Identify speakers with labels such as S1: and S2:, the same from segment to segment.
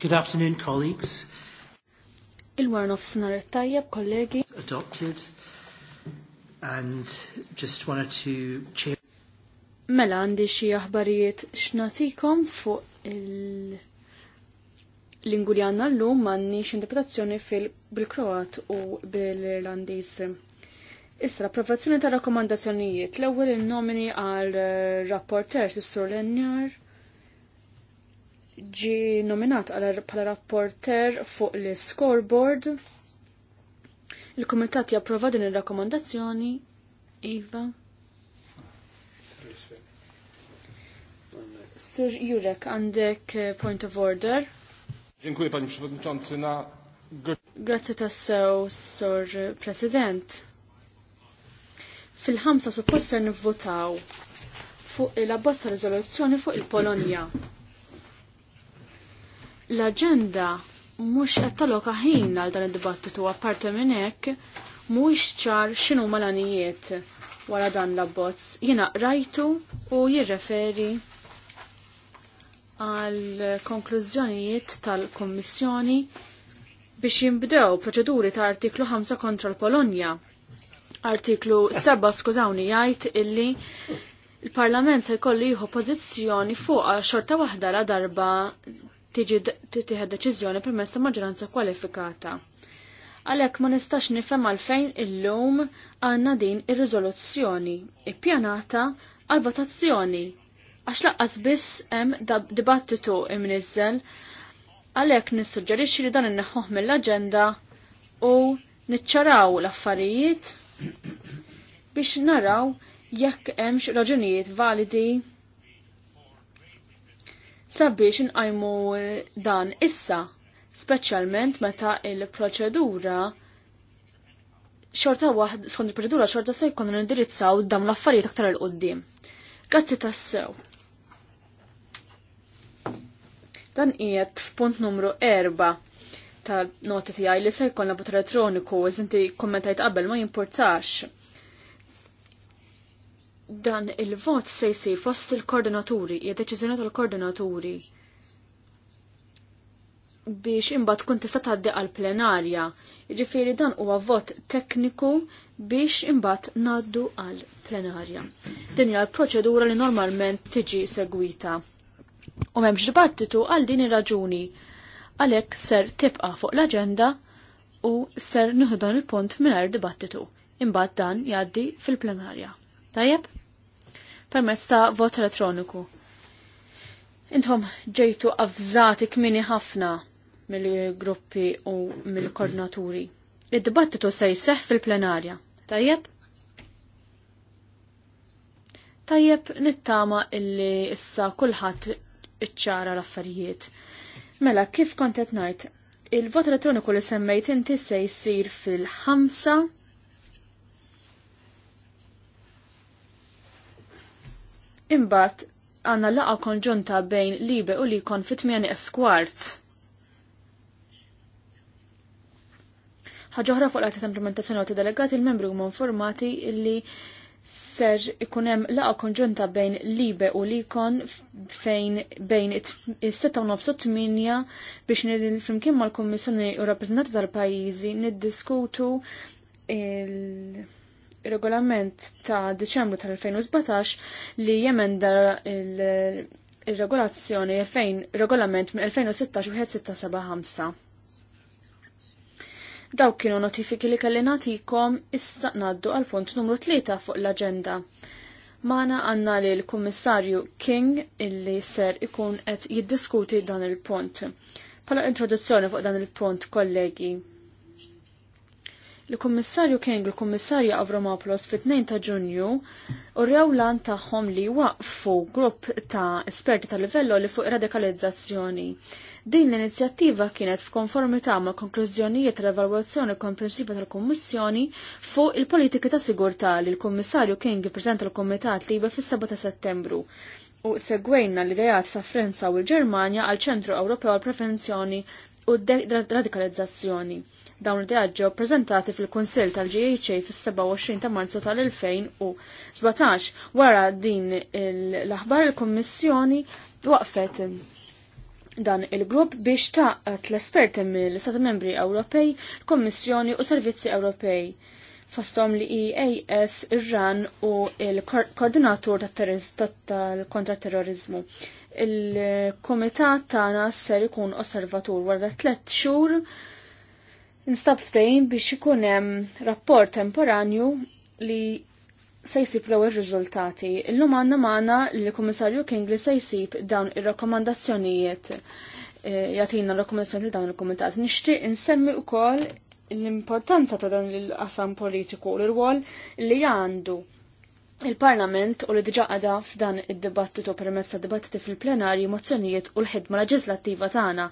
S1: Good afternoon, colleagues.
S2: il tajjeb, kollegi.
S1: Adopted. And just wanted to change.
S2: Mela għandi xi aħbarijiet x'natikom fuq il- lingu li għanna l-lum m'għandniex interpretazzjoni fil kroat u bil-Irlandiż. Issa l-approvazzjoni ta' rakkomandazzjonijiet l-ewwel il-nomini għal rapporter Sistur Lenjar ġi nominat bħala rapporter fuq l-scoreboard. Il-komitat japprova din il-rakkomandazzjoni. Iva. Sir Jurek, għandek eh, point of order. Dziękuję Panie Przewodniczący na... Grazie tassew, sor President. Fil-ħamsa supposter nivvotaw fuq il-abbozza rizoluzzjoni fuq il-Polonja l-agenda mhux qed taloka ħin għal dan id-dibattitu apparti minn hekk mhuwiex ċar x'inhu malanijiet wara dan l-abbozz. Jiena rajtu u jirreferi għal konklużjonijiet tal-Kommissjoni biex jimbdew proċeduri ta' artiklu 5 kontra l-Polonja. Artiklu 7 skużawni jgħid illi il-Parlament se jkollu jieħu pożizzjoni fuq xorta waħda la darba tiġi titieħed deċiżjoni permezz ta' maġġoranza kwalifikata. Għalhekk ma nistax nifhem għalfejn illum għandna din ir-riżoluzzjoni ippjanata għal votazzjoni għax laqqas biss hemm dibattitu imniżżel għalhekk nissuġġerixxi li dan inneħħuh mill-aġenda u niċċaraw l-affarijiet biex naraw jekk hemmx raġunijiet validi sabiex inqajmu dan issa, speċjalment meta il-proċedura xorta waħd skont il-proċedura xorta se jkunu nindirizzaw dawn l-affarijiet aktar il qoddim Grazzi tassew. Dan qiegħed f'punt numru 4 tal-noti tiegħi li se jkollna vot elettroniku, iżinti kommentajt qabel ma jimportax dan il-vot se jsir fost il-koordinaturi, hija deċiżjoni tal-koordinaturi biex imbagħad tkun tista' tgħaddi għall-plenarja. Jiġifieri dan huwa vot tekniku biex imbagħad ngħaddu għall-plenarja. Din hija l-proċedura li normalment tiġi segwita. U m'hemmx dibattitu għal din ir-raġuni. Għalhekk ser tibqa' fuq l-aġenda u ser nieħu dan il-punt mingħajr dibattitu. Imbagħad dan jgħaddi fil-plenarja. Tajjeb? permezz ta' vot elettroniku. Intom ġejtu avżati kmini ħafna mill-gruppi u mill-koordinaturi. Id-dibattitu se jseħ fil-plenarja. Tajjeb? Tajjeb nittama illi issa kulħadd iċċara l-affarijiet. Mela, kif kontet najt, il-vot elettroniku li semmejt inti se jsir fil-ħamsa Imbagħad għandna laqa konġunta bejn Libe u li fit-8 eskwart. Ħaġa fuq l-għati implementazzjoni għati delegati il-membri huma informati illi ser ikunem laqa konġunta bejn Libe u Likon fejn bejn is-6 biex nil-flimkien mal-Kommissjoni u rappresentanti tal-pajjiżi niddiskutu il- regolament ta' Deċembru tal-2017 li jemenda il-regolazzjoni il fejn regolament minn 2016 u 1675. Dawk kienu notifiki li kelli natikom issa naddu għal punt numru 3 fuq l-agenda. Mana għanna li l-Kummissarju King illi ser ikun qed jiddiskuti dan il-punt. Pala introduzzjoni fuq dan il-punt, kollegi, l-Kummissarju King l kummissarja Avramopoulos fit-2 ta' Ġunju u rjawlan lan tagħhom li waqfu grupp ta' esperti ta' livello li fuq radikalizzazzjoni. Din l-inizjattiva kienet f'konformità ma' konklużjonijiet tal-evalwazzjoni komprensiva tal-Kummissjoni fuq il politika ta' sigurtà li l-Kummissarju King ippreżenta l-Kumitat Liba fis-7 ta' Settembru u segwejna l-idejat ta' Frenza u l-Ġermanja għal ċentru Ewropew għal prevenzjoni u radikalizzazzjoni. Dawn il idea ġew fil konsil tal-GHA fis-27 ta' Marzu tal-2017. Wara din l-aħbar il-Kummissjoni waqfet dan il-grupp biex ta' l-esperti mill-Stati Membri Ewropej, Kommissjoni u Servizzi Ewropej fostom li EAS, Iran u il-Koordinatur tal-Kontra Terrorizmu. Il-Komitat tana ser ikun osservatur wara tlet xhur Nistab ftejn biex ikun hemm rapport temporanju li se jsib l riżultati. Illum għandna magħna li kummissarju Kingli se jsib dawn ir-rakkomandazzjonijiet e, jagħtina rakkomandazzjoni dawn il-kumitat. Nixtieq insemmi wkoll l-importanza ta' dan il-qasam politiku l rwol li għandu il-Parlament u li diġa għada f'dan id-dibattitu permezz ta' dibattiti fil-plenarji mozzjonijiet u l-ħidma leġislattiva tagħna.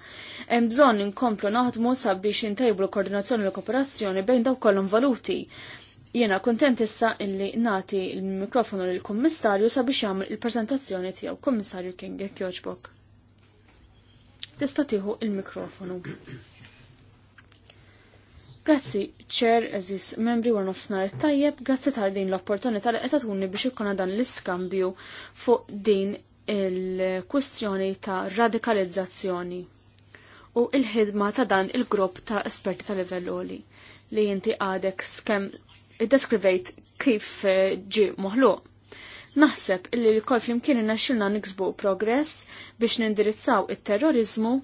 S2: Hemm bżonn inkomplu naħdmu sabiex intejbu l-koordinazzjoni u l-kooperazzjoni bejn daw kollhom valuti. Jiena kuntent issa illi nati il-mikrofonu lil kummissarju sabiex jagħmel il-preżentazzjoni tiegħu. Kummissarju King jekk jogħġbok. Tista' tieħu il-mikrofonu. Grazzi, ċer, eżis, membri u nofsnar tajjeb, grazzi tal din l-opportunità li tunni biex ikkona dan l-iskambju fuq din il-kwistjoni ta' radikalizzazzjoni u il-ħidma ta' dan il-grupp ta' esperti ta' livell oli li jinti għadek skem id-deskrivejt kif eh, ġi moħlu. Naħseb illi li kol flimkien naxxilna niksbu progress biex nindirizzaw il-terrorizmu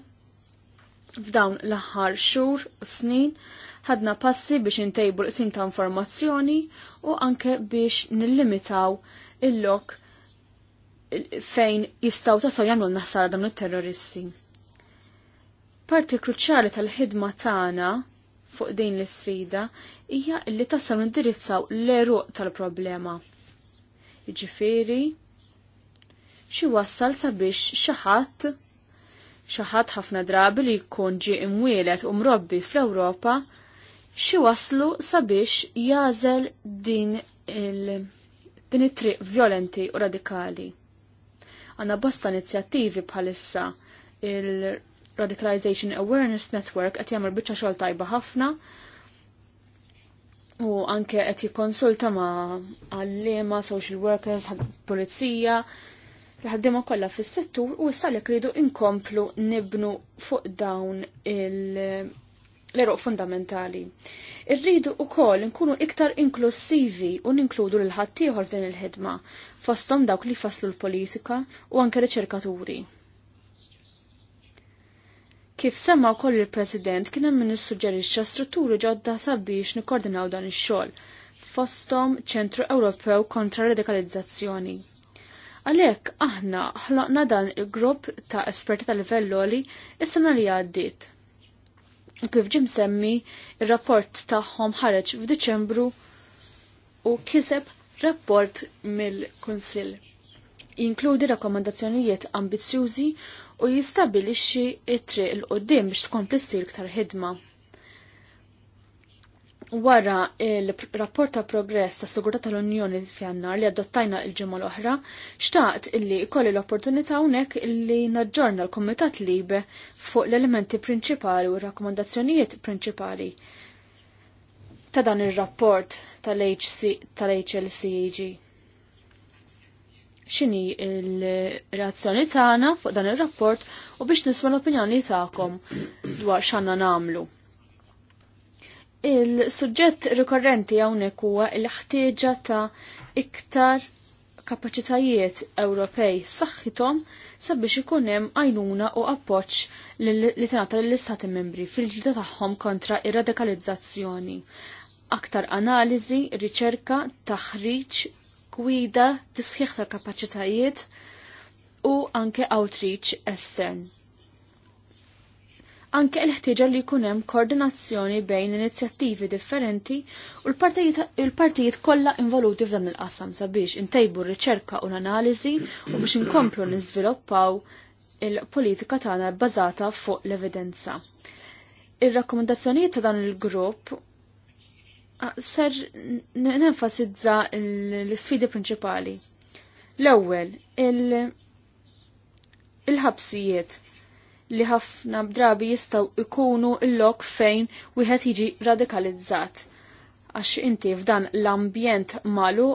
S2: f'dawn l-aħħar xhur u snin ħadna passi biex intejbu l-qsim ta' informazzjoni u anke biex nillimitaw il-lok fejn jistaw tasaw jamlu l-naħsara dawn terroristi Parti kruċjali tal-ħidma tagħna fuq din l-sfida hija li tassaw indirizzaw l-eruq tal-problema. Jiġifieri xi wassal sabiex xi ħadd xi ħadd ħafna drabi li jkun ġie imwielet u mrobbi fl-Ewropa xi waslu sabiex jażel din il- din it-triq violenti u radikali. Għanna bosta inizjattivi bħalissa il-Radicalization Awareness Network qed jagħmel biċċa xogħol tajba ħafna u anke qed jikkonsulta ma' għallima, social workers, pulizija, li ħaddiema kollha fis-settur u issa li kridu inkomplu nibnu fuq dawn il- l-eruq fundamentali. Irridu u koll nkunu iktar inklusivi u ninkludu l-ħattijħor f'din il-ħidma, fostom dawk li faslu l-politika u anke riċerkaturi. Kif semma u koll il-President kien hemm nissuġġerixxa strutturi ġodda sabiex nikkoordinaw dan ix-xogħol fostom ċentru Ewropew kontra radikalizzazzjoni. Għalhekk aħna ħloqna dan il-grupp ta' esperti tal-livell sena li għaddiet Kif ġim semmi, il-rapport tagħhom ħareġ f'Diċembru u kiseb rapport mill-Kunsill. Jinkludi rakkomandazzjonijiet ambizzjużi u jistabilixxi t triq il qoddim biex tkompli sir iktar ħidma. Wara il-rapport ta' progress ta' Sigurtà tal-Unjoni f'Jannar li adottajna il-ġimgħa l-oħra, xtaqt illi kolli l-opportunità hawnhekk illi naġġorna l-Kumitat Libe fuq l-elementi prinċipali u r-rakkomandazzjonijiet prinċipali ta' dan ir-rapport tal-HLCG. X'inhi l-reazzjoni tagħna fuq dan ir-rapport u biex nisma' l-opinjoni tagħkom dwar x'għandna nagħmlu. Il-suġġett rikorrenti hawnhekk huwa l-ħtieġa ta' iktar kapaċitajiet Ewropej saħħithom sabiex ikun hemm għajnuna u appoġġ li tingħata lill-Istati Membri fil-ġlida tagħhom kontra ir-radikalizzazzjoni. Aktar analiżi, riċerka, taħriġ, gwida, tisħiħ ta' kapaċitajiet u anke outreach estern anke l-ħtieġa li jkun hemm koordinazzjoni bejn inizjattivi differenti u l-partijiet kollha involuti f'dan il-qasam sabiex intejbu r-riċerka u l-analiżi u biex inkomplu niżviluppaw il-politika tagħna bbażata fuq l-evidenza. Ir-rakkomandazzjonijiet ta' dan il-grupp ser nenfasizza l-sfidi prinċipali. L-ewwel il-ħabsijiet li ħafna drabi jistaw ikunu l-lok fejn wieħed jiġi radikalizzat. Għax inti f'dan l-ambjent malu,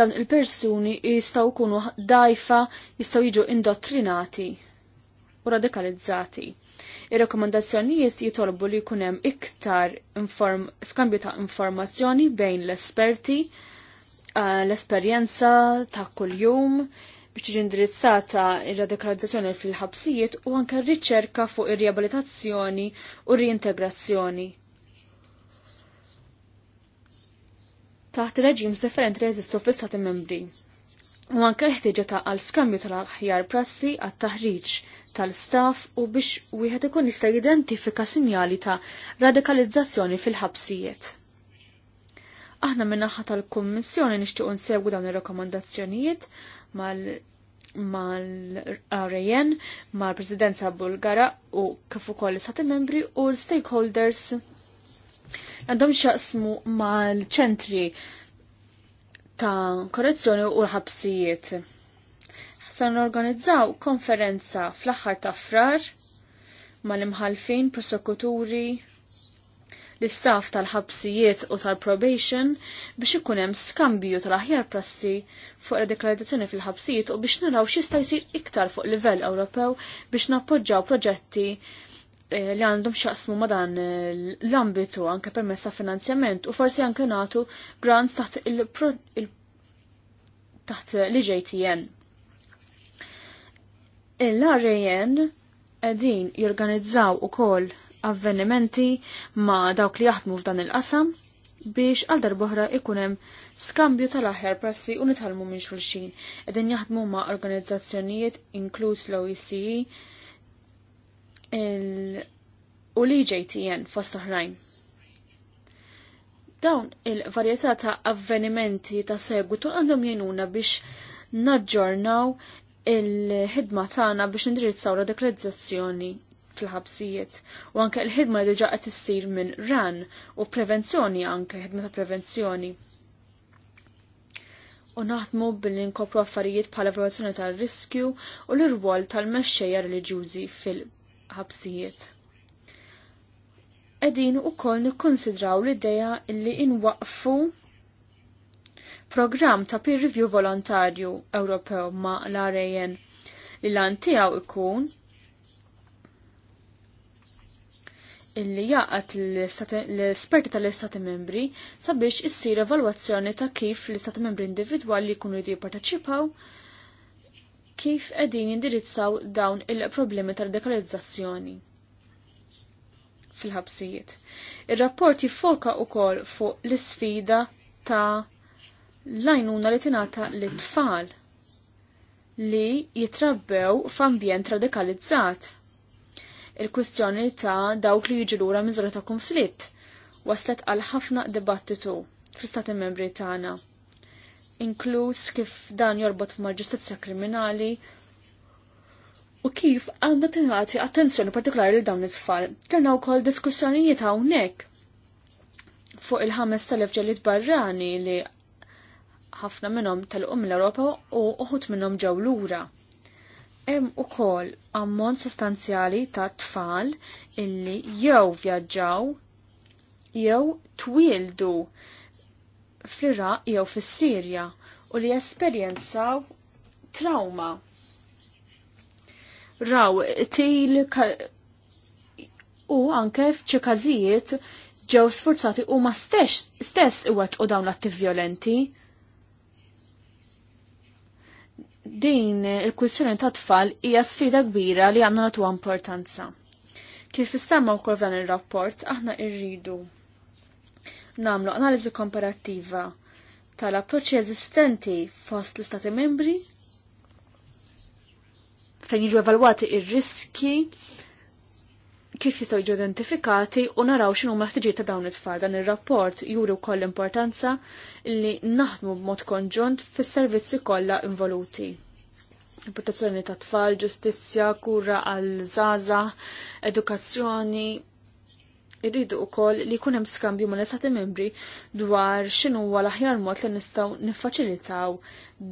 S2: dan il-persuni jistaw ikunu dajfa, jistaw jiġu indottrinati u radikalizzati. ir rekomandazzjonijiet jitolbu li hemm iktar inform skambju ta' informazzjoni bejn l-esperti, eh, l-esperjenza ta' kuljum, jum biex tiġi indirizzata ir-radikalizzazzjoni fil-ħabsijiet u anke riċerka fuq ir-riabilitazzjoni u rintegrazzjoni Taħt ir-reġim differenti jeżistu fl istati membri. U anke ħtieġa ta' għal skambju tal-aħjar prassi għat-taħriġ tal-staff u biex wieħed ikun jista' jidentifika sinjali ta' radikalizzazzjoni fil-ħabsijiet. Aħna minnaħħa tal-Kummissjoni nixtiequ nsegwu dawn ir-rakkomandazzjonijiet mal-RAN, mal-Presidenza Bulgara u kif ukoll sati membri u l-stakeholders għandhom xaqsmu mal-ċentri ta' korrezzjoni u l-ħabsijiet. San organizzaw konferenza fl-aħħar ta' frar mal-imħalfin, prosekuturi, l-istaff tal-ħabsijiet u tal-probation biex ikun hemm skambju tal-aħjar prassi fuq id-deklarazzjoni fil-ħabsijiet u biex naraw x'jista' jsir iktar fuq livell Ewropew biex nappoġġaw proġetti eh, li għandhom xaqsmu ma dan eh, l-ambitu anke permessa finanzjament u forsi anke natu grants taħt il taħt l-JTN. L-RAN edin jorganizzaw u kol avvenimenti ma' dawk li jaħdmu f'dan il-qasam biex għal darbohra ikunem skambju tal-aħjar passi u nitħalmu minn xulxin. Edin jaħdmu ma' organizzazzjonijiet inkluż l-OECE e, u l-EJTN fost oħrajn. Dawn il-varjetà ta' avvenimenti ta' segwitu għandhom jenuna biex naġġornaw il-ħidma tagħna biex nindirizzaw radikalizzazzjoni fil-ħabsijiet. U anke l-ħidma diġa qed issir minn ran u prevenzjoni anke ħidma ta' prevenzjoni. U naħdmu billi nkopru affarijiet bħala prevenzjoni tal-riskju u l-irwol tal-mexxejja reliġjużi fil-ħabsijiet. Edin u koll nikkonsidraw l-ideja illi inwaqfu program ta' peer review volontarju Ewropew ma' l-RAN li l-an tijaw ikun illi jaqat l-esperti tal-Istati membri sabiex issir evalwazzjoni ta' kif l-Istati membri individwali jkunu jdi jipparteċipaw kif qegħdin jindirizzaw dawn il-problemi tal-dekalizzazzjoni fil-ħabsijiet. Ir-rapport jiffoka wkoll fuq l-isfida ta' lajnuna li tingħata l tfal li jitrabbew f'ambjent radikalizzat il-kwistjoni ta' dawk li jiġi lura minn ta' konflitt waslet għal ħafna dibattitu fl-istati membri tagħna. Inkluż kif dan jorbot mal ġustizzja kriminali u kif għandha tingħati attenzjoni partikolari lil dawn it-tfal. Kellna wkoll diskussjonijiet hawnhekk fuq il-ħames tal ġellit barrani li ħafna minnhom tal-qum l-Ewropa u uħut minnhom ġew lura hemm ukoll ammont sostanzjali ta' tfal illi jew vjaġġaw jew twildu fl-Iraq jew fis-Sirja u li esperjenzaw trauma. Raw til u anke f'ċi każijiet ġew sfurzati huma stess stess iwettqu dawn l-atti violenti din il-kwissjoni ta' tfal hija sfida kbira li għandna natu importanza. Kif istamma wkoll dan ir-rapport aħna rridu nagħmlu analiżi komparattiva tal-approċċi eżistenti fost l-Istati membri fejn jiġu evalwati ir-riski kif jistgħu jiġu identifikati u naraw x'inhu meħtieġiet ta' dawn it-tfal. Dan ir-rapport juri wkoll importanza li naħdmu b'mod konġunt fis-servizzi kollha involuti protezzjoni ta' tfal, ġustizzja, kura għal zaza, edukazzjoni. Irridu u koll li kunem skambju ma' l estati membri dwar xinu għal l-aħjar mod li nistaw nifacilitaw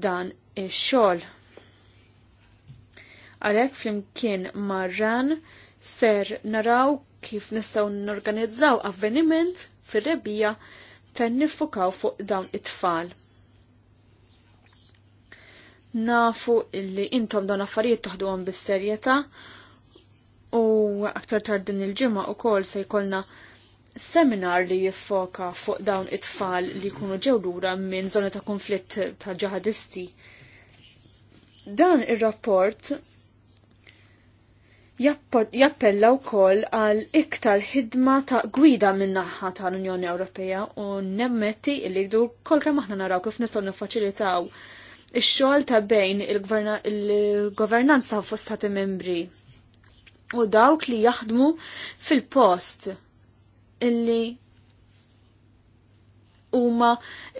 S2: dan ix-xogħol. Għalhekk flimkien marran ser naraw kif nistaw norganizzaw avveniment fir rebija ten nifukaw fuq dawn it-tfal nafu illi intom dawn affarijiet toħduhom bis-serjetà u aktar tard din il-ġimgħa ukoll se jkollna seminar li jiffoka fuq dawn it-tfal li jkunu ġew lura minn żona ta' konflitt ta' ġihadisti. Dan ir-rapport jappella wkoll għal iktar ħidma ta' gwida minn naħa tal-Unjoni Ewropea u nemmetti li jdu kol kemm aħna naraw kif nistgħu niffaċilitaw ix-xogħol ta' bejn il-governanza u fostati membri u dawk li jaħdmu fil-post illi huma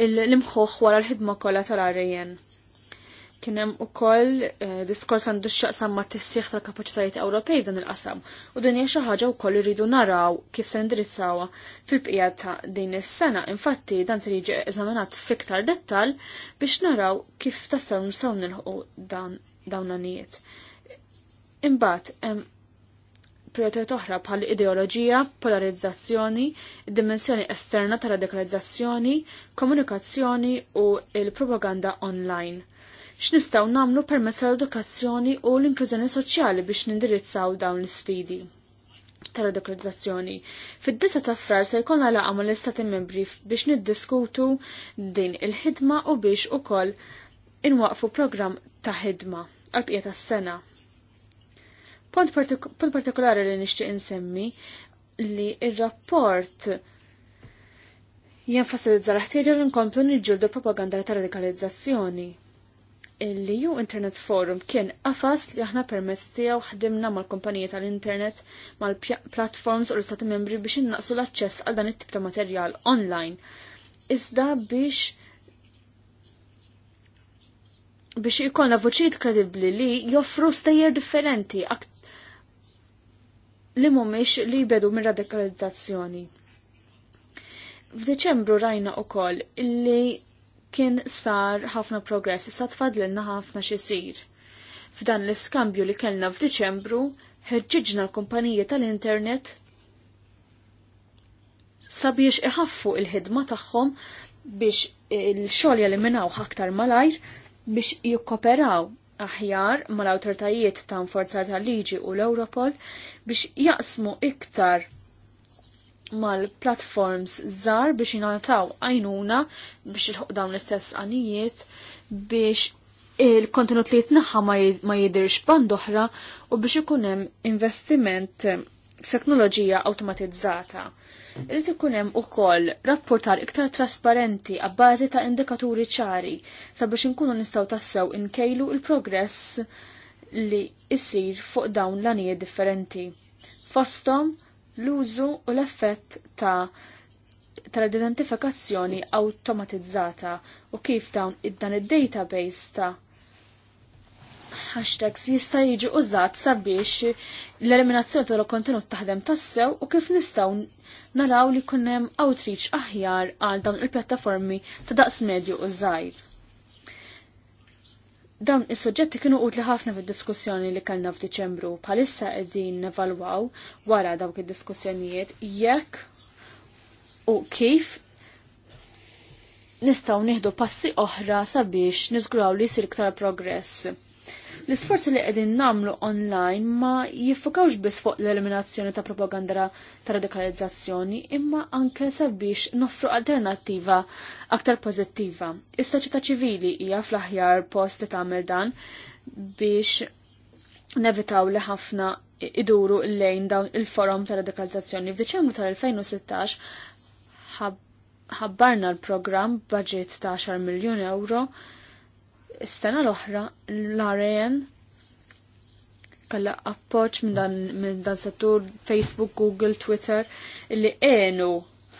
S2: l-imħuħ wara l-ħidma kollha tal-arjen. Kienem u koll eh, diskors għandu xaqsam ma t-sieħ tal-kapacitajiet Ewropej dan il-qasam u din hija xi ħaġa wkoll irridu naraw kif se indirizzawa fil-bqija ta' din is-sena. Infatti dan se jiġi eżaminat fiktar dettal biex naraw kif tassew nistgħu nilħu dan l anijiet. Imbagħad hemm prioritet oħra bħal ideoloġija, polarizzazzjoni, dimensjoni esterna tal radikalizzazzjoni, komunikazzjoni u il-propaganda online x'nistgħu nagħmlu permezz tal-edukazzjoni u l-inklużjoni soċjali biex nindirizzaw dawn l-isfidi tal-edukazzjoni. Fid-disa ta' frar se jkollna laqgħa mal-istati membri biex niddiskutu din il-ħidma u biex ukoll inwaqfu programm ta' ħidma għal bqija tas-sena. Punt partikolari li nixtieq insemmi li ir-rapport jenfasilizza l-ħtieġa li nkomplu niġġuldu propaganda tal radikalizzazzjoni l-EU Internet Forum kien qafas li aħna permezz tiegħu ħdimna mal-kumpaniji tal-internet mal-platforms u l-istati membri biex innaqsu l-aċċess għal dan it-tip ta' materjal online. Iżda biex biex ikollna voċijiet kredibbli li joffru stejjer differenti li mhumiex li jbedu minn radikalizzazzjoni. F'Deċembru rajna ukoll li kien sar ħafna progress, issa tfadlilna ħafna xisir. F'dan l-iskambju li kellna f'Diċembru, ħeġġiġna l-kumpaniji tal-internet sabiex iħaffu il-ħidma tagħhom biex il-xogħol jeliminaw aktar malajr biex jikkoperaw aħjar mal-awtoritajiet ta' nforzar tal-liġi u l-Europol biex jaqsmu iktar mal-platforms żar biex jingħataw għajnuna biex il-ħuq dawn l-istess għanijiet biex il-kontenut li jitnaħħa ma jidirx band oħra u biex ikun hemm investiment f'teknoloġija awtomatizzata. Irid ikun hemm ukoll rapportar iktar trasparenti għabbażi ta' indikaturi ċari sabiex inkunu nistgħu tassew inkejlu il-progress li jsir fuq dawn l-għanijiet differenti. Fostom, l-użu u l-effett ta' tal-identifikazzjoni automatizzata u kif dawn id-dan id-database ta' hashtags jista' jiġi użat sabiex l-eliminazzjoni tal kontenut taħdem tassew u kif nistgħu naraw li hemm outreach aħjar għal dawn il-pjattaformi ta' daqs medju u żgħir. Dawn is-suġġetti kienu utli ħafna fid-diskussjoni li kellna f'Diċembru bħalissa qegħdin nevalwaw wara dawk id-diskussjonijiet jekk u kif nistgħu nieħdu passi oħra sabiex niżgraw li jsir iktar progress. L-isforzi li qegħdin namlu online ma jiffukawx biss fuq l-eliminazzjoni ta' propaganda ta' radikalizzazzjoni, imma anke sabiex noffru alternattiva aktar pożittiva. Is-soċjetà ċivili hija fl-aħjar post li tagħmel dan biex nevitaw li ħafna iduru lejn dawn il-forum ta' radikalizzazzjoni. F'Diċembru tal-2016 ħabbarna l-programm budget ta' 10 miljun euro Is-sena l-oħra l-Arayan kalla appoċ minn dan, min dan settur Facebook, Google, Twitter, illi għenu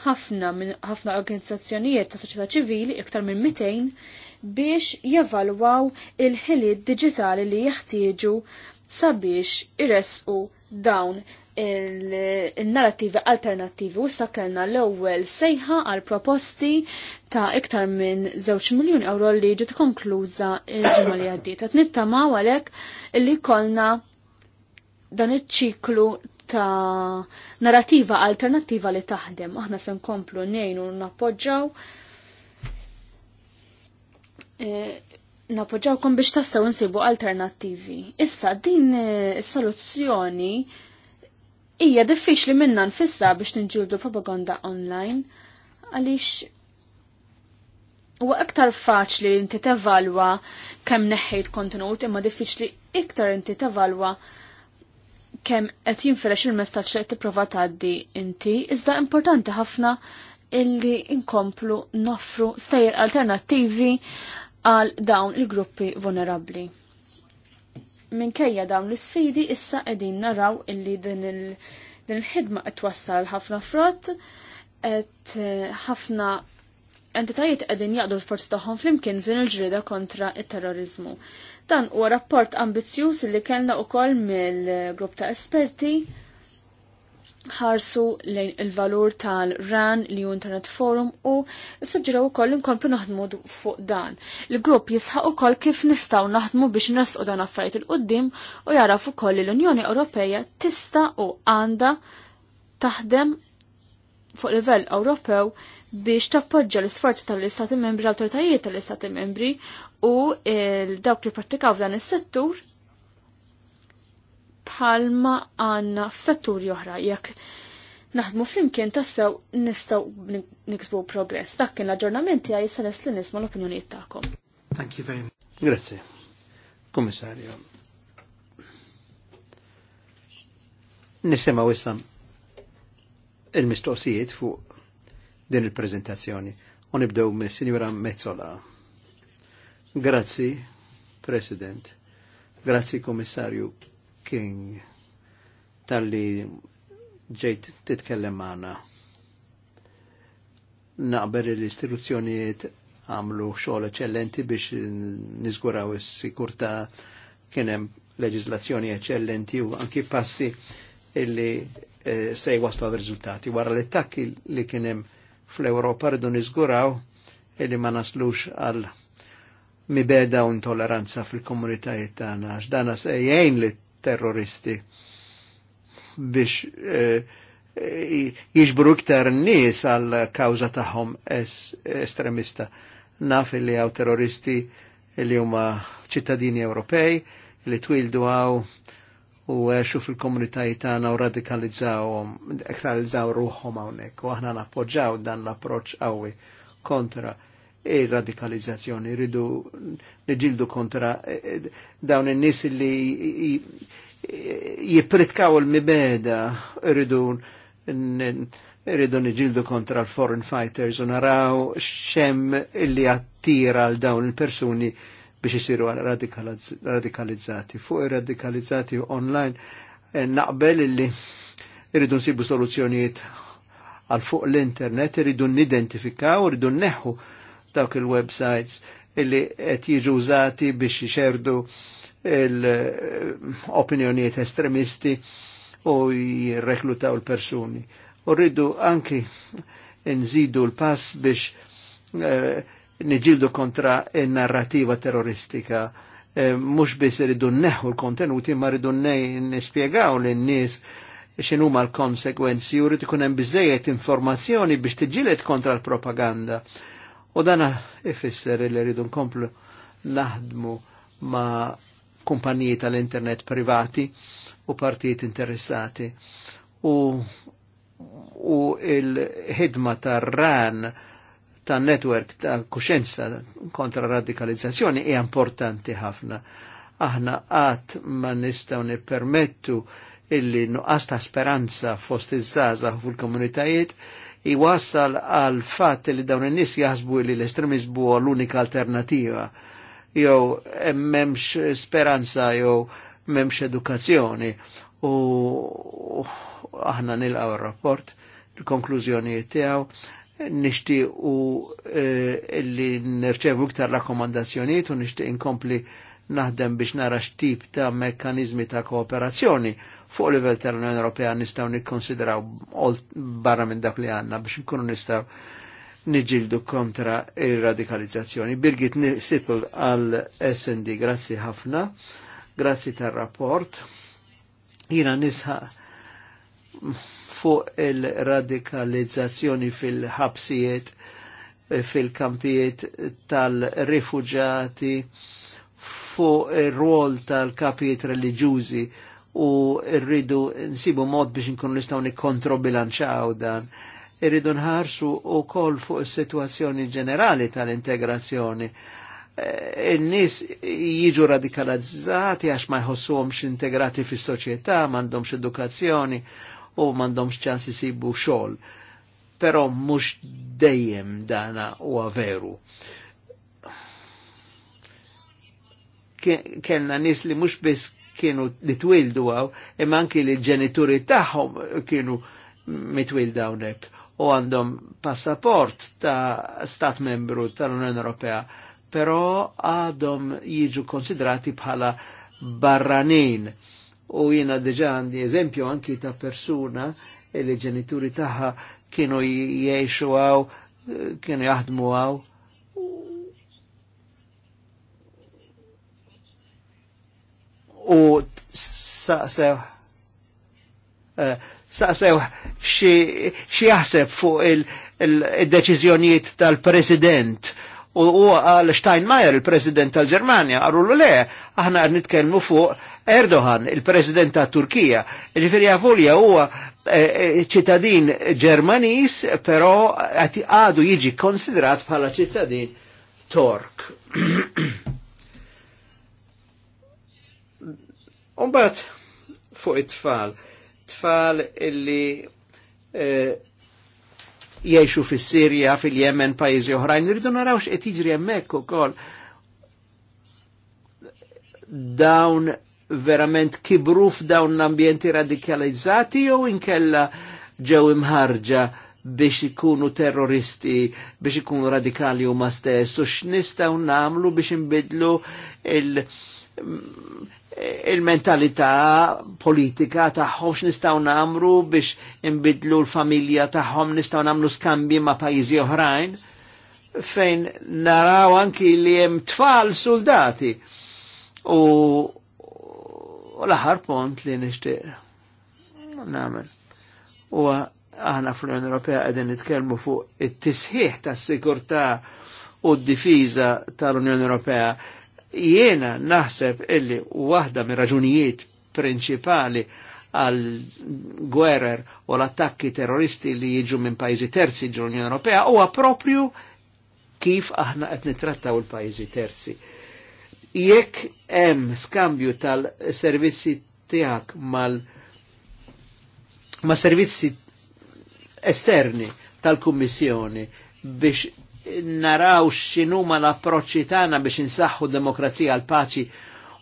S2: ħafna minn ħafna organizzazzjonijiet ta' soċjetà ċivili iktar minn 200 biex jevalwaw il-ħiliet digitali li jeħtieġu sabiex iresqu dawn il-narrativi alternativi u sakkelna l-ewwel sejħa għal proposti ta' iktar minn 2 miljoni euro li ġiet konkluża l-ġimgħa li għaddiet. Qed nittamaw għalhekk li kolna dan iċ-ċiklu ta' narrativa alternattiva li taħdem. Aħna se nkomplu nejn u nappoġġaw e, napoġawkom biex tassaw nsibu alternativi. Issa, din e, soluzzjoni hija diffiċli minna nfissa biex nġildu propaganda online għaliex huwa iktar faċli inti tevalwa kemm neħħejt kontenut imma diffiċli iktar inti tevalwa kemm qed jinfirex il mestaċ li tipprova tgħaddi inti, iżda importanti ħafna illi inkomplu noffru stejjer alternattivi għal dawn il-gruppi vulnerabbli minkejja dawn l-sfidi issa qegħdin naraw illi din il-ħidma qed twassal ħafna frott, qed eh, ħafna entitajiet qegħdin jaqdu l-forz tagħhom flimkien f'din il-ġrieda kontra it-terrorizmu. Dan huwa rapport ambizzjuż li kellna wkoll mill-grupp ta' esperti ħarsu lejn il-valur tal-RAN li ju Internet Forum u suġġeraw ukoll inkomplu naħdmu fuq dan. Il-grupp jisħaq ukoll kif nistgħu naħdmu biex nresqu dan affarijiet il-qudiem u jaraf ukoll li l-Unjoni Ewropea tista' u għandha taħdem fuq livell Ewropew biex tappoġġa l isforzi tal-Istati Membri, l-Awtoritajiet tal-Istati Membri u dawk li pratikaw dan is-settur bħalma għanna f-settur oħra jekk naħdmu flimkien tassew nistaw niksbu progress. Dak kien l-aġġornamenti għaj seles li nisma l-opinjoniet tagħkom.
S1: Thank you very much. Grazie. Komissarju. Nisema wissam il-mistoqsijiet fuq din il-prezentazzjoni. U me Sinjura Mezzola. Grazzi, President. Grazzi, Komissarju, King tal-li ġejt titkellem għana. Naqber l-istituzzjonijiet għamlu xogħol eċċellenti biex nizguraw is-sikurtà kien hemm leġiżlazzjoni eċċellenti u anki passi illi e, se jwaslu għal riżultati. Wara l-attakki li kien hemm fl europa rridu nizguraw illi ma naslux għal mibeda u toleranza fil-komunitajiet tagħna għax dana se jgħin li terroristi biex eh, jiġbru iktar nies għal kawza tagħhom estremista. Naf li għaw terroristi li huma ċittadini Ewropej li twildu għaw u għexu fil-komunitajiet tagħna u radikalizzawhom, radikalizzaw ruħhom hawnhekk u aħna nappoġġaw dan l-approċċ qawwi kontra ir-radikalizzazzjoni, rridu niġildu kontra e, e, dawn in-nies li jipritkaw il-mibeda, rridu rridu niġildu kontra l-foreign fighters u naraw xem illi attira l dawn il-persuni biex jisiru radikalizzati. Fuq radikalizzati online e, naqbel illi rridu nsibu soluzzjonijiet għal fuq l-internet, irridu nidentifikaw, irridu neħu dawk il-websites illi qed jiġu użati biex jxerdu l-opinjonijiet estremisti u jirreklutaw l-persuni. U rridu anki nżidu l-pass biex eh, niġildu kontra il-narrativa terroristika. Eh, mux biss rridu neħu l-kontenuti, ma rridu nispiegaw l-nis xinu ma l-konsekwenzi u rridu kunem bizzejiet informazzjoni biex tiġilet kontra l-propaganda. U dana ifisser li rridu nkomplu naħdmu ma' kumpaniji tal-internet privati u partijiet interessati. U, u il-ħidma tar-ran tan netwerk ta' kuxenza kontra radikalizzazzjoni hija e importanti ħafna. Aħna qatt ma nistgħu nippermettu illi nuqqas ta' speranza fost iż fuq fil-komunitajiet iwassal għal fatt li dawn in-nies jaħsbu li l-estremizmu huwa l-unika alternativa jew m'hemmx speranza jew m'hemmx edukazzjoni u aħna nilqgħu r-rapport il-konklużjonijiet tiegħu nishti u eh, li nerċevu iktar rakkomandazzjonijiet u nixtieq inkompli naħdem biex nara tip ta' mekkanizmi ta' kooperazzjoni fuq livell tal-Unjoni Ewropea nistgħu nikkonsidraw barra minn dak li għandna biex nkunu nistgħu niġildu kontra ir-radikalizzazzjoni. Birgit Sipple għal SND, grazzi ħafna, grazzi tar-rapport. Jina nisħa fuq il-radikalizzazzjoni fil-ħabsijiet fil-kampijiet tal-rifuġati fuq il rol tal-kapijiet religjużi u rridu nsibu mod biex nkunu nistgħu nikkontrobilanċaw dan. Irridu nħarsu wkoll fuq is-sitwazzjoni ġenerali tal-integrazzjoni eh, in nis jiġu radikalizzati għax ma jħossuhomx integrati fis soċjetà m'għandhomx edukazzjoni u m'għandhomx ċans isibu xogħol. Però mhux dejjem dana huwa veru. kellna nis li mhux biss kienu li twildu għaw, imma anki li ġenituri tagħhom kienu mitwilda hawnhekk u għandhom passaport ta' stat membru tal-Unjoni Ewropea, però għadhom jiġu konsidrati bħala barranin. U jiena diġa għandi eżempju anki ta' persuna e li ġenituri taħħa kienu jiexu għaw, kienu jaħdmu għaw, u saqsew eh, saqsew xie jaħseb fuq il deċizjoniet tal-president u għal Steinmeier, il-president tal-Germania, għarru l le, aħna għan nitkellmu fuq Erdogan, il-president tal Turkija. Ġifiri għavulja u eh, eh, ċittadin ġermanis, però għadu jiġi konsiderat bħala ċittadin tork. Umbat fuq it-tfal, tfal illi eh, jiexu fis sirja fil-Jemen, pajizi oħrajn, rridu narawx qed jiġri hemmhekk ukoll. Dawn verament kibru f'dawn l-ambjenti radikalizzati jew inkella ġew imħarġa biex ikunu terroristi, biex ikunu radikali huma stess, u x'nistgħu namlu biex inbidlu il il-mentalità politika taħħom x'nistgħu namru biex inbidlu l-familja tagħhom nistgħu nagħmlu skambi ma' pajjiżi oħrajn fejn naraw anki li hemm tfal soldati. U, l-aħħar pont li nixtieq nagħmel. U aħna fl-Unjoni Ewropea qegħdin nitkellmu fuq it-tisħiħ tas-sikurtà u d-difiża tal-Unjoni Ewropea Jiena naħseb illi waħda mir raġunijiet prinċipali għal gwerer u l-attakki terroristi li jiġu minn pajjiżi terzi l unjoni Ewropea huwa propju kif aħna qed nitrattaw il-pajjiżi terzi. Jekk hemm skambju tal-servizzi tiegħek mal ma servizzi esterni tal-Kummissjoni biex naraw x'inhuma l-approċċi tagħna biex insaħħu demokrazija għal paċi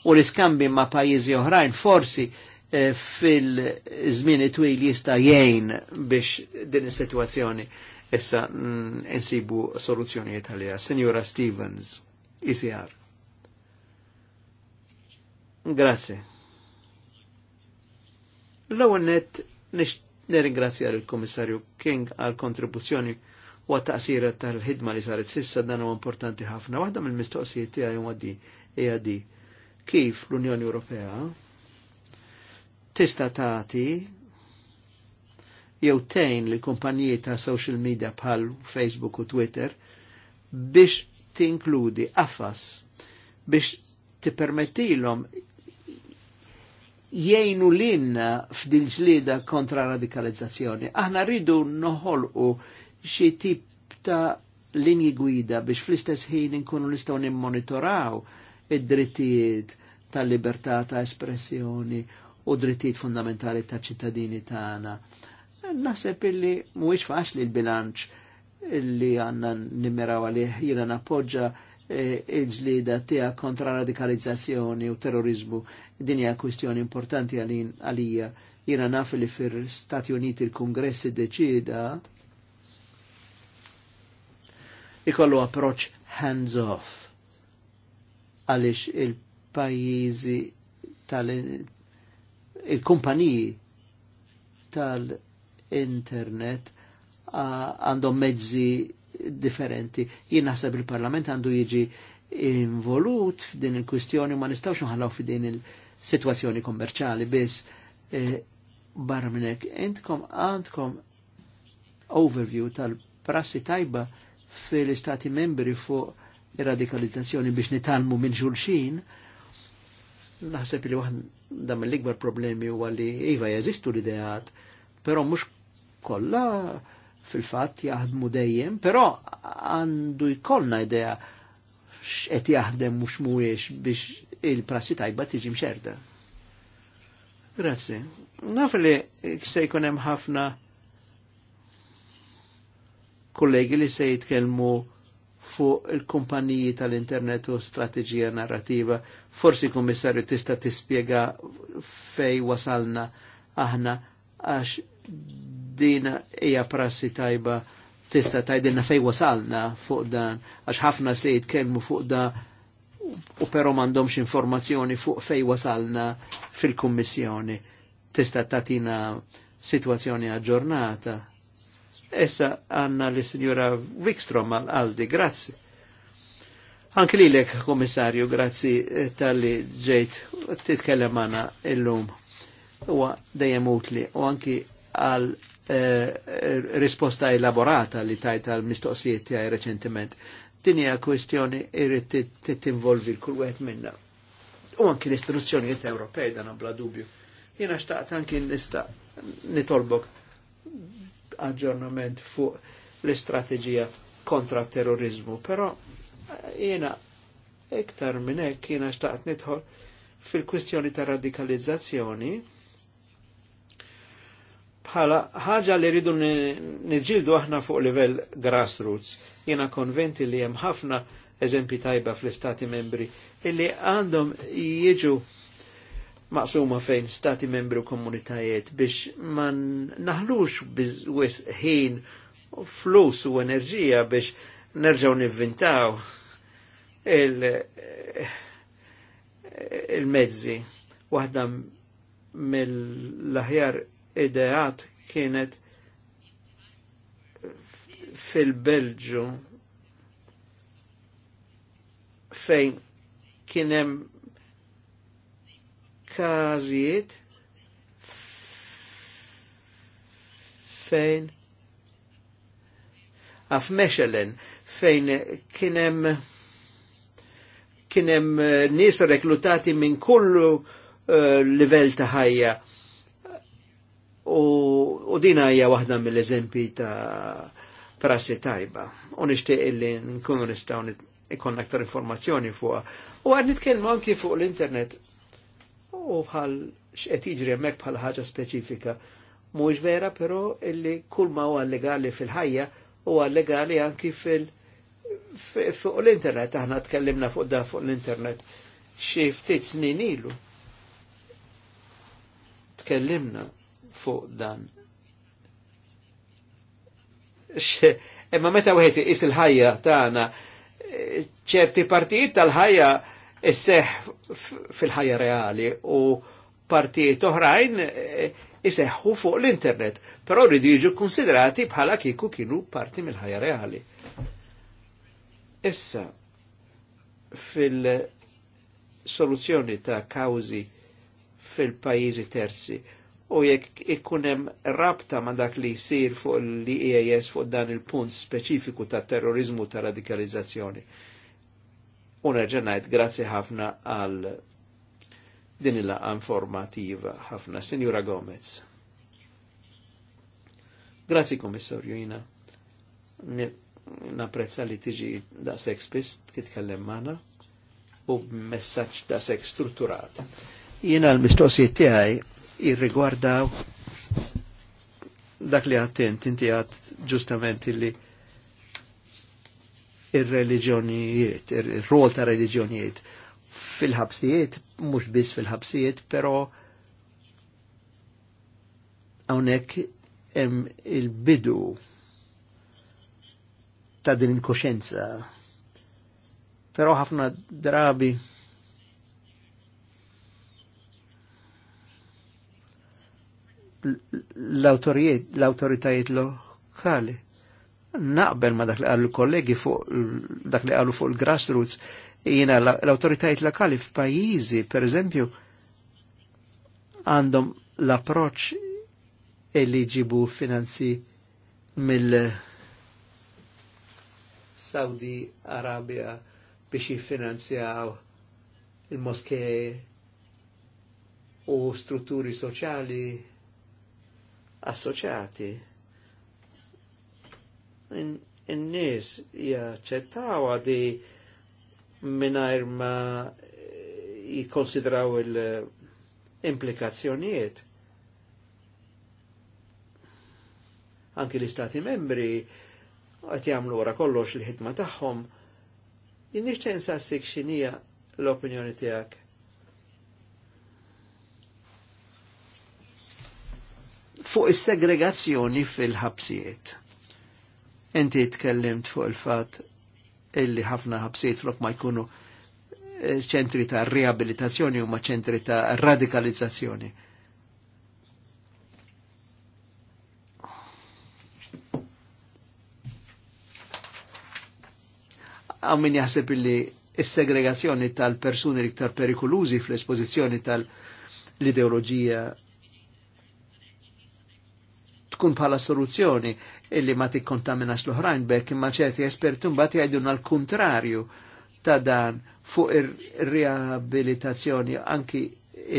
S1: u l-iskambi ma' pajjiżi oħrajn forsi eh, fil-żmien twil jista' jgħin biex din is-sitwazzjoni issa mm, insibu soluzzjonijiet għaliha. Signora Stevens, ICR. E Grazie. L-ewwel nix nirringrazzjar il komissarju King għal kontribuzzjoni u għat-taqsira tal-ħidma li saret sissa dan huwa importanti ħafna. Waħda mill-mistoqsijiet tiegħi huma di EAD. kif l-Unjoni Ewropea tista' tagħti jew tgħin li kumpaniji ta' social media bħal Facebook u Twitter biex tinkludi affas biex tippermettilhom jgħinu l-inna f'dil ġlida kontra radikalizzazzjoni. Aħna rridu noħolqu xi tip ta' linji gwida biex fl-istess ħin inkunu nistgħu nimmonitoraw id-drittijiet tal-libertà ta' espressjoni u drittijiet fundamentali ta' ċittadini tagħna. Naħseb illi mhuwiex faċli l-bilanċ li għandna nimmeraw għalih jiena nappoġġa e, il-ġlida tiegħek kontra radikalizzazzjoni u terrorizmu. Din hija kwistjoni importanti għalija. Jiena naf li fir-Stati Uniti il-Kongress iddeċida ikollu approċ hands-off għalix il-pajizi tal- il-kumpaniji tal-internet għandhom mezzi differenti. Jien naħseb il-Parlament għandu jiġi involut f'din il-kwistjoni ma nistawx nħallaw f'din il-situazzjoni kommerċali biss eh, barra minnek. għandkom overview tal-prassi tajba fil-istati membri fuq radikalizzazzjoni biex nitalmu minn xulxin, naħseb li waħda mill-ikbar problemi u li iva jeżistu l-ideat, però mhux kollha fil-fatt jaħdmu dejjem, però għandu jkollna idea x'qed jaħdem mhux mhuwiex biex il-prassi tajba tiġi mxerda. Grazzi. Naf li se hemm ħafna kollegi li se jitkellmu fuq il-kumpaniji tal-internet u strategija narrativa. Forsi komissarju tista tispjega fej wasalna aħna għax din hija prassi tajba tista tajdinna fej wasalna fuq dan għax ħafna se jitkellmu fuq da u però m'għandhomx informazzjoni fuq fej wasalna fil-kummissjoni. Tista tatina situazzjoni aġġornata Essa għanna li signora Wikstrom għal-Aldi, grazzi. Anki li lek, komissarju, grazzi eh, tal-li ġejt titkellem għana illum. Huwa dejjem utli u anki għal eh, risposta elaborata li tajt għal mistoqsijiet tiegħi reċentiment. Din hija kwestjoni t tinvolvi l-kull wieħed minna. U anki l-istruzzjonijiet Ewropej dan għabla dubju. Jiena xtaqt anki nista' nitolbok aġġornament fuq l-istrateġija kontra terrorizmu, però jiena iktar minn hekk jiena xtaqt nidħol fil-kwistjoni ta' radikalizzazzjoni bħala ħaġa li rridu niġildu aħna fuq livell grassroots. Jiena konventi li hemm ħafna eżempi tajba fl-istati membri illi għandhom jiġu maqsuma fejn stati membru u komunitajiet biex ma naħlux biz ħin flus u enerġija biex nerġaw nivvintaw il-mezzi. Il Waħda mill-aħjar ideat kienet fil-Belġu fejn kienem każijiet fejn għaf meċellen fejn kienem kienem eh, nis reklutati minn kullu uh, livell ta' ħajja u, u dina hija waħda mill-eżempi ta' prassi tajba u nishtiq illi nkunu nistaw ikon aktar informazzjoni fuqa u għad nitkellmu anki fuq l-internet u bħal x'qed jiġri hemmhekk bħal ħaġa speċifika. Mhuwiex vera però illi kull ma huwa legali fil-ħajja huwa legali anki fil- fuq l-internet, aħna tkellimna fuq da fuq l-internet xi ftit snin ilu. Tkellimna fuq dan. Imma meta wieħed is il-ħajja tagħna ċerti partijiet tal-ħajja isseħ fil-ħajja reali u partijiet oħrajn eh, iseħħu fuq l-internet, però rridu jiġu konsiderati bħala kieku kienu parti mill-ħajja reali. Issa, fil-soluzzjoni ta' kawzi fil-pajizi terzi u jekk ikunem rabta ma dak li jisir fuq l-IAS fuq dan il-punt speċifiku ta' terrorizmu ta' radikalizzazzjoni. U grazzi ħafna għal din il informativa ħafna. Senjura Gomez. Grazzi komissarju jina. Naprezza li tiġi da sex pist kitkellem mana u messaċ da sex strutturat. Jina l-mistoqsijiet tiegħi jirrigwardaw dak li għattint inti għatt ġustament li ir-reliġjonijiet, il rol ta' reliġjonijiet fil-ħabsijiet, mhux biss fil-ħabsijiet, pero hawnhekk hemm il-bidu ta' din il-koxenza. Però ħafna drabi l-autoritajiet lokali naqbel ma dak li għallu kollegi fuq dak li għallu fuq il-grassroots jina l-autoritajiet lokali f'pajjiżi, per eżempju, għandhom l-approċ li ġibu finanzi mill Saudi Arabia biex jiffinanzjaw il-moskee u strutturi soċjali assoċjati in-nies jaċċettaw għadi mingħajr ma eh, jikkonsidraw il-implikazzjonijiet. Anki l-istati membri għat jamlu wara kollox il-ħidma tagħhom. Jinnixtieq insassik x'inija l-opinjoni tiegħek. Fuq is-segregazzjoni fil-ħabsijiet. Enti tkellimt fuq il-fat illi ħafna ħabsiet flok ma jkunu eh, ċentri ta' rehabilitazzjoni u ma ċentri ta' radikalizzazzjoni. Għaw min jaħseb illi is-segregazzjoni tal-persuni iktar perikolużi fl espozizjoni tal-ideologija tkun bħala soluzzjoni illi ma tikkontaminax l-oħrajn bekk imma ċerti esperti mbagħad jgħidun l-kuntrarju ta' dan fuq ir rehabilitazzjoni anki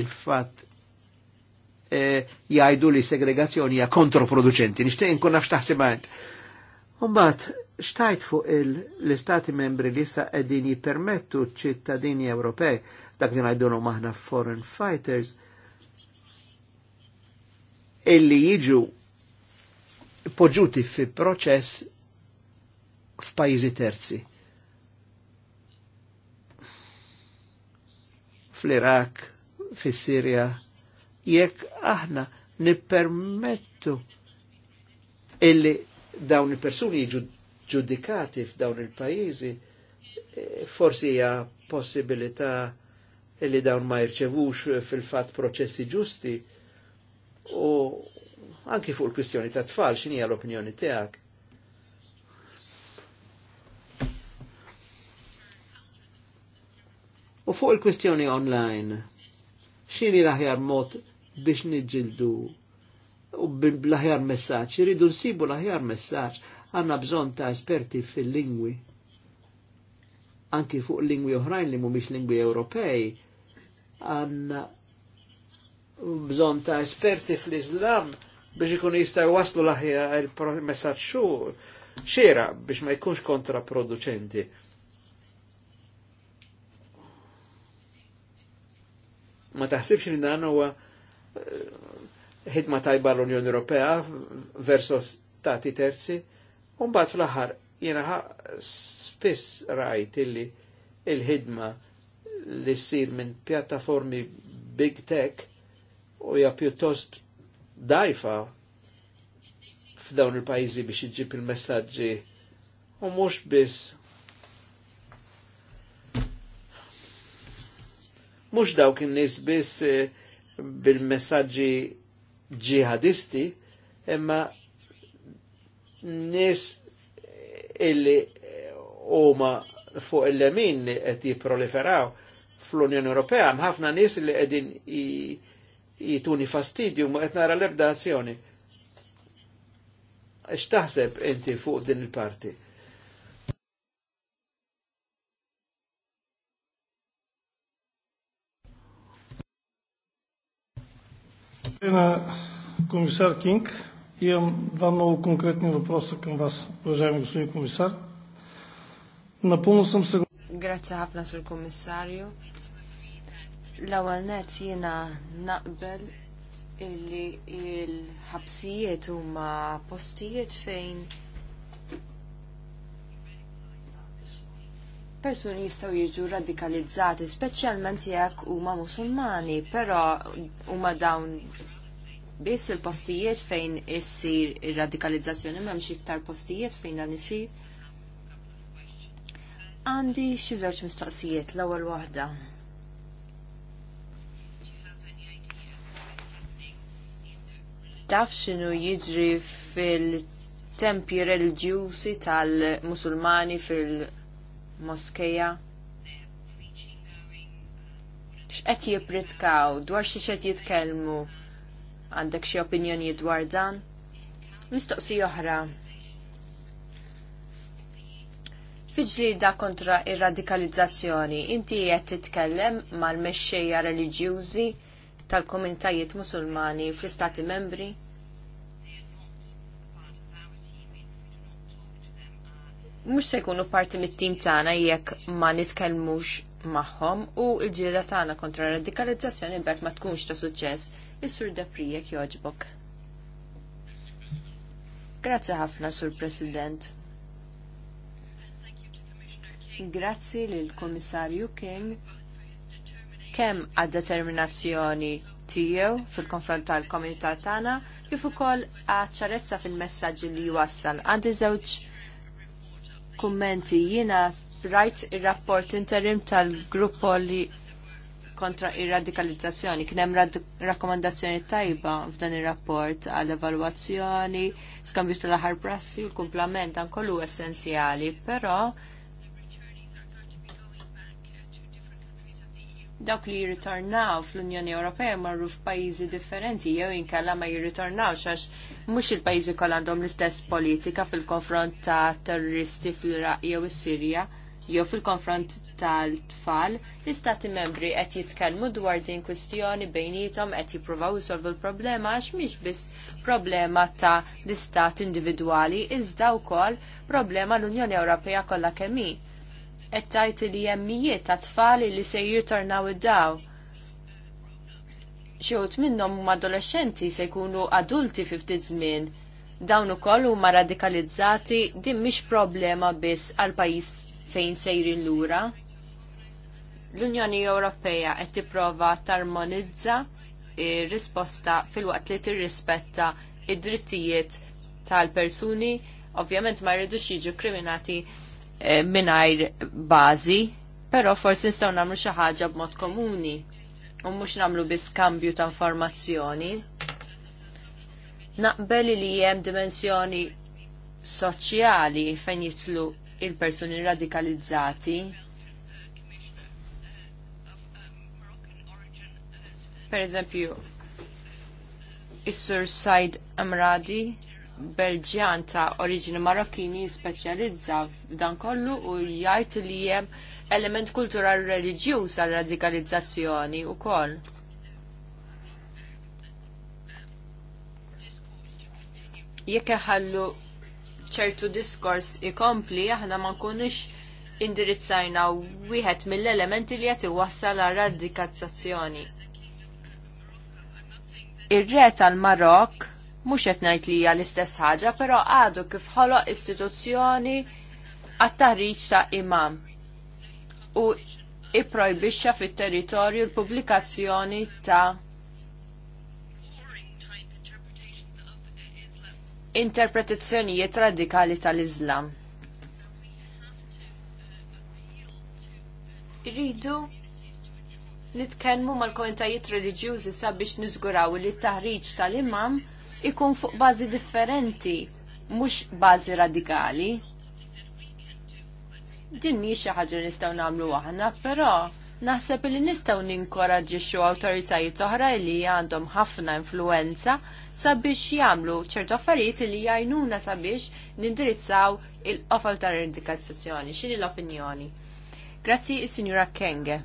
S1: il-fatt e, jgħidu li segregazzjoni hija kontroproducenti. Nixtieq inkun nafx taħsibajt. Umbat, xtajt fuq l-istati membri li sa' edin jipermettu ċittadini Ewropej, dak li għajdunu maħna foreign fighters, illi jiġu poġuti fi proċess f'pajjiżi terzi. Fl-Irak, fis-Sirja, jekk aħna nippermettu illi dawn il-persuni jiġu ġudikati f'dawn il-pajjiżi, eh, forsi hija possibilità illi dawn ma jirċevux fil-fatt proċessi ġusti u anki fuq il-kwistjoni ta' tfal, x'inhi l-opinjoni tiegħek? U fuq il-kwistjoni online, x'inhi l-aħjar mod biex niġildu u bl-aħjar messaġġ, irridu nsibu l-aħjar messaġġ għandna bżonn ta' esperti fil-lingwi anki fuq lingwi oħrajn li mhumiex lingwi Ewropej għanna bżonn ta' esperti fl-Islam biex ikun jista' waslu laħja il-messaġġ xu xiera biex ma jkunx kontraproducenti. Ma taħsibx li dan huwa eh, ħidma tajba l-Unjoni Ewropea versus stati terzi, un bat fl-aħħar jiena spiss rajt illi il-ħidma li ssir minn pjattaformi big tech u ja pjuttost dajfa f'dawn il-pajjiżi biex iġib il-messaġġi u mhux biss mhux dawk in-nies biss eh, bil-messaġġi ġihadisti imma nies illi huma fuq il-lemin li qed jipproliferaw fl-Unjoni Ewropea ħafna nies li qegħdin jituni fastidju ma qed nara l-ebda azzjoni. taħseb inti fuq din il-parti?
S2: Господин комисар King, имам два много
S1: konkretni въпроса към вас, уважаеми господин комисар. Напълно
S3: Grazie ħafna sul commissario. L-ewwel net jiena naqbel illi il-ħabsijiet huma postijiet fejn persuni jistaw jiġu radikalizzati, speċjalment jekk huma musulmani, però huma dawn biss il-postijiet fejn issir ir-radikalizzazzjoni m'hemmx iktar postijiet fejn dan isir. Għandi xi żewġ mistoqsijiet l-ewwel waħda. taf x'inhu jiġri fil-tempi reliġjużi tal-Musulmani fil-moskeja? X'qed jippritkaw, dwar xi x'qed jitkellmu? Għandek xi opinjoni dwar dan? Mistoqsi oħra. da kontra ir-radikalizzazzjoni, inti qed titkellem mal-mexxejja reliġjużi tal-komunitajiet musulmani fl-istati membri? Mux se jkunu parti mit-tim tagħna jekk ma nitkellmux magħhom u l-ġieda tagħna kontra radikalizzazzjoni bekk ma tkunx ta' suċċess. Is-Sur Depri jekk joġbok. Grazzi ħafna, Sur President. Grazzi lill-Kummissarju King kemm għad-determinazzjoni tiegħu fil-konfront tal-komunità tagħna kif ukoll aċċarezza fil-messaġġi li jwassal. Għandi żewġ kummenti jiena rajt ir-rapport interim tal-grupp li kontra ir-radikalizzazzjoni. Kien hemm rakkomandazzjoni tajba f'dan ir-rapport għal evalwazzjoni, skambju tal-aħħar prassi, l-kumplament dan kollu essenzjali, però dawk li jirritornaw fl-Unjoni Ewropea marru f'pajjiżi differenti jew inkella ma jirritornawx għax mhux il-pajjiżi kollha għandhom l-istess politika fil-konfront ta' terroristi fil-Iraq jew is-Sirja jew fil-konfront tal-tfal, l-istati membri qed jitkellmu dwar din kwistjoni bejnietom qed jippruvaw isolvu l-problema għax mhix biss problema ta' l-istat individwali iżda wkoll problema l-Unjoni Ewropea kollha kemm hi qed tgħid li jemmijiet ta' tfali li se jirtornaw id-daw. Xewt minnhom huma adolescenti se jkunu adulti fi ftit żmien. Dawn ukoll huma radikalizzati din mhix problema biss għal pajjiż fejn sejrin lura. L-Unjoni Ewropea qed tipprova tarmonizza risposta fil-waqt li tirrispetta id-drittijiet tal-persuni ovvjament ma rridux jiġu kriminati Eh, mingħajr bażi, però forsi nistgħu nagħmlu xi ħaġa b'mod komuni u mhux nagħmlu bi skambju ta' informazzjoni. Naqbel li hemm dimensjoni soċjali fejn jitlu il-persuni radikalizzati per eżempju, is-Sur Said Amradi Belġjan ta' oriġini Marokkini speċjalizza f'dan kollu u jgħid li hemm element kulturali reliġjuż għal radikalizzazzjoni wkoll. Jekk ħallu ċertu diskors ikompli aħna ma nkunux indirizzajna wieħed mill-elementi li qed iwassal għal radikalizzazzjoni. Ir-re tal-Marokk mhux qed ngħid li hija l-istess ħaġa, però għadu kif ħolo istituzzjoni għat-taħriġ ta' imam u ipprojbixxa fit-territorju l-pubblikazzjoni ta' interpretazzjonijiet radikali tal-Islam. Rridu nitkellmu mal-komunitajiet reliġjużi sabiex niżguraw li t-taħriġ tal-imam ikun fuq bażi differenti, mhux bażi radikali. Din mi xi ħaġa nistgħu nagħmlu aħna, però naħseb li nistgħu ninkoraġġixxu awtoritajiet oħra li għandhom ħafna influenza sabiex jagħmlu ċertu affarijiet li jgħinuna sabiex nindirizzaw il qofal tar-indikazzjoni. X'inhi l-opinjoni?
S2: Grazzi is-Sinjura Kenge.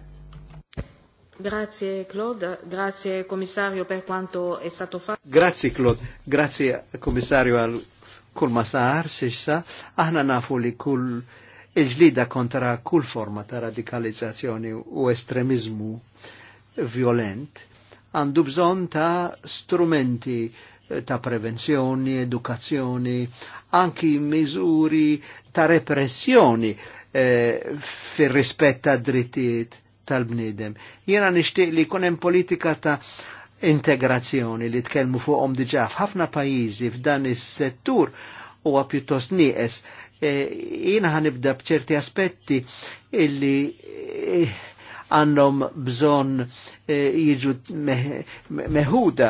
S2: Grazie Claude, grazie Commissario per quanto è stato fatto.
S1: Grazie Claude, grazie Commissario al kull ma sar, sissa, aħna nafu li kull il-ġlida kontra kull forma ta' radikalizzazzjoni u estremizmu violent għandu bżon ta' strumenti eh, ta' prevenzjoni, edukazzjoni, anki miżuri ta' repressjoni eh, fir rispetta ta' tal-bniedem. Jena nixtieq li jkun hemm politika ta' integrazzjoni li tkellmu fuqhom diġà f'ħafna pajjiżi f'dan is-settur huwa pjuttost nieqes. E, jiena ħanibda b'ċerti aspetti illi eh, għandhom bżonn eh, jiġu meħuda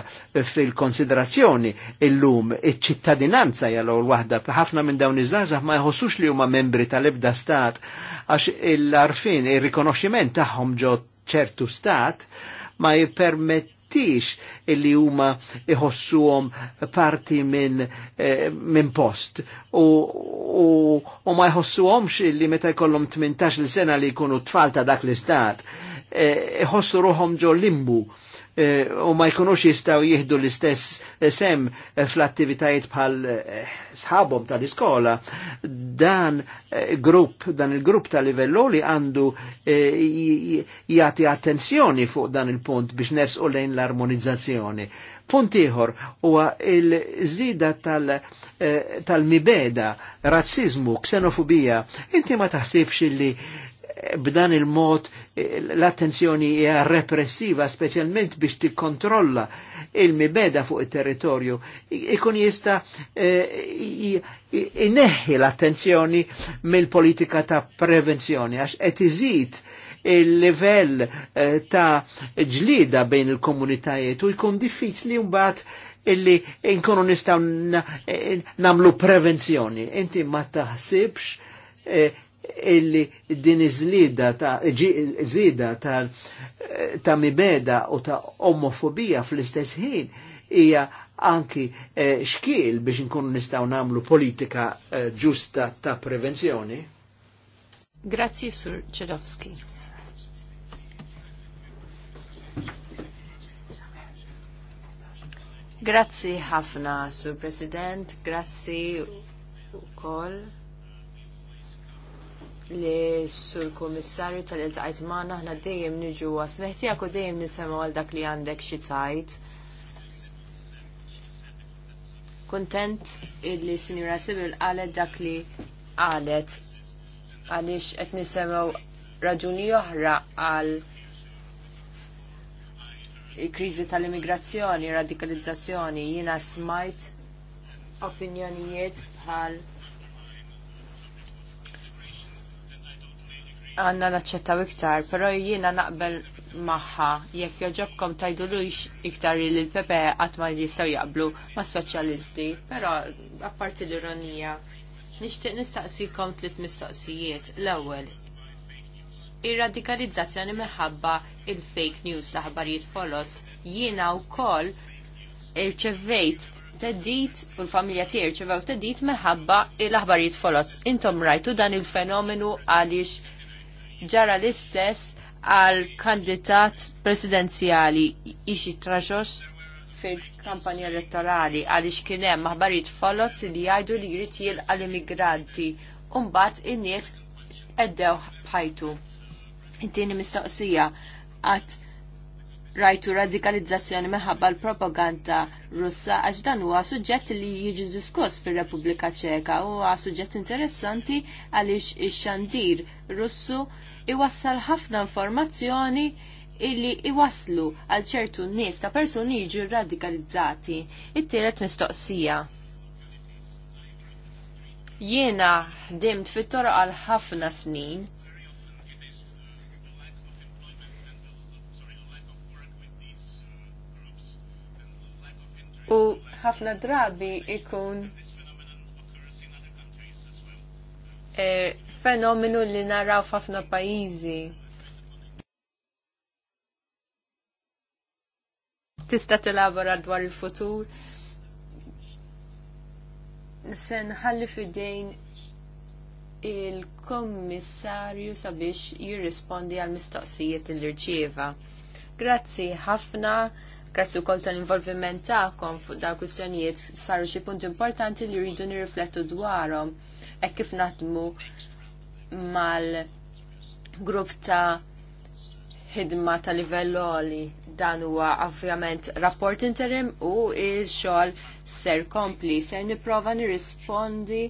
S1: fil-konsiderazzjoni illum iċ-ċittadinanza jgħallu l-waħda ħafna minn dawn iż żazax ma jħossux li huma membri tal-ebda stat għax il-arfin ir-rikonoxximent tagħhom ġo ċertu stat ma jippermet jippermettix illi huma iħossuhom parti minn eh, min post u, u, u ma jħossuhomx illi meta jkollhom 18 sena li jkunu tfal ta' dak l-istat eh, iħossu ruħom ġo limbu Eh, u ma jkunux jistaw jihdu l-istess eh, sem eh, fl-attivitajiet bħal sħabom tal-iskola, dan grupp, dan il-grupp tal-livello li għandu jati attenzjoni fuq dan il-punt biex u lejn l-armonizzazzjoni. Punt ieħor huwa l-żida tal-mibeda, tal razzizmu, ksenofobija. Inti ma taħsibx li b'dan il-mod l-attenzjoni hija repressiva, speċjalment biex tikkontrolla il-mibeda fuq il-territorju, ikun jista eh, l-attenzjoni mill-politika ta' prevenzjoni, għax qed iżid il-livell eh, ta' ġlida bejn il-komunitajiet u jkun diffiċli mbagħad illi nkunu nistgħu namlu prevenzjoni. Inti ma taħsibx eh, illi din iż ta' żida ta' ta' mibeda u ta' omofobija fl-istess ħin hija anki eh, xkiel biex nkunu nistgħu nagħmlu politika eh, ġusta ta' prevenzjoni.
S3: Grazzi, Sur Ċedowski. Grazzi ħafna, Sur President, grazzi u koll li sur komissarju tal-iltaqajt maħna ħna dejjem niġu għasmeħti għako dejjem nisema għal dak li għandek xi tajt. Kontent li Sinjura Sibil għalet dak li għalet għaliex qed nisema raġuni oħra għal il-kriżi tal-immigrazzjoni, radikalizzazzjoni, jiena smajt opinjonijiet bħal għanna naċċettaw iktar, pero jiena naqbel maħħa jekk joġobkom tajdu lux iktar li l-Pepe għatma jistaw jaqblu ma' soċjalisti, pero apparti l-ironija, nishtiq nistaqsikom tliet mistoqsijiet. L-ewwel, ir-radikalizzazzjoni minħabba il-fake news l-aħbarijiet folots jiena wkoll irċevejt teddit u l-familja tiegħi rċevew teddit minħabba l-aħbarijiet folots. Intom rajtu dan il-fenomenu għaliex ġara l-istess għal kandidat presidenzjali ixi traġos fil-kampanja elettorali għaliex kien hemm maħbarijiet folot li jgħidu li jrid għal immigranti u mbagħad in-nies eddew bħajtu. Intini mistoqsija għat rajtu radikalizzazzjoni meħabba l-propaganda russa għax dan huwa suġġett li jiġi diskuss fir-Repubblika Ċeka huwa suġġett interessanti għaliex ix-xandir Russu iwassal ħafna informazzjoni illi iwaslu għal ċertu nies ta' persuni jiġu radikalizzati. It-tielet mistoqsija. Jiena ħdimt fit għal ħafna snin u ħafna drabi ikun eh, fenomenu li naraw f'ħafna pajjiżi. Tista' tilabora dwar il-futur. Se nħalli fidejn il-kommissarju sabiex jirrispondi għal mistoqsijiet il rċieva. Grazzi ħafna, grazzi wkoll tal-involviment tagħkom fuq dawn kwistjonijiet saru xi punt importanti li rridu nirriflettu dwarhom hekk kif naħdmu mal-grupp ta' ħidma ta' livell li dan huwa ovvjament rapport interim u x-xogħol ser kompli. Ser nipprova nirrispondi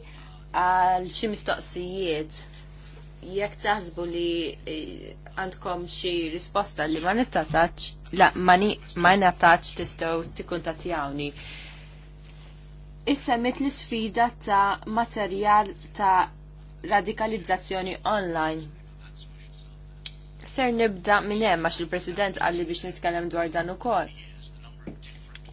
S3: għal xi mistoqsijiet. Jekk taħsbu li eh, għandkom xi risposta li ma nittatax, la ma ngħatax tistgħu tikun Issa mit l-sfida ta' materjal ta' radikalizzazzjoni online. Ser nibda minn hemm għax il-President li biex nitkellem dwar dan ukoll.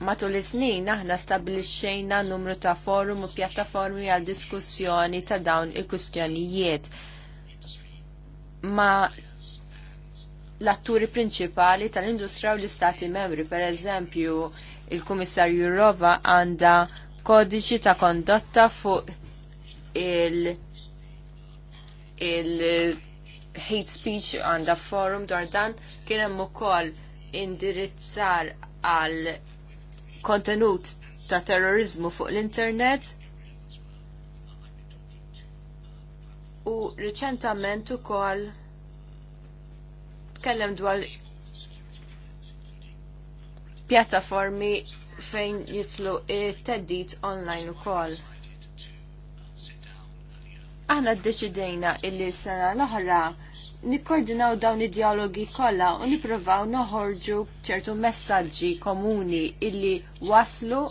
S3: Matul is-snin aħna stabbilixxejna numru ta' forum u pjattaformi għal diskussjoni ta' dawn il-kustjonijiet ma' l-atturi prinċipali tal-industrija u l-istati membri, per eżempju, il-Kummissarju Rova għanda kodiċi ta' kondotta fuq il- il-hate speech għanda forum dwar dan kien hemm ukoll indirizzar għal kontenut ta' terrorizmu fuq l-internet u riċentament ukoll tkellem dwar pjattaformi fejn jitlu it-teddit online ukoll. Aħna ddeċidejna illi sena l-oħra nikkoordinaw dawn id-dialogi kollha u nippruvaw noħorġu ċertu messaġġi komuni illi waslu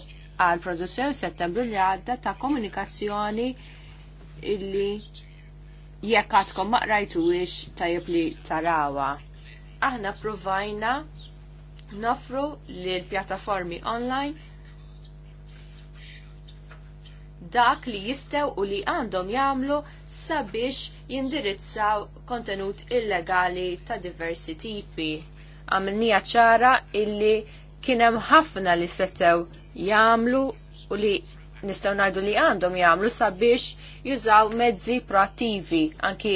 S3: għal produzzjoni settembru li għadda ta' komunikazzjoni illi jekkatkom għadkom ma qrajtuwiex tajjeb li tarawa. Aħna provajna nofru l pjattaformi online dak li jistew u li għandhom jagħmlu sabiex jindirizzaw kontenut illegali ta' diversi tipi. Għamilnija ċara illi kienem ħafna li setew jagħmlu u li nistaw najdu li għandhom jagħmlu sabiex jużaw mezzi proattivi anki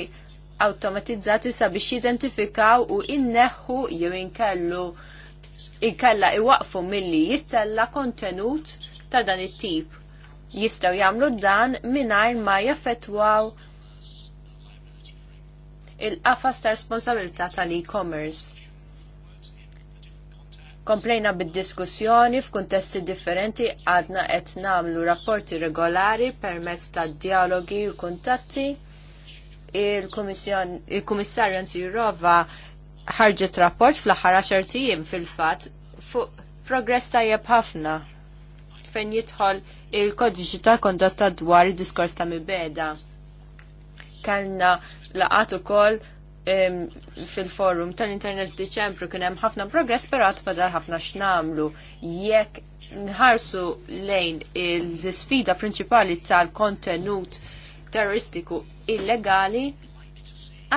S3: automatizzati sabiex jidentifikaw u inneħħu jew inkellu inkella iwaqfu milli jittella kontenut ta' dan it-tip jistaw jagħmlu dan mingħajr ma jaffetwaw il-qafas ta' responsabilità tal-e-commerce. Komplejna bid-diskussjoni f'kuntesti differenti għadna qed namlu rapporti regolari permezz ta' dialogi u kuntatti. Il-Kummissarju il Jurova ħarġet rapport fl-aħħar 10 fil-fatt fuq progress tajjeb ħafna fejn jidħol il kodiċi ta' kondotta dwar il-diskors ta' mibeda. Kellna laqat ukoll fil-forum tal-internet Diċembru kien hemm ħafna progress però għad ħafna x'namlu. Jekk nħarsu lejn il sfida prinċipali tal-kontenut terroristiku illegali,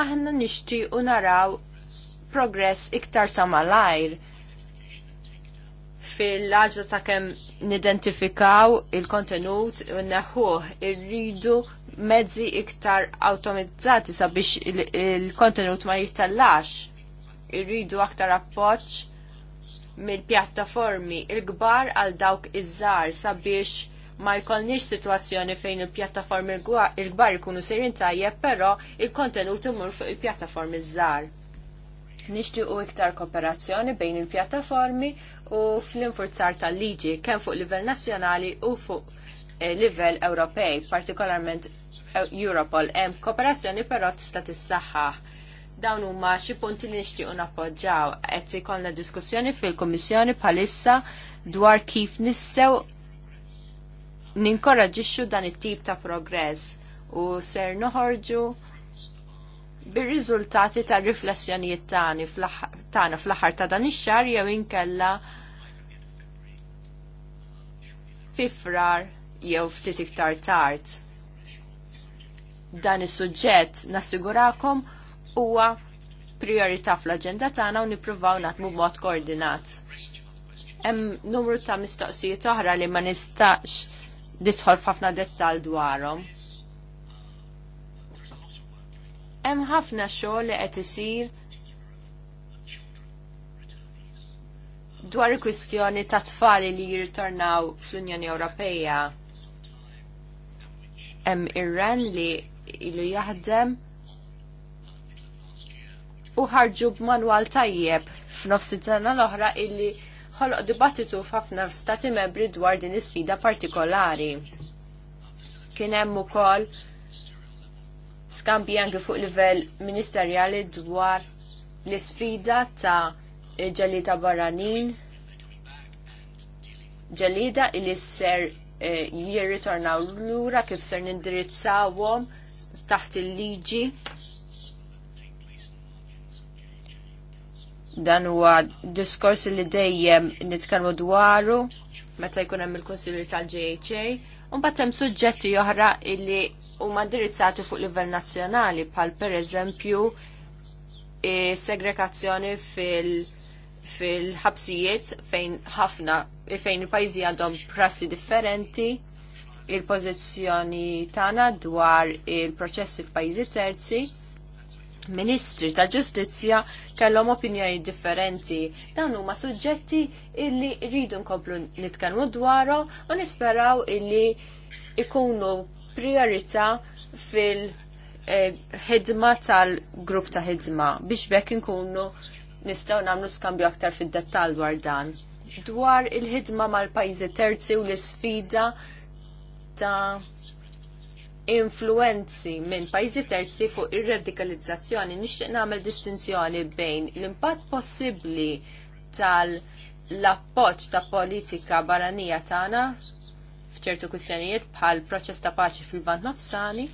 S3: aħna nixtiequ naraw progress iktar ta' malajr fil laġda ta' kem nidentifikaw il-kontenut u neħuħ irridu mezzi iktar automatizzati sabiex il-kontenut ma jistallax. Irridu aktar appoċ mill-pjattaformi il-gbar għal dawk iż-żar sabiex ma jkollniex situazzjoni fejn il-pjattaformi il-gbar ikunu sejrin tajjeb, però il-kontenut imur fuq il-pjattaformi żgħar. Nixtiequ iktar kooperazzjoni bejn il-pjattaformi u fl-infurzar tal-liġi kemm fuq livell nazzjonali u fuq eh, livell Ewropej, partikolarment eh, Europol hemm kooperazzjoni però tista' tissaħħaħ dawn huma xi punti li nixtiequ nappoġġjaw qed ikollna diskussjoni fil-Kummissjoni bħalissa dwar kif nistgħu ninkoraġixxu dan it-tip ta' progress u ser noħorġu bir-riżultati tar riflessjonijiet tagħna fl-aħħar ta' dan ix-xahar jew inkella fifrar jew ftit iktar tard. Dan is-suġġett nassigurakom huwa priorità fl-aġenda tagħna u nippruvaw naħdmu b'mod koordinat. Hemm numru ta' mistoqsijiet oħra li ma nistax nidħol f'ħafna dettal dwarhom Hemm ħafna xogħol li qed isir dwar il-kwistjoni ta' tfali li jirtornaw fl-Unjoni Ewropea. Hemm ir-ren li ilu jaħdem u ħarġu b'manwal tajjeb f'nofs it dana l-oħra illi ħoloq dibattitu f'ħafna stati membri dwar din is-sfida partikolari. Kien hemm ukoll skambi anke fuq livell ministerjali dwar l-isfida ta' ġelida barranin, Ġalida il ser eh, jirritornaw l-lura kif ser nindirizzawhom taħt il-liġi. Dan huwa diskors li dejjem nitkellmu dwaru meta jkun hemm il-Kunsilli tal-GHA, u mbagħad hemm suġġetti oħra illi huma indirizzati fuq livell nazzjonali per pereżempju e, segregazzjoni fil- fil-ħabsijiet fejn ħafna e, fejn il-pajjiżi għandhom prassi differenti il-pożizzjoni tagħna dwar il-proċessi f'pajjiżi terzi ministri ta' ġustizzja kellhom opinjoni differenti. Dawn huma suġġetti illi rridu nkomplu nitkellmu dwarhom u nisperaw illi ikunu priorità fil-ħidma eh, tal-grupp ta' ħidma biex bekk inkunu nistgħu nagħmlu skambju aktar fid-dettall dwar dan. Dwar il-ħidma mal-pajjiżi terzi u l-isfida ta' influenzi minn pajjiżi terzi fuq ir-radikalizzazzjoni nixtieq nagħmel distinzjoni bejn l-impatt possibbli tal- l-appoġġ ta' politika barranija tagħna f'ċertu kwistjonijiet bħal proċess ta' paċi fil-vant nofsani,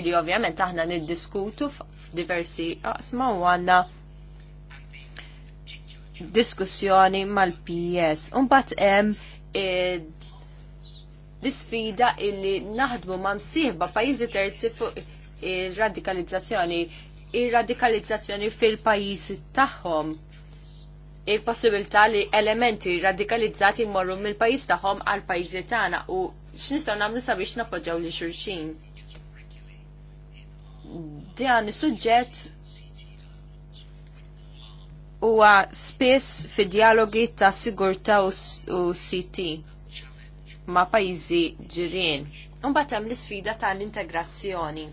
S3: illi ovvjament aħna niddiskutu f'diversi qasma u għanna diskussjoni mal-PS. Umbat hemm eh, l-isfida illi naħdmu ma' msieħba pajjiżi terzi fuq ir-radikalizzazzjoni ir-radikalizzazzjoni fil-pajjiżi tagħhom il-possibilità li elementi radikalizzati morru mill-pajis tagħhom għal pajjiżi tagħna u x'nistgħu nagħmlu sabiex nappoġġaw li xulxin. Dan is-suġġett huwa spiss fid-dialogi ta' sigurtà u CT ma' pajjiżi ġirien. Imbagħad hemm l-isfida tal-integrazzjoni.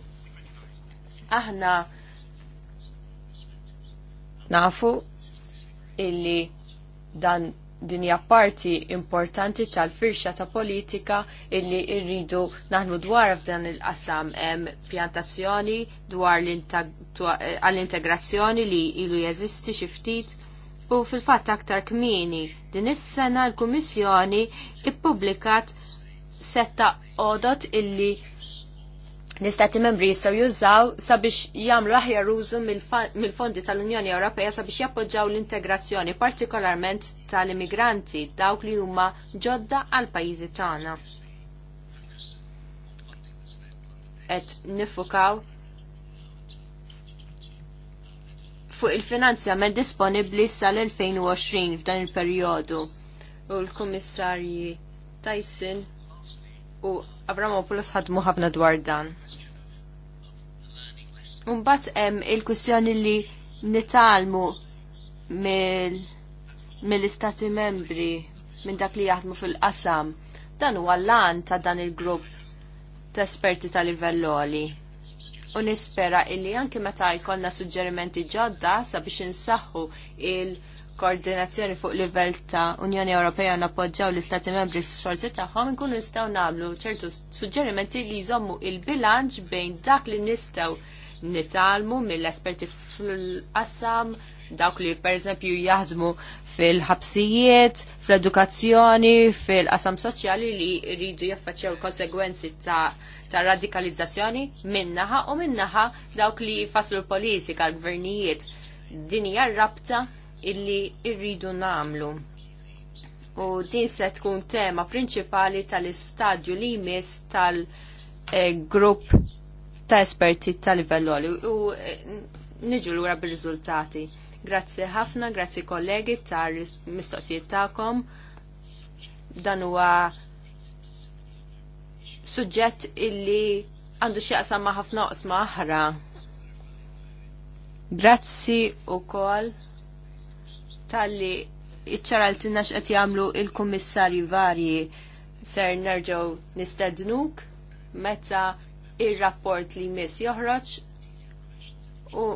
S3: Aħna nafu illi dan dinja parti importanti tal-firxa ta' politika illi irridu naħnu dwar f'dan il-qasam pjantazzjoni dwar għall-integrazzjoni li ilu jeżisti xi ftit u fil-fatt aktar kmini din is-sena l-Kummissjoni ippubblikat setta qodot illi l-istati membri jistgħu jużaw sabiex jagħmlu aħjar użu mill-fondi tal-Unjoni Ewropea sabiex jappoġġaw l-integrazzjoni partikolarment tal-immigranti dawk li huma ġodda għal pajjiżi tagħna. Qed nifukaw fuq il-finanzjament disponibbli sal-2020 f'dan il-perjodu u l-Kummissarji Tyson u Avramopoulos ħadmu ħafna dwar dan. Umbat hemm il-kwistjoni li nitalmu mill-istati mil membri minn dak li jaħdmu fil-qasam. Dan huwa lan ta' dan il-grupp ta' esperti ta' livelloli. U nispera illi anki meta jkollna suġġerimenti ġodda sabiex insaħħu il- koordinazzjoni fuq livell ta' Unjoni Ewropea nappoġġaw l-Istati Membri s sforzi tagħhom inkunu nistgħu nagħmlu ċertu suġġerimenti li jżommu il-bilanċ bejn dak li nistgħu nitalmu mill-esperti fl-qassam dawk li pereżempju jaħdmu fil-ħabsijiet, fl-edukazzjoni, fil-qasam soċjali li jridu jaffaċċjaw l-konsegwenzi ta' ta' radikalizzazzjoni minnaħa u minnaħa dawk li faslu l-politika, l-gvernijiet. Dinija rabta illi rridu nagħmlu. U din se tkun tema prinċipali tal-istadju li jmiss tal-grupp ta' esperti tal-livell u eh, niġu lura bir-riżultati. Grazzi ħafna, grazie kollegi ta' mistoqsijiet tagħkom. Dan huwa suġġett illi għandu xieqsam ma' ħafna oqsma aħra. Grazzi u koll tal-li iċċaraltina x'qed jagħmlu il kummissarju varji ser nerġgħu nistednuk meta ir-rapport li miss joħroġ u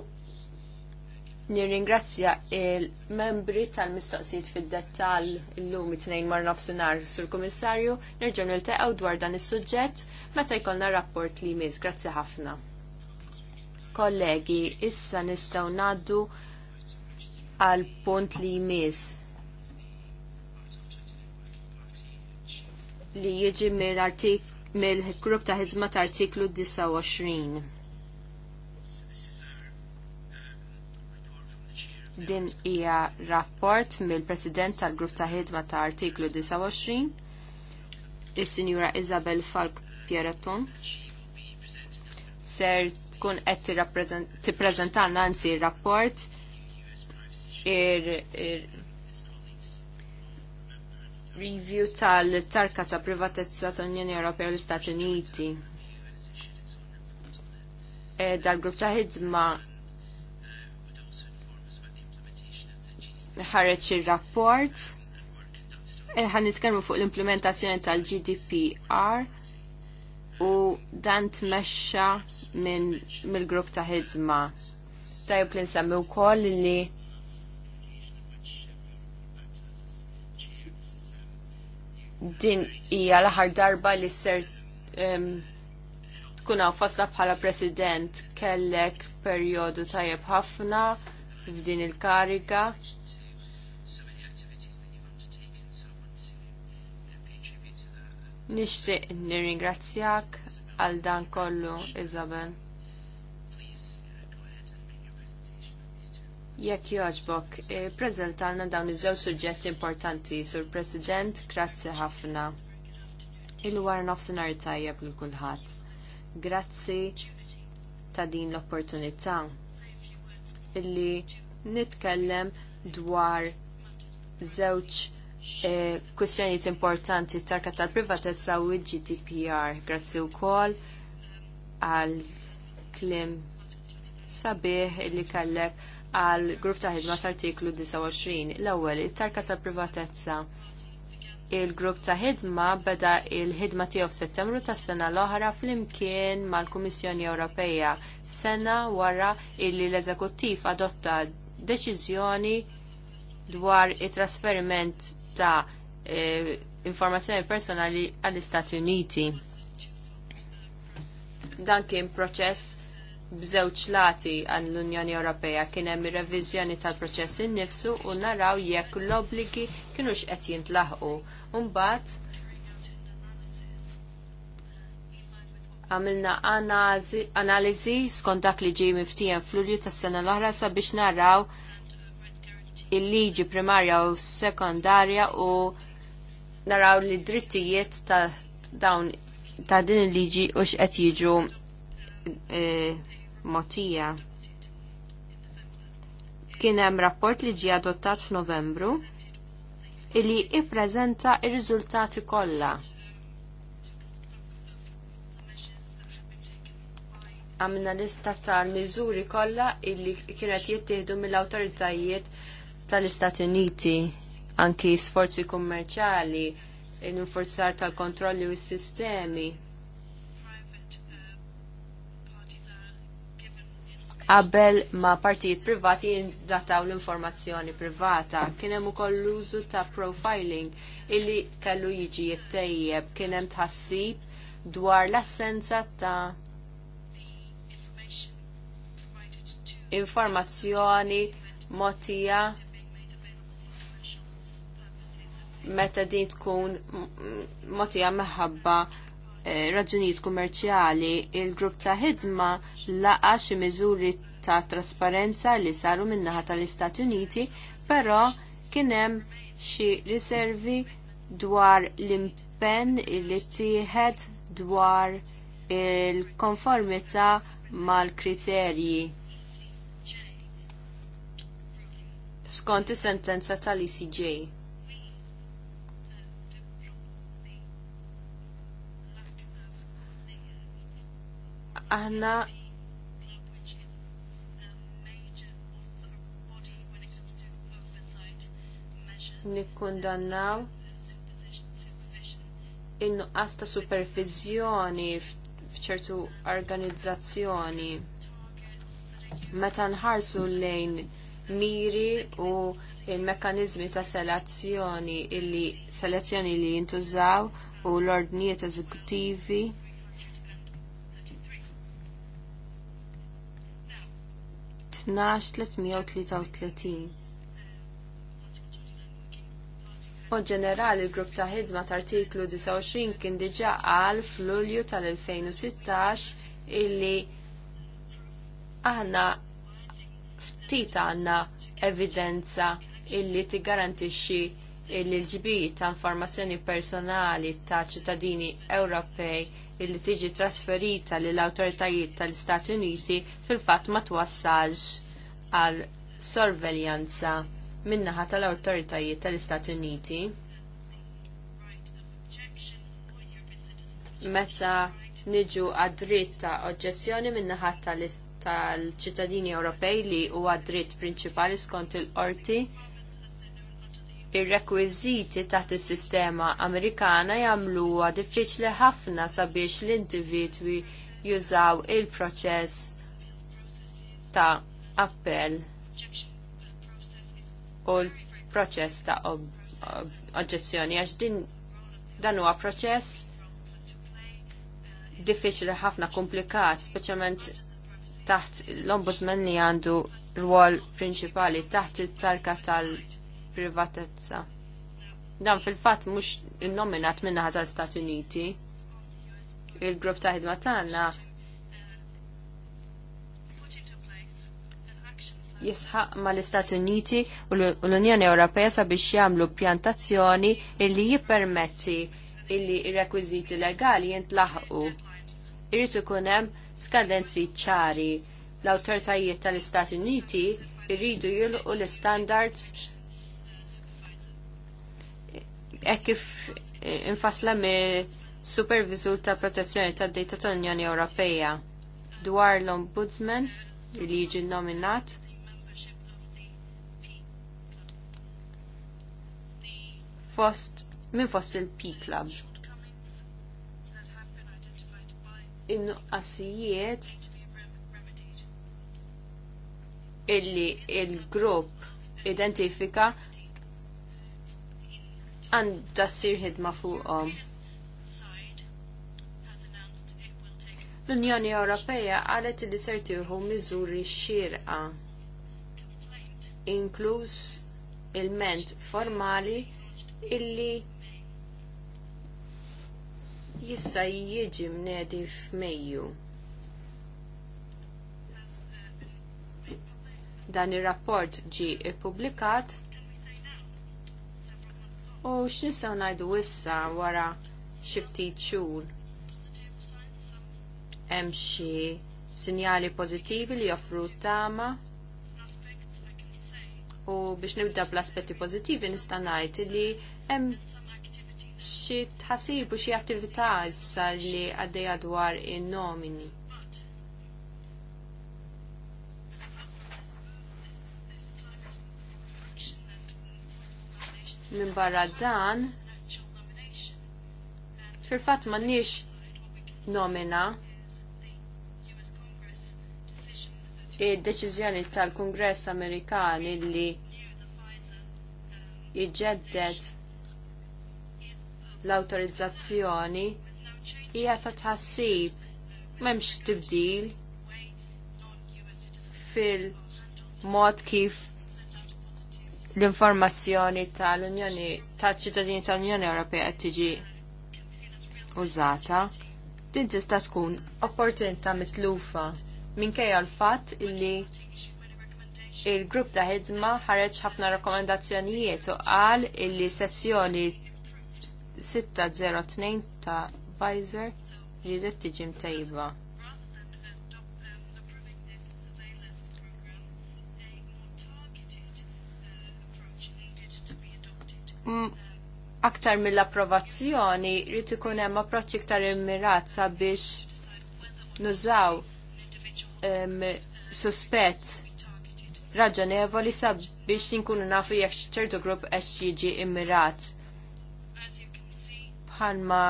S3: nirringrazzja il-membri tal-mistoqsijiet fid-dettall illum it-tnejn mar nofsinhar sur kummissarju nerġgħu niltaqgħu dwar dan is-suġġett meta jkollna rapport li jmiss. Grazzi ħafna. Kollegi, issa nistgħu ngħaddu għal punt li jmiss li jiġi mill-grupp ta' ħidma ta' artiklu 29. Din hija rapport mill-President tal-Grupp ta' ħidma ta' artiklu 29, is-Sinjura Isabel Falk Pieraton. Ser tkun qed tippreżentana anzi rapport review tal-tarka ta' privatezza tal-Unjoni Ewropea u l-Istati Uniti. E, dal-grupp ta' ħidma ħareġ ir-rapport e, ħan nitkellmu fuq l-implementazzjoni tal-GDPR u dan tmexxa minn mill-grupp ta' ħidma. Tajb li nsemmi wkoll li din hija l-aħħar darba li ser um, tkun hawn fasla bħala president kellek perjodu tajjeb ħafna f'din il-kariga. Nixtieq nirringrazzjak għal dan kollu, Isabel. Jekk jogħġbok, eh, prezentalna dawn iż-żewġ suġġetti importanti sur President, grazzi ħafna. Il-war nofsinhar tajjeb lil kulħadd. Grazzi ta' din l-opportunità illi nitkellem dwar żewġ eh, kwistjonijiet importanti tarka tal-privatezza u l-GDPR. Grazzi wkoll għal klim sabiħ illi kellek għal grupp ta' ħidma ta' artiklu 29. L-ewwel, it-tarka ta' privatezza. Il-grupp ta' ħidma beda il-ħidma tiegħu f'Settembru tas-sena l-oħra flimkien mal-Kummissjoni Ewropea sena wara illi l-Eżekuttiv adotta deċiżjoni dwar it-trasferiment ta' e, informazzjoni personali għall-Istati Uniti. Dan kien proċess bżewġ lati għall unjoni Ewropea kien hemm ir-reviżjoni tal-proċess innifsu u naraw jekk l-obbligi kienux qed jintlaħqu. Mbagħad għamilna analiżi skont dak li ġie miftijem fl-ulju tas-sena l-oħra sabiex naraw il-liġi primarja u sekondarja u naraw li drittijiet ta' dawn ta' din il-liġi u x'qed jiġu eh, Motija. Kien hemm rapport li ġie adottat f'Novembru illi ippreżenta r-riżultati kollha. Għamna lista tal-miżuri kollha illi kienet jittieħdu mill-awtoritajiet tal-Istati Uniti anki sforzi kummerċali, l-infurzar tal-kontrolli u s-sistemi qabel ma partijiet privati jindataw l-informazzjoni privata. Kien hemm ukoll l-użu ta' profiling illi kellu jiġi jittejjeb kien hemm tħassib dwar l-assenza ta' informazzjoni mogħtija meta din tkun mogħtija meħabba Eh, raġunijiet kummerċjali, il-grupp ta' ħidma laqa xi miżuri ta' trasparenza li saru min-naħa tal-Istati Uniti, però kien hemm xi riservi dwar l-impenn li tieħed dwar il-konformità mal-kriterji. Skont is-sentenza tal icj aħna nikkundannaw in-nuqqas ta' supervizjoni f'ċertu organizzazzjoni meta nħarsu lejn miri u il mekanizmi ta' selezzjoni illi selezzjoni li jintużaw u l-ordnijiet eżekutivi 12-333. U ġenerali l-grupp ta' ħidma ta' artiklu 29 kien diġa għal f'Lulju tal-2016 illi aħna ftit għanna evidenza illi garantixi illi l ġbijiet ta' informazzjoni personali ta' ċittadini Ewropej illi tiġi trasferita lill awtoritajiet tal-Istati Uniti fil-fatt ma twassalx għal sorveljanza min-naħa tal-awtoritajiet tal-Istati Uniti. Meta niġu għad-dritt ta' oġġezzjoni min-naħa tal-ċittadini Ewropej li huwa dritt prinċipali skont il-qorti ir-rekwiżiti taħt is-sistema Amerikana jagħmluha diffiċli ħafna sabiex l-individwi jużaw il-proċess ta' appell u l-proċess ta' oġġezzjoni għax din dan huwa proċess diffiċli ħafna komplikat, speċjalment taħt l-ombudsman li għandu rwol prinċipali taħt il-tarka tal- privatezza. Dan fil-fatt mhux innominat minnaħa tal stat Uniti. Il-grupp ta' ħidma tagħna jisħaq ma l-Istati Uniti u l-Unjoni Ewropea sabiex jagħmlu pjantazzjoni illi jippermetti illi r rekwiżiti legali jintlaħqu. Irrid ikun hemm skadenzi ċari. L-awtoritajiet tal-Istati Uniti irridu jilqu l-standards Ek kif e, infasla me supervisur ta' protezzjoni ta' data tal-Unjoni Ewropeja dwar l-Ombudsman li jiġi nominat. Fost, minn fost il-P Club. In-nuqqasijiet illi il-grupp identifika għandha ssir ħidma fuqhom. L-Unjoni Ewropea qalet li ser tieħu miżuri xirqa, inkluż il-ment formali illi jista' jiġi mnedi f'Mejju. Dan ir-rapport ġie ppubblikat U x'nistgħu ngħidu issa wara xi ftit xhur hemm xi sinjali pożittivi li joffru tama u biex nibda bl-aspetti pożittivi nista' ngħid li hemm xi tħassib u xi attività issa li għaddejja dwar in-nomini Minn barra dan, fil fat ma nix nomina il-deċizjoni tal kongress Amerikan illi iġeddet l-autorizzazzjoni hija ta' tħassib m'hemmx tibdil fil-mod kif l-informazzjoni tal-Unjoni tal-ċittadini tal-Unjoni Ewropea qed tiġi użata, din tista' tkun opportunità mitlufa minkejja l-fatt illi il-grupp ta' ħidma ħareġ ħafna rakkomandazzjonijiet u qal illi sezzjoni 602 ta' Pfizer ridet tiġi mtejba. aktar mill-approvazzjoni rrid ikun hemm approċċ iktar immirat sabiex nużaw suspett raġonevoli sabiex inkunu nafu jekk ċertu grupp għax jiġi immirat. Bħalma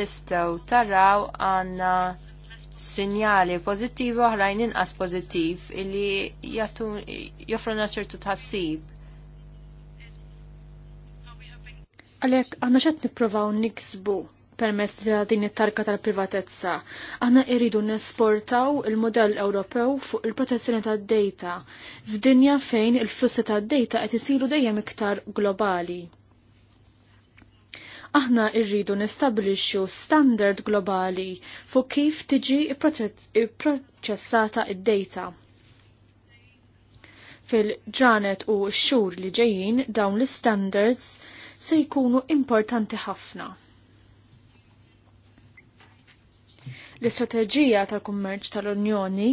S3: tistgħu taraw għandna sinjali pożittivi oħrajn inqas pożittiv illi joffruna ċertu tħassib
S2: Għalek, għanna xed niprofaw niksbu permess ta' din it-tarka tal-privatezza. Aħna irridu nesportaw il-modell Ewropew fuq il-protezzjoni tad-data f'dinja fejn il-flussi tad-data qed isiru dejjem iktar globali. Aħna irridu nistabilixxu standard globali fuq kif tiġi ipproċessata id-data. Fil-ġranet u x-xhur li ġejjin dawn l-standards se jkunu importanti ħafna. l-istrateġija tal-kummerċ tal-Unjoni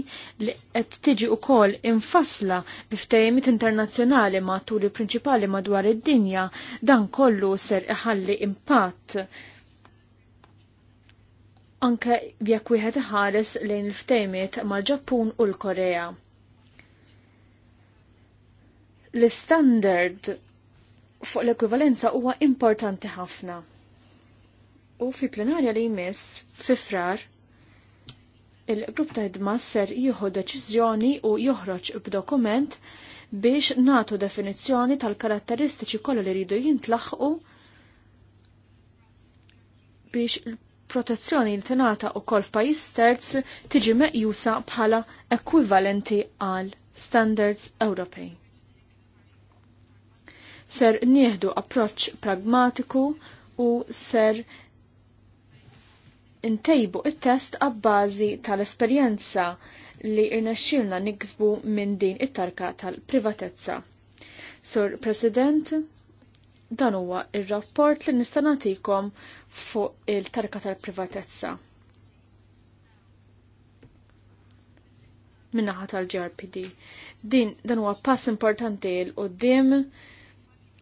S2: li qed tiġi wkoll infassla biftejmiet internazzjonali matul il prinċipali madwar id-dinja dan kollu ser iħalli impatt anke jekk wieħed iħares lejn il-ftejmiet mal-Ġappun u l-Korea. L-standard fuq l-ekwivalenza huwa importanti ħafna. U fil-plenarja li jmiss, fi frar, il-grupp ta' idma ser jieħu deċiżjoni u joħroġ b'dokument biex natu definizzjoni tal-karatteristiċi kollu li jridu jintlaħqu biex il-protezzjoni li tingħata wkoll f'pajjiż terz tiġi meqjusa bħala ekwivalenti għal standards Ewropej ser nieħdu approċċ pragmatiku u ser intejbu it-test għabbażi tal-esperjenza li irnexxilna niksbu minn din it-tarka tal-privatezza. Sur President, dan huwa ir-rapport li nista' nagħtikom fuq il-tarka tal-privatezza. Minnaħa tal-GRPD. Din dan huwa pass importanti l qudiem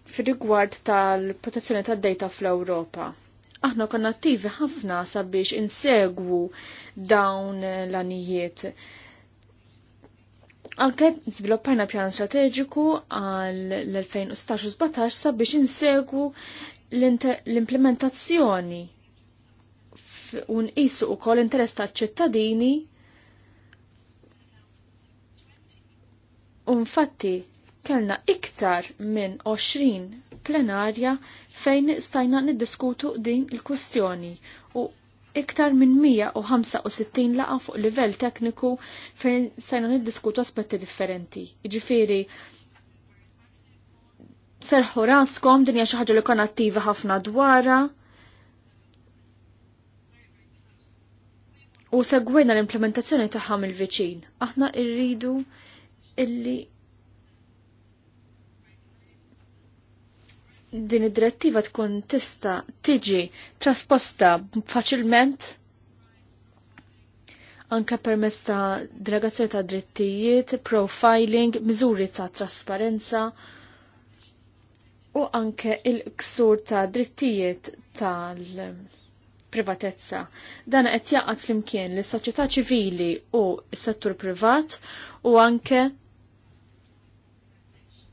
S2: fir-rigward tal-protezzjoni tad-data fl-Ewropa. Aħna konna attivi ħafna sabiex insegwu dawn l-anijiet. Anke żviluppajna pjan strateġiku għal l-2016-17 sabiex insegwu l-implementazzjoni u nqisu wkoll interess taċ-ċittadini u infatti kellna iktar minn 20 plenarja fejn stajna niddiskutu din il kustjoni u iktar minn 165 laqa fuq livell tekniku fejn stajna niddiskutu aspetti differenti. Iġifiri, serħu raskom dinja xi ħaġa li kon attiva ħafna dwara. U segwejna l-implementazzjoni tagħha mill-viċin. Aħna rridu illi din id-direttiva tkun tista tiġi trasposta faċilment anke permezz ta' delegazzjoni ta' drittijiet, profiling, miżuri ta' trasparenza u anke il-ksur ta' drittijiet tal-privatezza. Dan qed jaqgħad flimkien lis soċjetà ċivili u s-settur privat u anke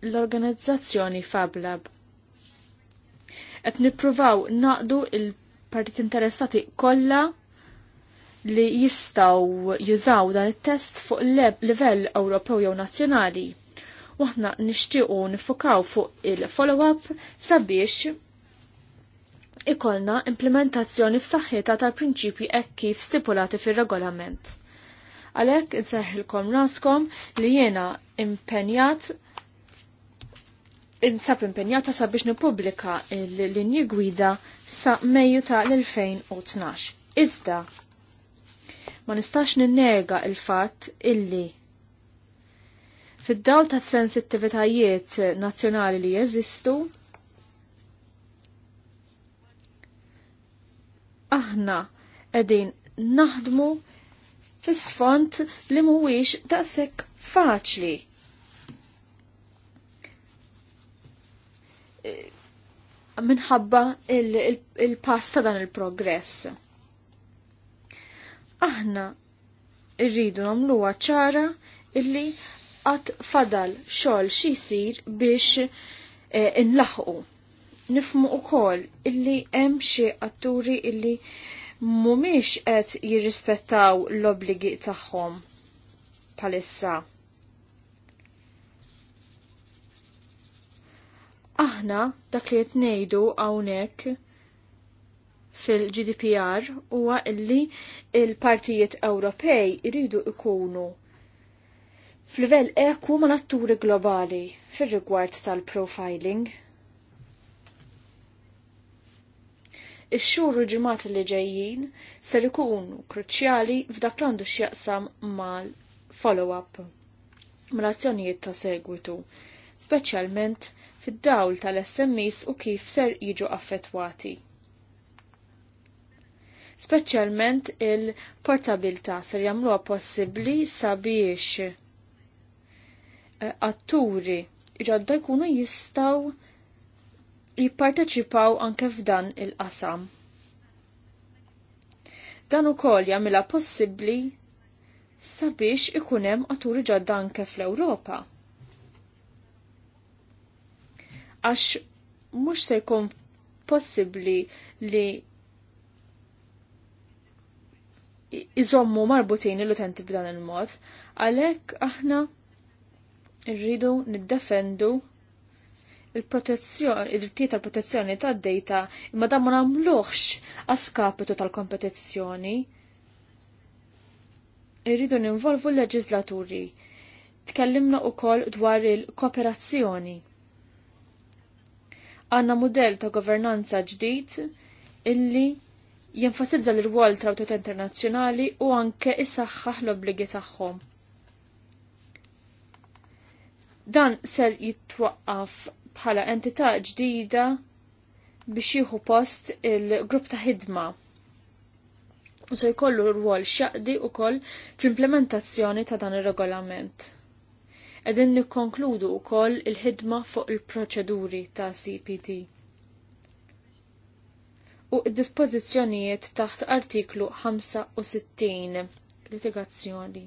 S2: l-organizzazzjoni Fablab qed nippruvaw naqdu il-partit interessati kollha li jistaw jużaw dan it-test fuq livell Ewropew jew nazzjonali. Waħna nixtiequ nifokaw fuq il-follow-up sabiex ikolna implementazzjoni f'saħħitha tal-prinċipji hekk kif stipulati fir-regolament. Għalhekk inserħilkom raskom li jiena impenjat insab impenjata sabiex nipublika l-linji gwida sa Mejju ta' l-2012. Iżda, ma nistax ninnega il-fatt illi fid-dawl ta' sensittivitajiet nazzjonali li jeżistu, aħna edin naħdmu fis-sfont li mhuwiex daqshekk faċli minħabba il-pass ta' dan il-progress. Aħna irridu nagħmluha ċara illi għat fadal xogħol xi jsir biex eh, inlaħu. Nifmu kol illi hemm xi atturi illi mhumiex qed jirrispettaw l-obligi tagħhom palissa. Aħna dak li qed ngħidu hawnhekk fil-GDPR huwa illi il-partijiet Ewropej iridu ikunu f'livell eku ma' natturi globali fir-rigward tal-profiling. ix-xhur u ġimgħat li ġejjin ser ikunu kruċjali f'dak l-għandu x'jaqsam mal-follow-up mal-azzjonijiet ta' segwitu, speċjalment fid-dawl tal-SMEs u kif ser jiġu affettwati. Speċjalment il-portabilta ser jagħmluha possibbli sabiex eh, atturi ġodda jkunu jistaw jipparteċipaw anke f'dan il-qasam. Dan ukoll jagħmilha possibbli sabiex ikun hemm atturi ġodda anke fl-Ewropa. għax mhux se jkun possibbli li iżommu marbutin l-utenti b'dan il-mod, għalhekk aħna rridu niddefendu il-protezzjoni, il-drittijiet tal-protezzjoni tad-data imma da ma nagħmluhx għaskapitu tal-kompetizzjoni. Irridu ninvolvu l-leġislaturi. Tkellimna wkoll dwar il-kooperazzjoni. Għanna model ta' governanza ġdid illi jenfasizza l-rwol ta' awtorità internazzjonali u anke isaħħaħ l-obbligi tagħhom. Dan ser jitwaqqaf bħala entità ġdida biex jieħu post il-grupp ta' ħidma u se jkollu rwol xaqdi u koll fl-implementazzjoni ta' dan ir regolament Edin nikkonkludu wkoll il-ħidma fuq il-proċeduri ta' CPT. U id-dispożizzjonijiet taħt artiklu 65 litigazzjoni.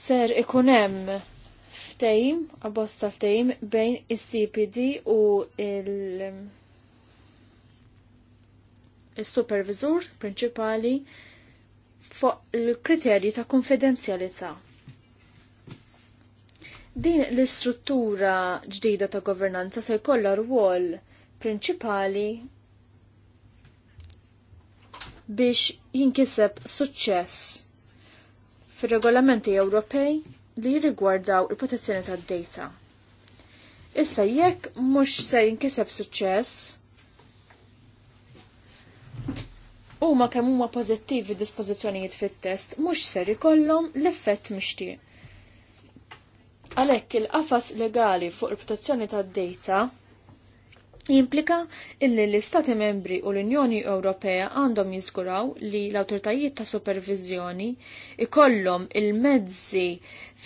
S2: Ser ikunem ftejm, abbosta ftejm, bejn il-CPD u il- il principali fuq il-kriterji ta' konfidenzjalità. Din l-istruttura ġdida ta' governanza se jkollha rwol prinċipali biex jinkiseb suċċess fir-regolamenti Ewropej li jirrigwardaw il-protezzjoni tad-data. Issa jekk mhux se jinkiseb suċċess, huma kemm huma pożittivi dispożizzjonijiet fit-test mhux ser ikollhom l-effett mixtieq. Għalhekk il-qafas legali fuq il-protezzjoni tad-data jimplika illi l-Istati membri u l-Unjoni Ewropea għandhom jiżguraw li l-awtoritajiet ta' supervizjoni ikollhom il-mezzi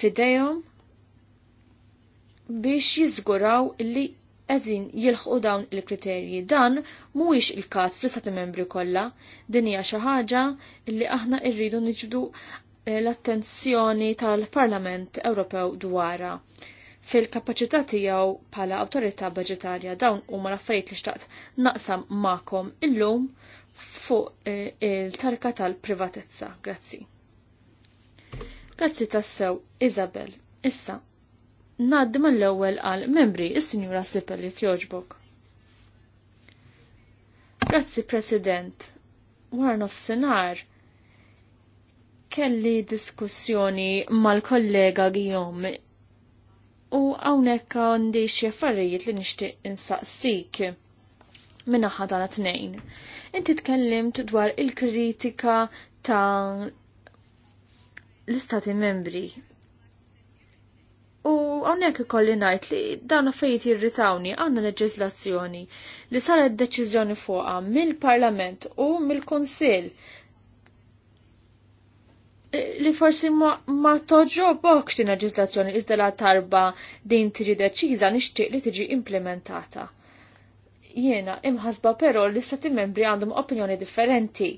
S2: fidejhom biex jiżguraw li eżin jilħqu dawn il-kriterji. Dan mhuwiex il-każ fl-istati membri kollha. Din hija xi ħaġa li aħna rridu niġdu l-attenzjoni tal-Parlament Ewropew dwara fil-kapacità tiegħu bħala awtorità budġetarja dawn huma l-affarijiet li xtaqt naqsam magħkom illum fuq eh, il-tarka tal-privatezza. Grazzi. Grazzi tassew, Isabel. Issa, naddim l-ewwel għal membri is-Sinjura Sipel li kjoġbok. Grazzi President, war nofsinhar kelli diskussjoni mal-kollega Gijom u għawnek għandi xie affarijiet li nixtieq insaqsik minna ħadana t-nejn. Inti tkellimt dwar il-kritika ta' l-istati membri. U għonek ikolli najt li dan fejt jirritawni għanna leġizlazzjoni li saret deċiżjoni fuqa mill-Parlament u mill-Konsil li forsi ma toġobok din leġislazzjoni iżda la tarba din tiġi deċiża nixtieq li tiġi implementata. Jiena imħasba però li stati membri għandhom opinjoni differenti.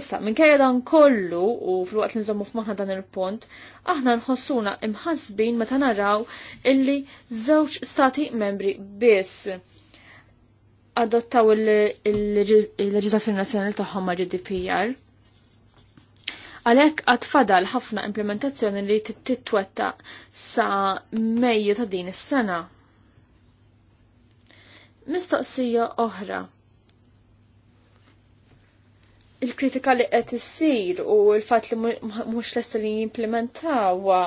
S2: Issa minkejja dan kollu u fl-waqt li nżommu f'maħna dan il-punt, aħna nħossuna imħasbin meta naraw illi żewġ stati membri biss adottaw il-leġislazzjoni nazzjonali tagħhom ma' GDPR Għalhekk għad fadal ħafna implementazzjoni li titwetta sa Mejju ta' din is-sena. Mistoqsija oħra. Il-kritika li qed issir u l-fatt li mhux lest li jimplementawa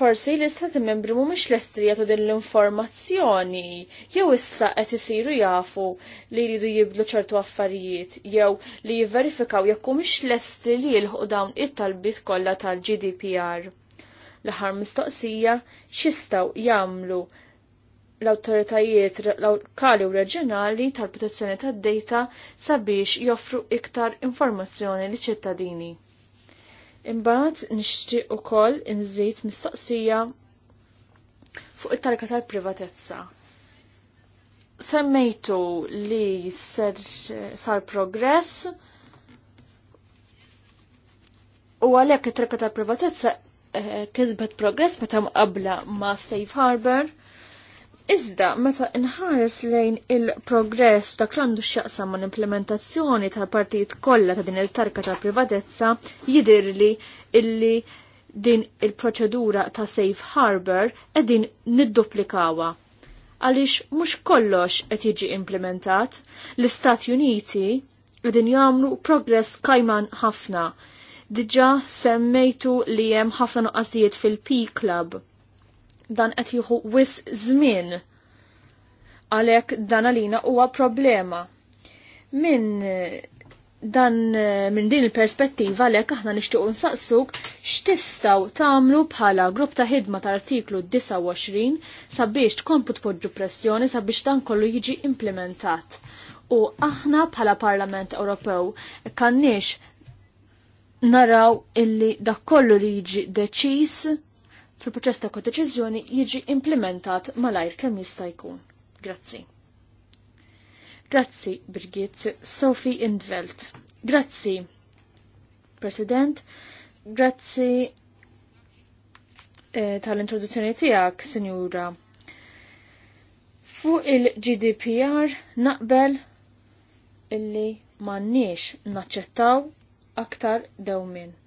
S2: forsi l-istati membri mhumiex lesti jagħtu din l-informazzjoni jew issa qed isiru jafu li jridu jibdlu ċertu affarijiet jew li jivverifikaw jekk humiex lesti li jilħu dawn it-talbiet kollha tal-GDPR. L-aħħar mistoqsija x'istgħu jagħmlu l-autoritajiet lokali u reġjonali tal-protezzjoni tad-data sabiex joffru iktar informazzjoni li ċittadini. Imbagħad nixtieq ukoll inżid mistoqsija fuq it-tarka tal-privatezza. Semmejtu li ser sar progress u għalhekk it-tarka tal-privatezza eh, kisbet progress meta mqabbla ma' Safe Harbor Iżda, meta inħares lejn il-progress ta' klandu x'jaqsam ma' implementazzjoni tal-partijiet kollha ta' din il-tarka ta' privatezza, jidirli illi din il-proċedura ta' safe harbor edin nidduplikawa. Għalix mux kollox qed jiġi implementat, l-Istati Uniti qegħdin jagħmlu progress kajman ħafna. diġa' semmejtu li hemm ħafna nuqqasijiet fil-P Club dan qed jieħu wis żmien. Għalhekk dan għalina huwa problema. Min dan minn din il-perspettiva għalhekk aħna nixtiequ nsaqsuk x'tistgħu tagħmlu bħala grupp ta' ħidma tal-artiklu 29 sabiex tkomplu tpoġġu pressjoni sabiex dan kollu jiġi implementat. U aħna bħala Parlament Ewropew kannix naraw illi dak kollu li jiġi deċiż fil-proċess ta' deċiżjoni jiġi implementat malajr kemm jista' jkun. Grazzi. Grazzi, Birgit, Sophie Indvelt. Grazzi, President. Grazzi eh, tal-introduzzjoni tiegħek, Sinjura. Fuq il-GDPR naqbel illi m'għandniex naċċettaw aktar dawmin.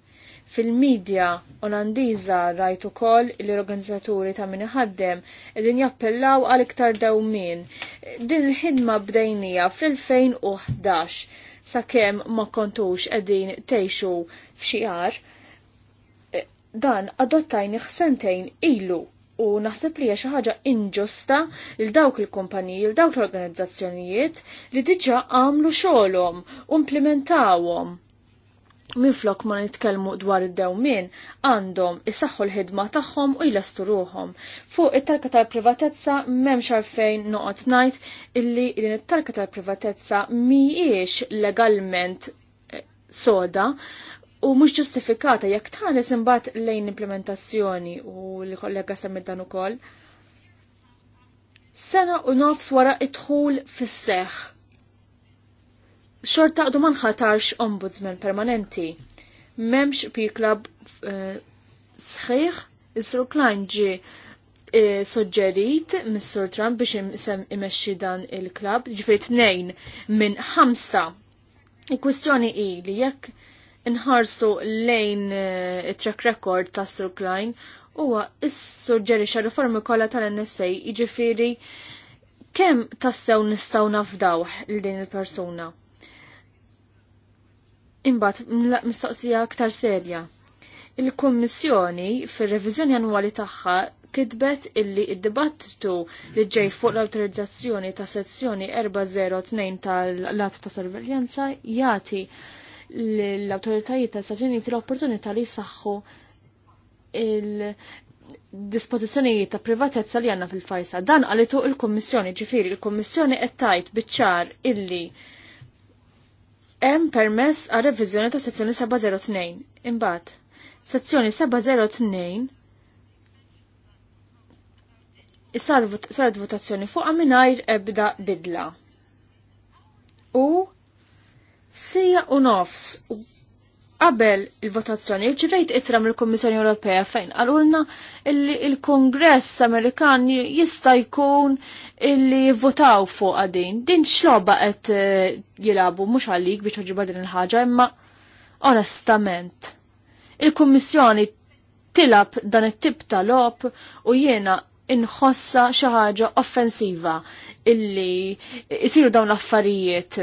S2: Fil-medja Olandiża rajt ukoll li l-organizzaturi ta' min iħaddem qegħdin jappellaw għal iktar dawmin. Din il-ħidma bdejnija fl-2011 sakemm ma kontux qegħdin tgħixu f'xiar, e, Dan adottajni ħsentejn ilu u naħseb li hija xi ħaġa inġusta l dawk il-kumpaniji, l dawk l-organizzazzjonijiet li diġà għamlu xogħolhom u implementawhom minflok ma nitkellmu dwar id-dewmien, għandhom isaħħu l-ħidma tagħhom u jlestu ruhom. Fuq it-tarka tal-privatezza m'hemmx għalfejn noqgħod ngħid illi din it-tarka tal-privatezza mhijiex legalment eh, soda u mhux ġustifikata jekk tħares imbagħad lejn implementazzjoni u li kollega semmi dan ukoll. Sena u nofs wara id-dħul fis-seħħ xorta għadu manħatarx ombudsman permanenti. Memx p eh, sħiħ, Isru Klein klanġi eh, soġġerit mis-Sur Trump biex imexxi dan il-klab, ġifri tnejn minn ħamsa. Il-kwistjoni i li jekk inħarsu lejn eh, track record ta' Sir Klein huwa issuġġerixxa riformi kollha tal-NSA jiġifieri kemm tassew nistgħu nafdaw lil din il-persuna. Imbagħad mistoqsija aktar serja. Il-Kummissjoni fir-reviżjoni annwali tagħha kitbet illi id-dibattitu li ġej fuq l-autorizzazzjoni ta' sezzjoni 402 tal-lat ta' sorveljanza jati l-autoritajiet ta' Stati Uniti l-opportunità li saħħu il-dispozizjonijiet ta' privatezza li għanna fil-fajsa. Dan għalitu il-Kommissjoni, ġifiri, il-Kommissjoni qed tajt biċċar illi hemm permess għal reviżjoni ta' sezzjoni 702. Imbagħad, sezzjoni 702 saret votazzjoni fuqha mingħajr ebda bidla. U sija u nofs qabel il-votazzjoni ċifejt itra mill-Kommissjoni Ewropea fejn għalulna il-Kongress Amerikan jista' jkun illi votaw fuq għadin. Din xloba qed eh, jilabu mhux għalik biex ħoġiba din il-ħaġa imma onestament. Il-Kummissjoni tilab dan it-tip tal-op u jiena inħossa xi ħaġa offensiva illi jsiru dawn l-affarijiet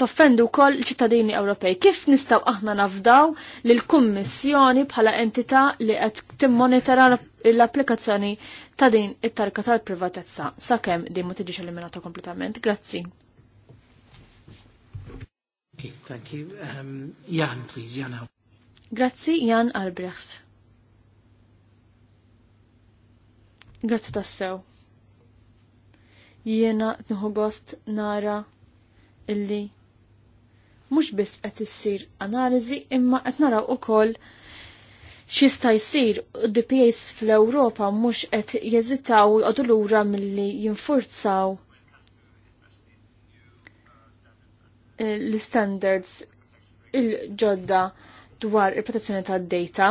S2: toffendu kol ċittadini Ewropej. Kif nistaw aħna nafdaw li l-Kummissjoni bħala entità li qed timmonitara l-applikazzjoni ta' din it-tarka tal-privatezza sakemm din ma tiġix eliminata kompletament. Grazzi.
S1: Okay, thank you. Um, Jan, please, Jan.
S2: Grazzi, Jan Albrecht. Grazzi tassew. Jiena nħu gost nara illi mhux biss qed issir analiżi imma qed naraw ukoll x'jista' jsir DPAs fl-Ewropa mhux qed jeżitaw jqogħdu lura milli jinfurzaw eh, l-standards il-ġodda dwar il-protezzjoni tad-data.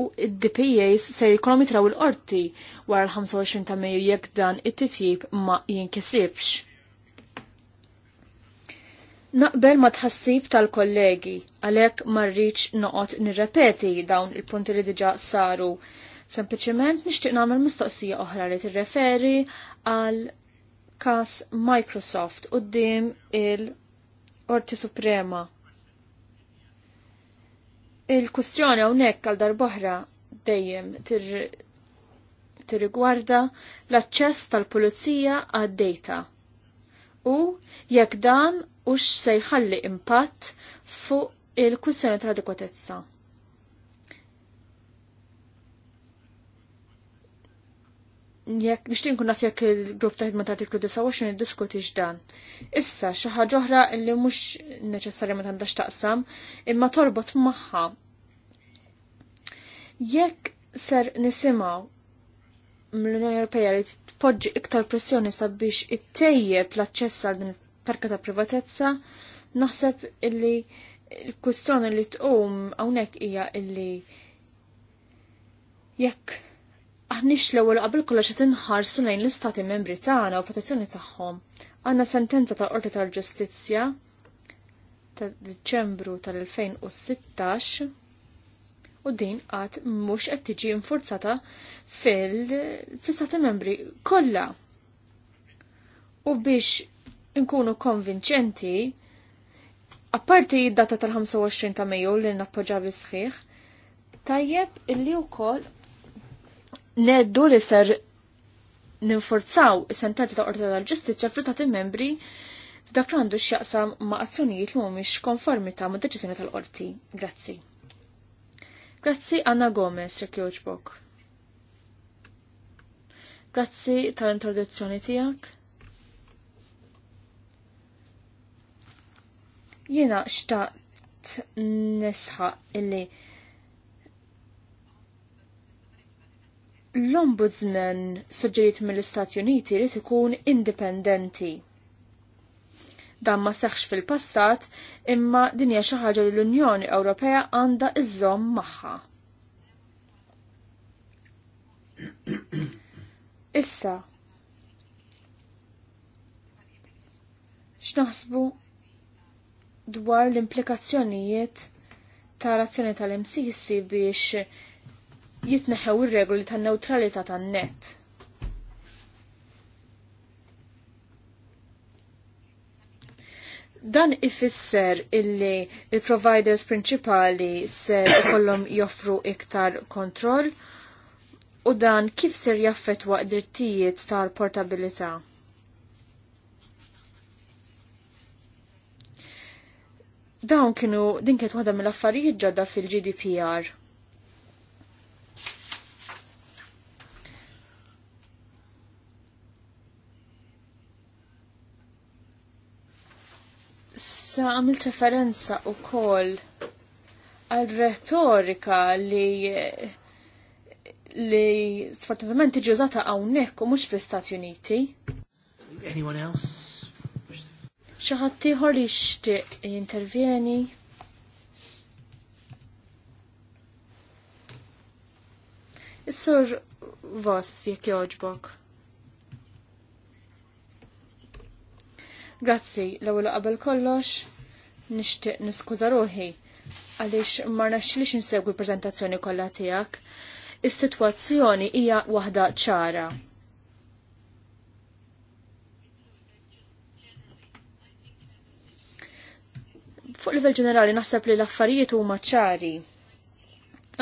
S2: U id-DPAs se jkollhom jitraw il-qorti wara l-25 ta' Mejju jekk dan it-titjib ma jinkisibx Naqbel ma tħassib tal-kollegi, għalek marriċ noqot nirrepeti dawn il-punti li diġa saru. Sempliciment nishtiq namel mistoqsija oħra li t-referi għal kas Microsoft u d-dim il-Orti Suprema. Il-kustjoni għonek għal darboħra dejjem tirrigwarda l-aċċess tal-pulizija għad-data u jekk dan u x'se jħalli impatt fuq il-kwissjoni tal-adekwatezza. jekk nixtieq nkun naf jekk il-grupp ta' ħidma ta' artiklu 29 iddiskuti x'dan. Issa xi ħaġa oħra li mhux neċessarjament għandha x'taqsam, imma torbot magħha. Jekk ser nisimgħu mill-Unjoni Ewropea li tpoġġi iktar pressjoni sabiex ittejjeb l-aċċess għal din parka ta' privatezza, naħseb illi il-kwistjoni li tqum hawnhekk hija illi jekk għanix l-ewwel qabel kolla qed inħarsu lejn l-istati membri tagħna u protezzjoni tagħhom. Għandna sentenza tal-Qorti tal-Ġustizzja ta' Diċembru tal-2016 u din qatt mhux qed tiġi infurzata fil-istati membri kollha. U biex nkunu konvinċenti, apparti id-data tal-25 ta' Mejju li nappoġġa sħiħ, tajjeb illi wkoll neddu li ser ninforzaw is sentenza ta' Qorti tal-Ġustizzja fl membri f'dak għandu x'jaqsam ma' azzjonijiet li mhumiex konformità ma' deċiżjoni tal-qorti. Grazzi. Grazzi Anna Gomez, Rekjoġbok. Grazzi tal-introduzzjoni tiegħek. Jiena xtaqt nisħaq illi l-ombudsman suġġeriet mill-Istati Uniti li ikun indipendenti. Dan ma seħx fil-passat imma din hija xi ħaġa li l-Unjoni Ewropea għandha iżżomm magħha. Issa x'naħsbu dwar l-implikazzjonijiet tal-azzjoni tal-MCC biex jitneħew ir-regoli tan-neutralità tan-net. Dan ifisser illi il-providers prinċipali se ikollhom joffru iktar kontroll u dan kif ser jaffetwa drittijiet tal-portabilità. Dawn kienu din kienet waħda mill-affarijiet ġodda fil-GDPR. Sa għamilt referenza u koll għal retorika li li sfortunatament tiġi użata hawnhekk u mhux fl-Istati Uniti.
S1: Anyone else?
S2: Xi li jixtieq jintervjeni. Is-sur Voss jekk jogħġbok. Grazzi, l-ewwel qabel kollox nixtieq niskuża ruħi għaliex ma naxxilix insegwi prezentazzjoni preżentazzjoni kollha tiegħek. Is-sitwazzjoni hija waħda ċara. Fuq livell ġenerali naħseb li l-affarijiet huma ċari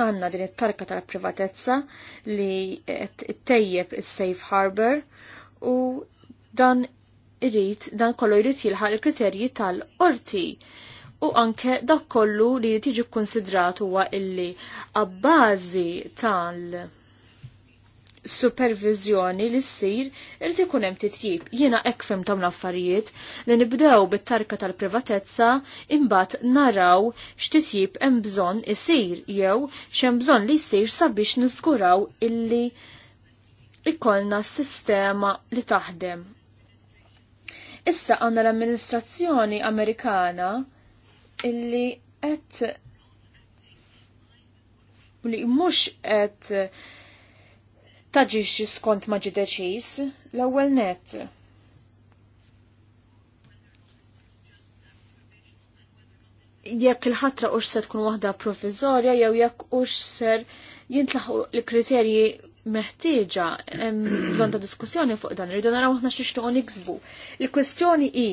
S2: għanna din it-tarka tal-privatezza li tejjeb is-safe harbor u dan irrit dan kollu jrid jilħaq il-kriterji tal-qorti u anke dak kollu li jrid jiġi konsidrat huwa illi ab'bażi tal- supervizjoni li ssir sir ikun hemm titjib. Jiena hekk tom dawn l-affarijiet li nibdew bit-tarka tal-privatezza imbagħad naraw x'titjib hemm bżonn isir jew x'hemm bżonn li jsir sabiex niskuraw illi s sistema li taħdem. Issa għandna l-amministrazzjoni Amerikana illi qed li mhux qed xi skont ma ġi deċiż l-ewwel net. Jekk il-ħatra ux se tkun waħda provizorja jew jekk ux ser jintlaħu l-kriterji meħtieġa hemm ta' diskussjoni fuq dan, rridu naraw aħna x'ixtuqu niksbu. Il-kwestjoni hi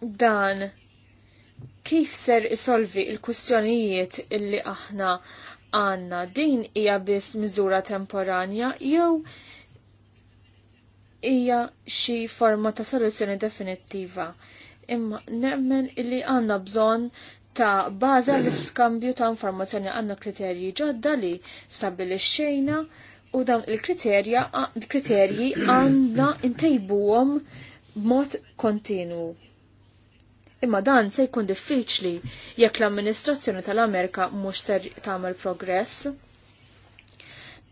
S2: dan kif ser isolvi il-kustjonijiet illi aħna għanna din hija biss miżura temporanja jew hija xi forma ta' soluzzjoni definittiva. Imma nemmen illi għanna bżonn ta' baza l-iskambju ta' informazzjoni għanna kriterji ġodda li stabilixxejna u dawn il-kriterji għanna intejbuhom b'mod kontinu. Imma dan se jkun diffiċli jekk l-amministrazzjoni tal-Amerika mhux ser tagħmel progress.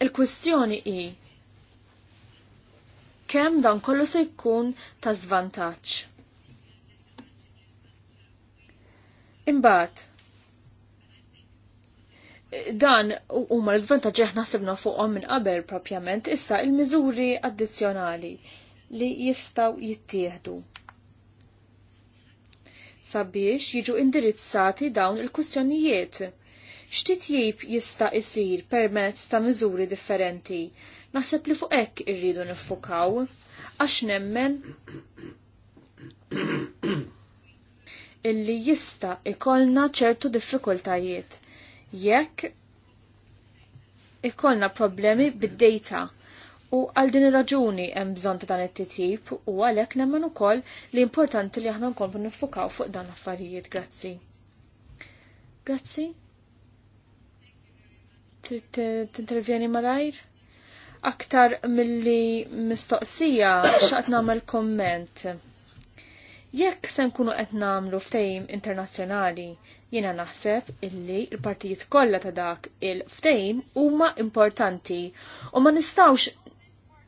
S2: Il-kwistjoni hi kemm dan kollu se jkun ta' żvantaġġ. Imbagħad dan huma l-żvantaġġi aħna ħsibna fuqhom minn qabel propjament issa il-miżuri addizzjonali li jistgħu jittieħdu sabiex jiġu indirizzati dawn il-kwistjonijiet. X'titjib jista' isir permezz ta' miżuri differenti? Naħseb li fuq hekk irridu niffukaw għax nemmen illi jista' ikollna ċertu diffikultajiet jekk ikollna problemi bid-data U għal din il raġuni hemm bżonn ta' dan it-titjib u għalhekk nemmen ukoll li importanti li aħna nkomplu niffukaw fuq dan l-affarijiet. Grazzi. Grazzi. Tintervjeni malajr? Aktar milli mistoqsija xaqt nagħmel komment. Jekk se nkunu qed nagħmlu ftehim internazzjonali, jiena naħseb illi l-partijiet kollha ta' dak il-ftehim huma importanti u ma nistgħux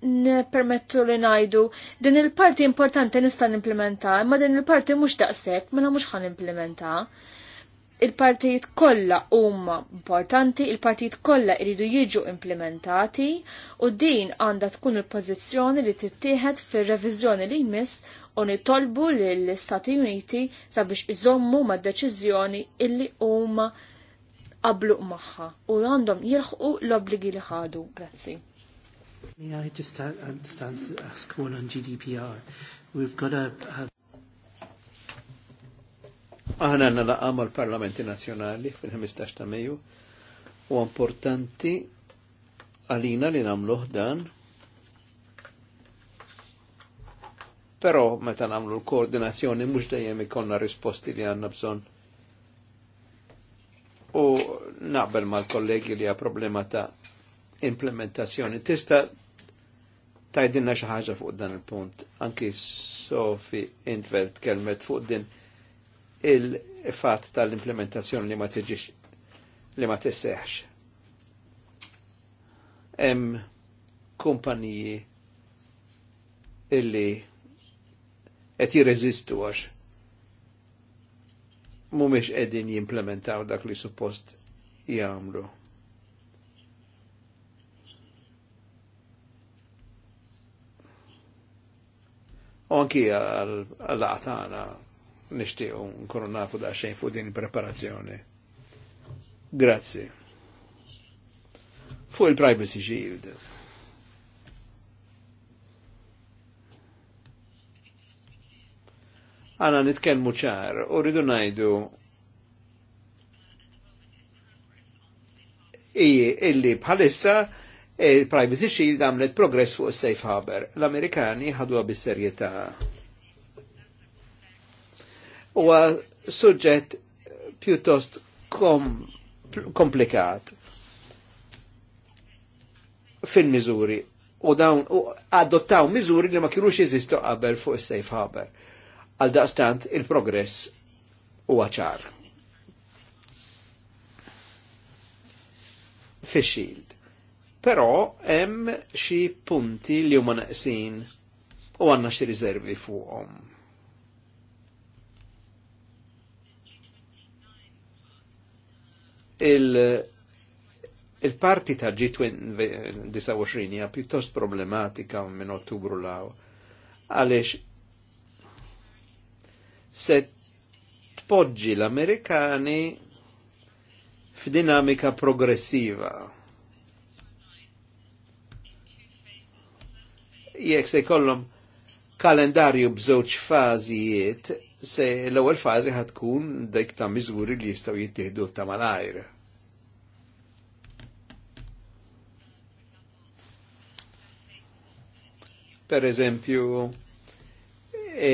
S2: permettu li najdu din il-parti importanti nista' implementa, imma din il-parti mhux daqshekk, mela mhux ħan implementa. Il-partijiet kollha huma importanti, il-partijiet kollha jridu jiġu implementati u din għandha tkun il-pożizzjoni li tittieħed fir-reviżjoni li jmiss u nitolbu lill-Istati Uniti sabiex iżommu ma' deċiżjoni illi huma qablu magħha u għandhom jilħqu l-obbligi li ħadu. Grazzi.
S1: May I just, uh, um, just ask one on GDPR? We've got a... Aħna għanna laqqa mal-Parlamenti Nazjonali fil-15 ta' Mejju u importanti għalina li namluħ dan pero meta namlu l-koordinazzjoni mhux dejjem ikonna risposti li għandna bżonn. U naqbel mal-kollegi li ha problema ta' implementazzjoni. Tista tajdinna xi ħaġa fuq dan il-punt. Anki Sofi Intveld kelmet fuq din il-fatt tal-implementazzjoni li ma tiġix li ma tisseħx. Hemm kumpaniji illi qed jirreżistu għax mhumiex qegħdin jimplementaw dak li suppost jagħmlu. u anki għal-għatana nishtiqu nkunu nafu da xejn fuq din preparazzjoni. Grazzi. Fuq il-Privacy Shield. Għana nitkelmu ċar u rridu najdu illi bħalissa il-Privacy Shield għamlet progress fuq safe harbor. L-Amerikani ħadwa bis-serjetà. Huwa suġġett pjuttost kom komplikat fil-miżuri u dawn u adottaw miżuri li ma kienux jeżistu qabel fuq is-safe harbor. Għal daqstant il-progress huwa ċar. fix Però hemm xi punti li huma naqsin u għandna xi riservi fuqhom. Il-parti il ta' G29 hija pjuttost problematika minn Ottubru law għaliex se tpoġġi l-Amerikani f'dinamika progressiva Jek se kollom kalendarju bżewġ fażijiet, se l-ewwel fazi ħatkun dik ta' miżuri li jistgħu jittieħdu ta' malajr. Per eżempju,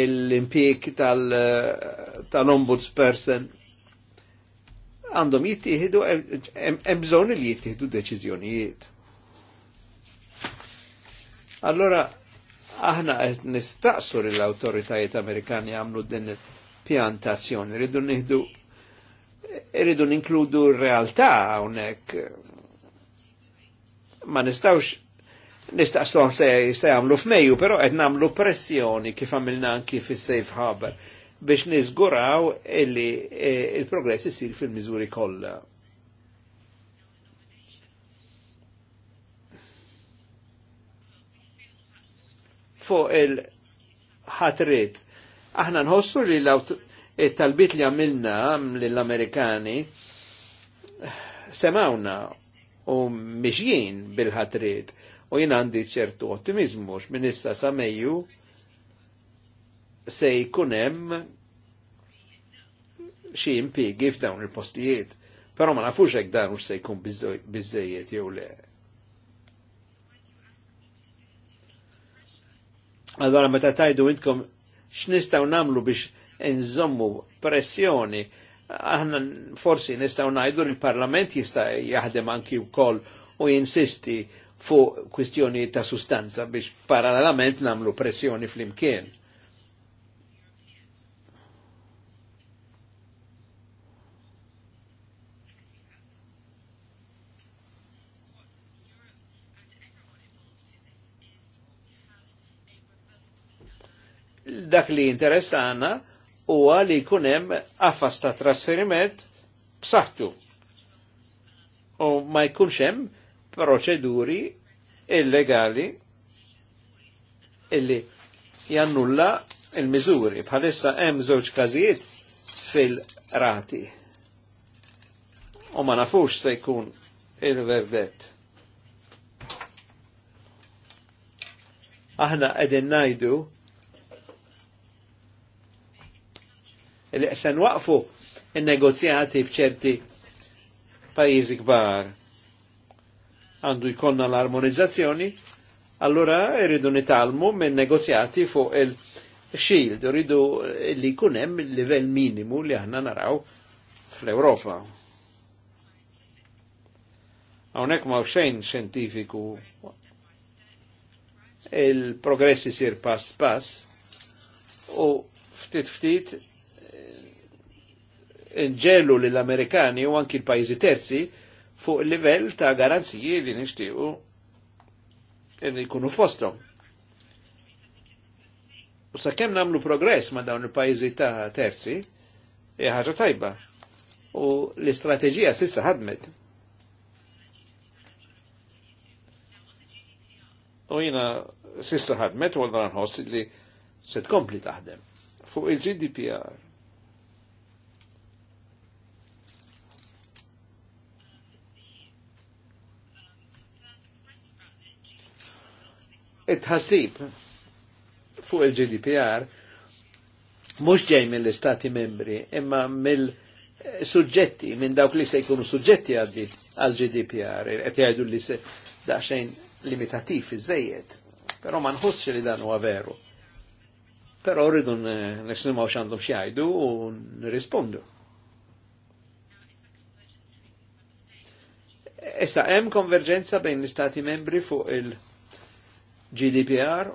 S1: l-impjek tal-ombudsperson tal għandhom jittieħdu hemm bżonn li jittihdu deċiżjonijiet Allora, aħna qed nistaqsu l awtoritajiet Amerikani għamlu din pjantazzjoni, rridu nihdu, rridu ninkludu r-realtà hawnhekk ma nistawx nistaqsu se jagħmlu f'Mejju, però qed nagħmlu pressjoni kif għamilna anki fis-Safe Harbor biex niżguraw illi eh, il-progress isir fil-miżuri kollha. fuq il-ħatrit. Aħna nħossu li l-talbit li għamilna l-Amerikani semawna u miġjien bil-ħatrit u jien għandi ċertu ottimizmu x issa sa se jkunem xi impigi f'dawn il-postijiet. Però ma nafux hekk dan u se jkun bizzejiet jew le. Allora meta tajdu intkom x'nistgħu namlu biex nżommu pressjoni, aħna forsi nistgħu ngħidu li l-Parlament jista' jaħdem anki wkoll u jinsisti fuq kwistjoni ta' sustanza biex parallelament namlu pressjoni fl-imkien. dak li interessana huwa li jkun hemm affas ta' trasferiment b'saħħtu. U ma jkunx hemm proċeduri illegali illi jannulla il-miżuri. Bħalissa hemm żewġ każijiet fil-rati. U ma nafux se jkun il-verdett. Aħna qegħdin ngħidu li se nwaqfu il-negozjati bċerti pajizi kbar. Għandu jkonna l-armonizzazzjoni, allora irridu nitalmu minn negozjati fuq il-shield, irridu li kunem il-livell minimu li aħna naraw fl-Europa. Għonek ma' xejn xentifiku il-progressi sir pass pass u ftit ftit nġellu l-Amerikani u anki l-pajzi terzi fuq il-livell ta' garanziji li nishtiqu li jkunu fostom. U sa' kem namlu progress ma' dawn il-pajzi ta' terzi, ħaġa tajba. U l-istrateġija sissa ħadmet. U jina sissa ħadmet u għadran li se tkompli taħdem. Fuq il-GDPR it-ħassib fuq il-GDPR mux ġej mill-istati membri, imma mill-suġġetti, minn dawk li se jkunu suġġetti għaddit għal-GDPR, għet jgħidu li se daqsxejn limitativ iż-żejiet, pero ma nħossi li dan huwa veru. Pero rridu nisnimaw x'għandhom x'jgħidu u nirrispondu. Issa hemm konverġenza bejn l-istati membri fuq il- GDPR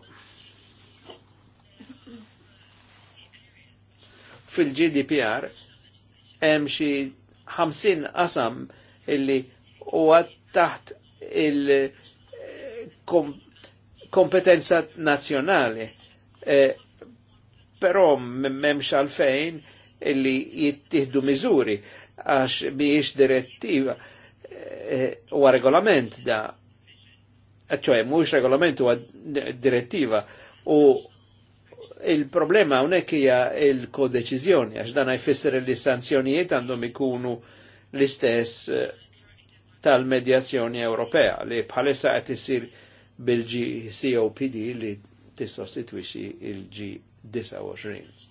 S1: fil-GDPR hemm xi 50 qasam illi huwa taħt il-kompetenza eh, nazzjonali. Eh, però m'hemmx għalfejn illi jittieħdu miżuri għax biex direttiva eh, huwa regolament da ċoħe mux regolamentu għad direttiva u il-problema unek hija il-kodeċizjoni għax dan jfisser li sanzjonijiet għandhom ikunu l-istess eh, tal-medjazzjoni Ewropea li bħalissa qed isir bil-GCOPD li tissostitwixi il-G29.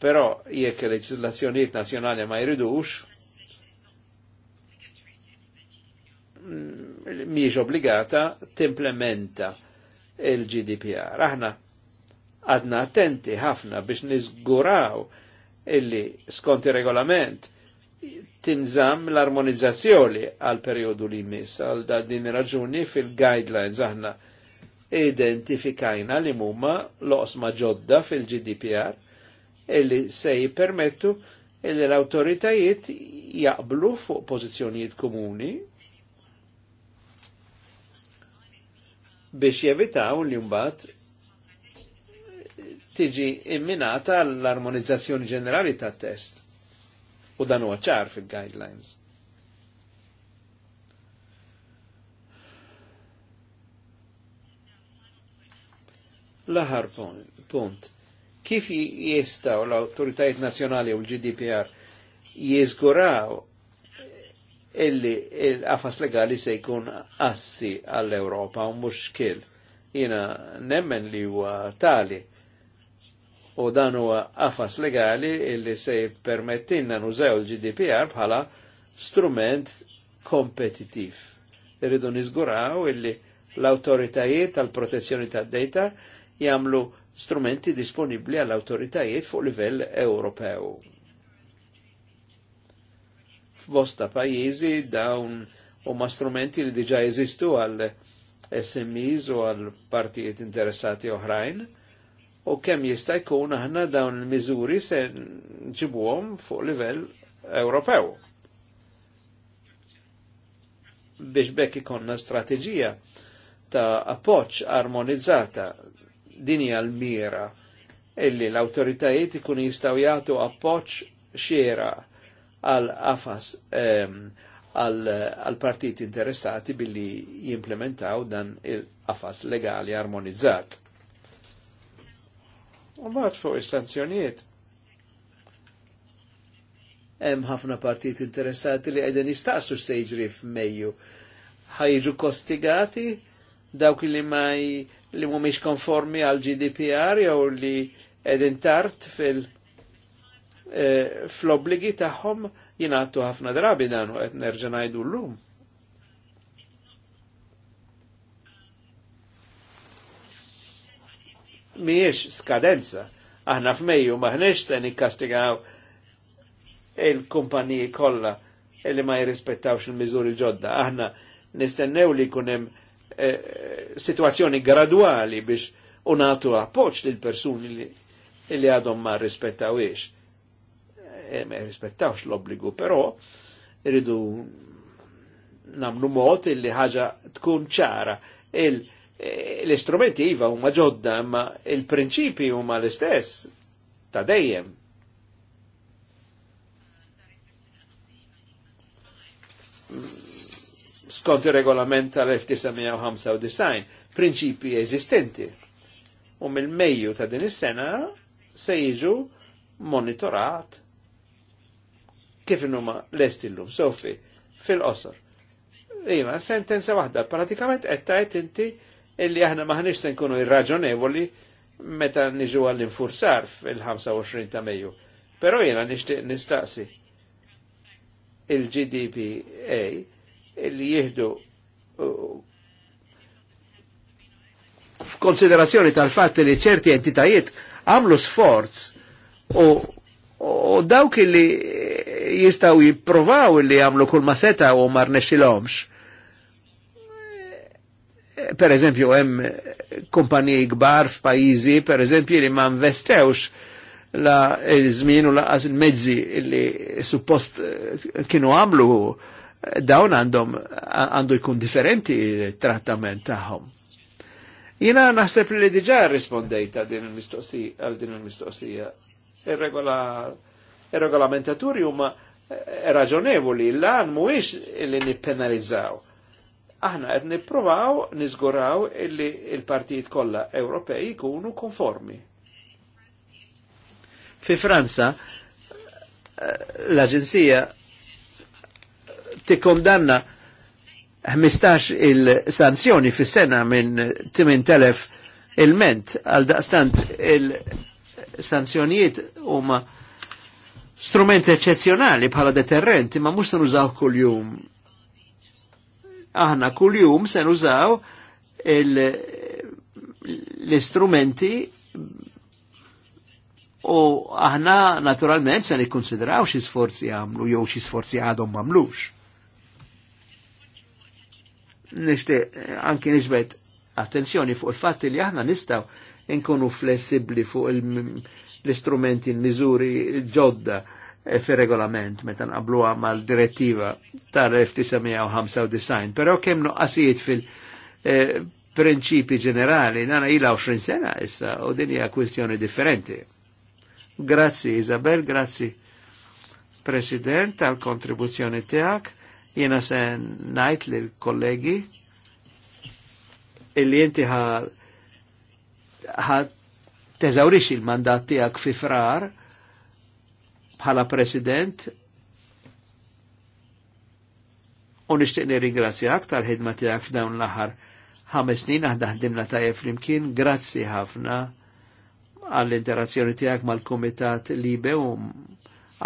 S1: Però jekk il leġislazzjonijiet nazzjonali ma jridux, miex obbligata timplementa il-GDPR. Aħna għadna attenti ħafna biex nizguraw illi skont il-regolament tinżam l-armonizzazzjoni għal periodu li mis għal da din raġuni fil-guidelines aħna identifikajna li mumma l-osma ġodda fil-GDPR illi se jipermettu illi l-autoritajiet jaqblu fuq pożizzjonijiet komuni biex jevitaw li mbagħad tiġi imminata l-armonizzazzjoni ġenerali tat test. U dan huwa ċar fil-guidelines. L-aħar punt. Kif jistaw l-autoritajiet nazjonali u l-GDPR jizguraw illi il-qafas legali se jkun assi għall-Europa u mhux kil. Jina nemmen li huwa tali u dan huwa qafas legali illi se permettinna nużew il-GDPR bħala strument kompetitiv. Irridu nizguraw illi l-autoritajiet tal-protezzjoni tad-data jagħmlu strumenti disponibli għall-autoritajiet fuq livell Ewropew f'bosta pajjiżi dawn ma strumenti li diġa jeżistu għal SMEs u għal partijiet interessati oħrajn u kemm jista' jkun aħna dawn il-miżuri se nġibuhom fuq livell Ewropew. Biex bekk ikonna strateġija ta' appoċ armonizzata din hija l-mira illi l-autoritajiet ikun jistaw jagħtu appoġġ xiera għal afas għal partiti interessati billi jimplementaw dan il-afas legali armonizzat. U bat fuq il-sanzjoniet. Hemm ħafna partit interessati li għedin jistaqsu se jġri f'Mejju. Ħajġu kostigati dawk li ma li mumiex konformi għal GDPR jew li qegħdin tart fil- E, fl-obligi tagħhom jinaħtu ħafna drabi dan u qed nerġa' ngħidu llum. Miex skadenza, aħna f'Mejju maħnex se nikkastigaw il-kumpaniji kollha li ma jirrispettawx il-miżuri ġodda. Aħna nistennew li kunem e, situazzjoni graduali biex unatu appoċ lil persuni li, li għadhom ma rispettawiex ma rispettawx l-obbligu, però irridu namlu mod illi ħaġa tkun ċara. L-istrumenti iva huma ġodda, ma il-prinċipi huma l-istess ta' dejjem. Skont il-regolament tal-1995, prinċipi eżistenti. U mill-mejju ta' din is-sena se jiġu monitorat kif numa lest illum, sofi, fil-qosor. Ima, sentenza wahda, pratikament għettajt inti illi aħna maħnix se nkunu irraġonevoli meta niġu għall-infursar fil-25 ta' meju. Pero jena nishtiq nistaqsi il-GDPA illi jihdu uh, f'konsiderazzjoni tal-fatt li ċerti entitajiet għamlu sforz u, dawk li jistaw jipprovaw li għamlu kull ma seta u mar nexilomx. Per eżempju, hemm kumpaniji gbar f'pajizi, per eżempju, li ma investewx la żmien u laqas il-mezzi li suppost eh, kienu għamlu eh, dawn għandhom għandu jkun differenti trattament tagħhom. Jina naħseb li diġa rispondejta din il-mistoqsija, għal din il-mistoqsija. Ir-regola il il regolamentaturi huma eh, raġonevoli, l-għan muwix li nipenalizzaw. Aħna għed nippruvaw nizguraw illi il-partijiet kolla Ewropej kunu konformi. Fi Franza eh, l-Aġenzija tikkondanna 15 il-sanzjoni fi sena minn 8000 il-ment għal daqstant il-sanzjonijiet huma ma strument eccezjonali bħala deterrenti ma mux se nużaw kull-jum. Aħna kull-jum se nużaw l-istrumenti u aħna naturalment se nikkonsidraw xi sforzi għamlu jew xi sforzi għadhom m'amlux. Nishti anke nisbet, attenzjoni fuq il fatti li aħna nistgħu nkunu flessibbli fuq il- l-istrumenti, l-miżuri ġodda eh, fir regolament meta nqabluha mal-direttiva tal-1995, però kemm noqqasijiet fil-prinċipi eh, ġenerali, nana ila 20 sena issa, u din hija kwistjoni differenti. Grazzi Isabel, grazzi President tal kontribuzzjoni tiegħek. Jiena se najt li kollegi illi inti ħad teżawrix il-mandat tiegħek fi frar bħala president u nixtieq ringrazzjak tal-ħidma tiegħek f'dawn l-aħħar ħames snin aħna ħdimna tajjeb flimkien, grazzi ħafna għall-interazzjoni tiegħek mal-Kumitat Libe u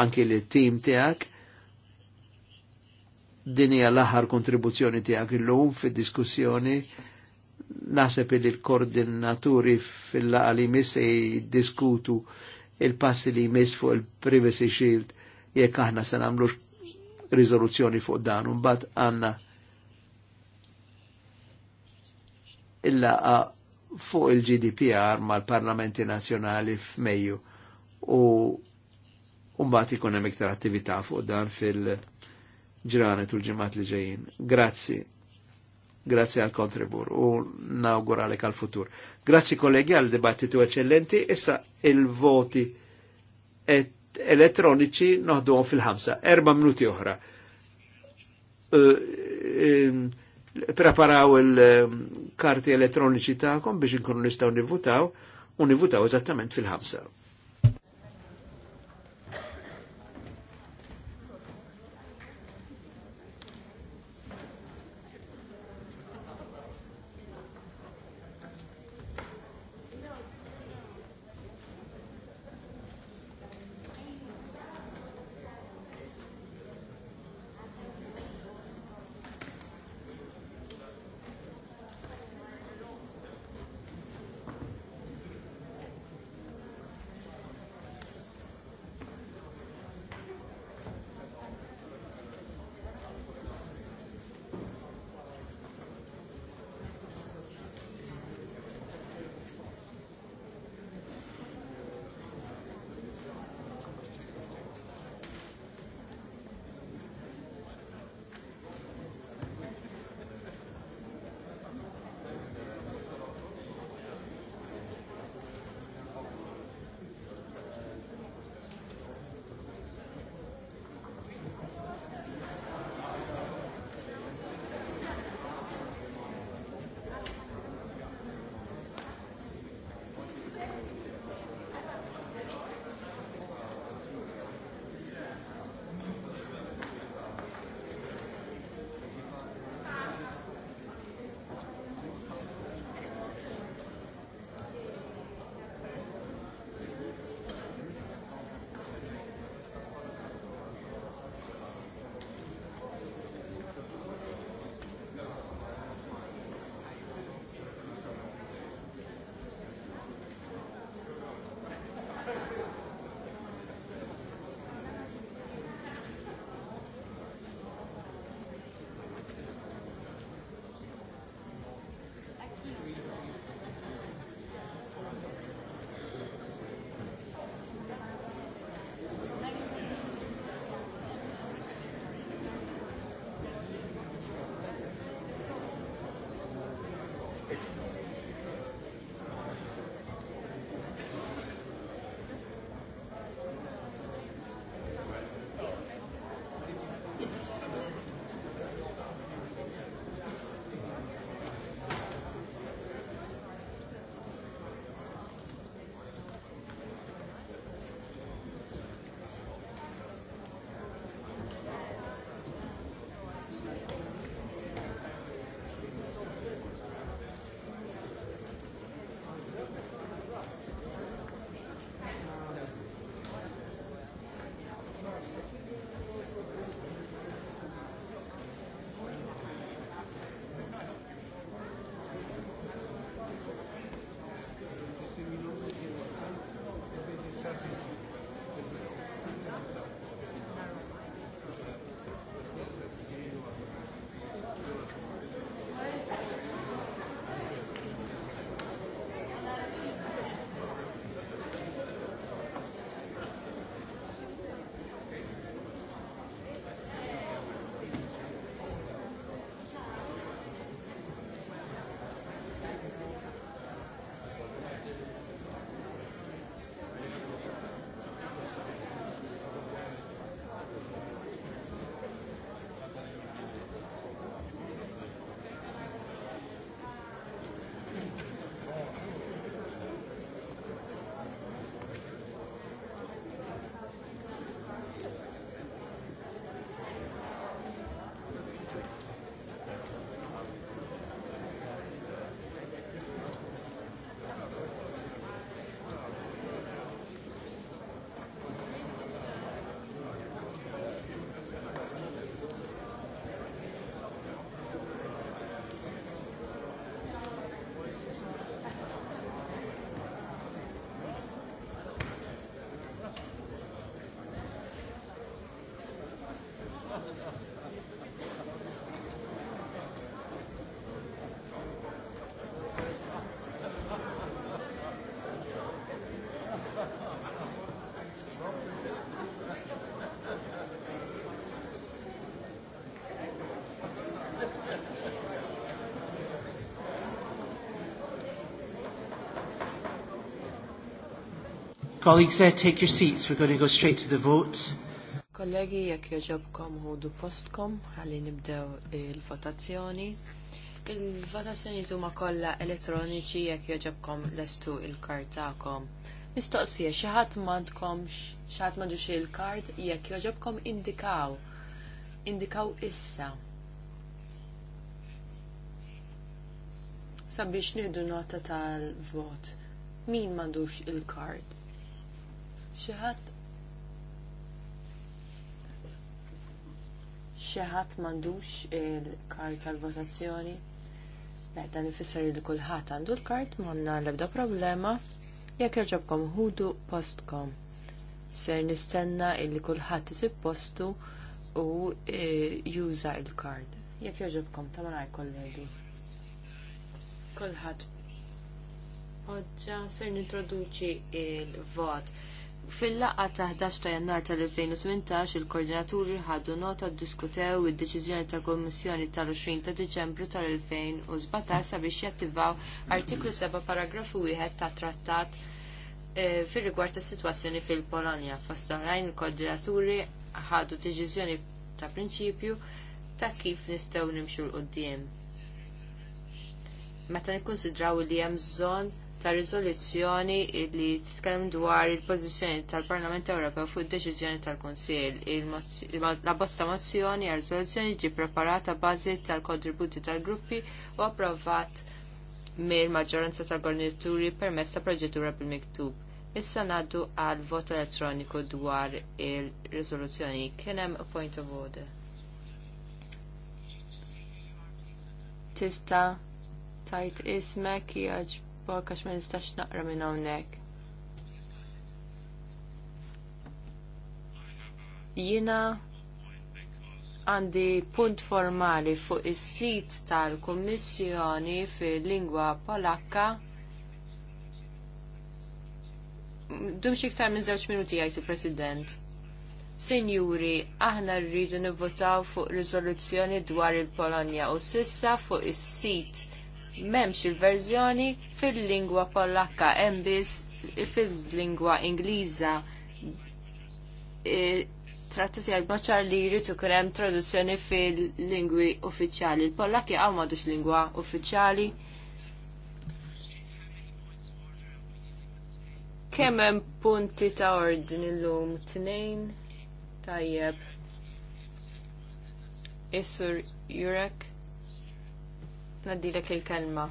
S1: anki li tim tiegħek din hija l-aħħar kontribuzzjoni tiegħek illum fid-diskussjoni Naseb il koordinaturi fil-laqa li mis diskutu il-passi li jmiss fuq il-Privacy Shield jekk aħna se nagħmlux riżoluzzjoni fuq dan u mbagħad għandna il-laqa fuq il-GDPR mal-Parlamenti Nazzjonali f'Mejju u mbagħad ikun hemm iktar attività fuq dan fil-ġranet u l-ġimgħat li ġejjin. Grazzi. Grazzi al kontribur u nawguralek għal futur. Grazzi kollegi għal dibattitu eccellenti, issa il-voti elettroniċi noħduhom fil-ħamsa, erba minuti oħra. Uh, um, preparaw il-karti elettroniċi ta'kom biex nkunu nistaw nivutaw u nivutaw eżattament fil-ħamsa. Colleagues, uh, take your seats. We're going to go straight to the vote.
S3: Kollegi, jekk joġobkom ħudu postkom, ħalli nibdew il-votazzjoni. Il-votazzjoni huma kollha elettroniċi jekk joġobkom lestu il-kartakom. Mistoqsija, xi ħadd m'għandkomx, xi ħadd m'għandux il-kard, jekk joġobkom indikaw. Indikaw issa. Sabiex nidu nota tal-vot min mandux il-kard xi ħadd xi ħadd m'għandux il-kart tal-votazzjoni. Le dan ifisser li kulħadd għandu l-kart m'għandna l-ebda problema jekk irġobkom ħudu postkom. Ser nistenna illi kulħadd isib postu u e, juża l kard Jekk jogħġobkom ta' malaj kollegi. Kulħadd poġġa ser nintroduċi il-vot fil laqgħa ta' 11 ta' jannar tal-2018 il-koordinaturi ħadu nota ddiskutew id-deċiżjoni tal-Kommissjoni tal-20 ta' Diċembru tal-2017 sabiex jattivaw artiklu 7 paragrafu 1 ta' trattat eh, fir rigward ta' situazzjoni fil-Polonja. Fost oħrajn il-koordinaturi ħadu deċiżjoni ta' prinċipju ta' kif nistgħu nimxu l-qudiem. Meta nikkonsidraw li hemm bżonn ta' riżoluzzjoni li t-tkellem dwar il-pożizzjoni tal-Parlament Ewropew fuq id-deċiżjoni tal-Kunsill. La bosta mozzjoni għal rizoluzzjoni ġi preparata bażi tal-kontributi tal-gruppi u approvat mill-maġġoranza tal-gornituri permezz ta' proġettura bil-miktub. Issa ngħaddu għal vot elettroniku dwar il-riżoluzzjoni kien hemm point of order. Tista' tajt ismek jaġb joġbok għax ma nistax naqra minn hawnhekk. Jiena għandi punt formali fuq is-sit tal-Kummissjoni fil-lingwa Polakka. Dum iktar minn żewġ minuti għajt il-President. Sinjuri, aħna rridu nivvotaw fuq riżoluzzjoni dwar il-Polonja u sissa fuq is-sit memx il-verżjoni fil-lingwa polakka, hemm biss fil-lingwa Ingliża. E, Trattati għal ċar li jrid ikun hemm traduzzjoni fil-lingwi uffiċjali. Il-Pollakki għaw m'għadux lingwa uffiċjali. Kemm hemm punti ta' ordin illum tnejn? Tajjeb. Isur Jurek? Naddilek il-kelma.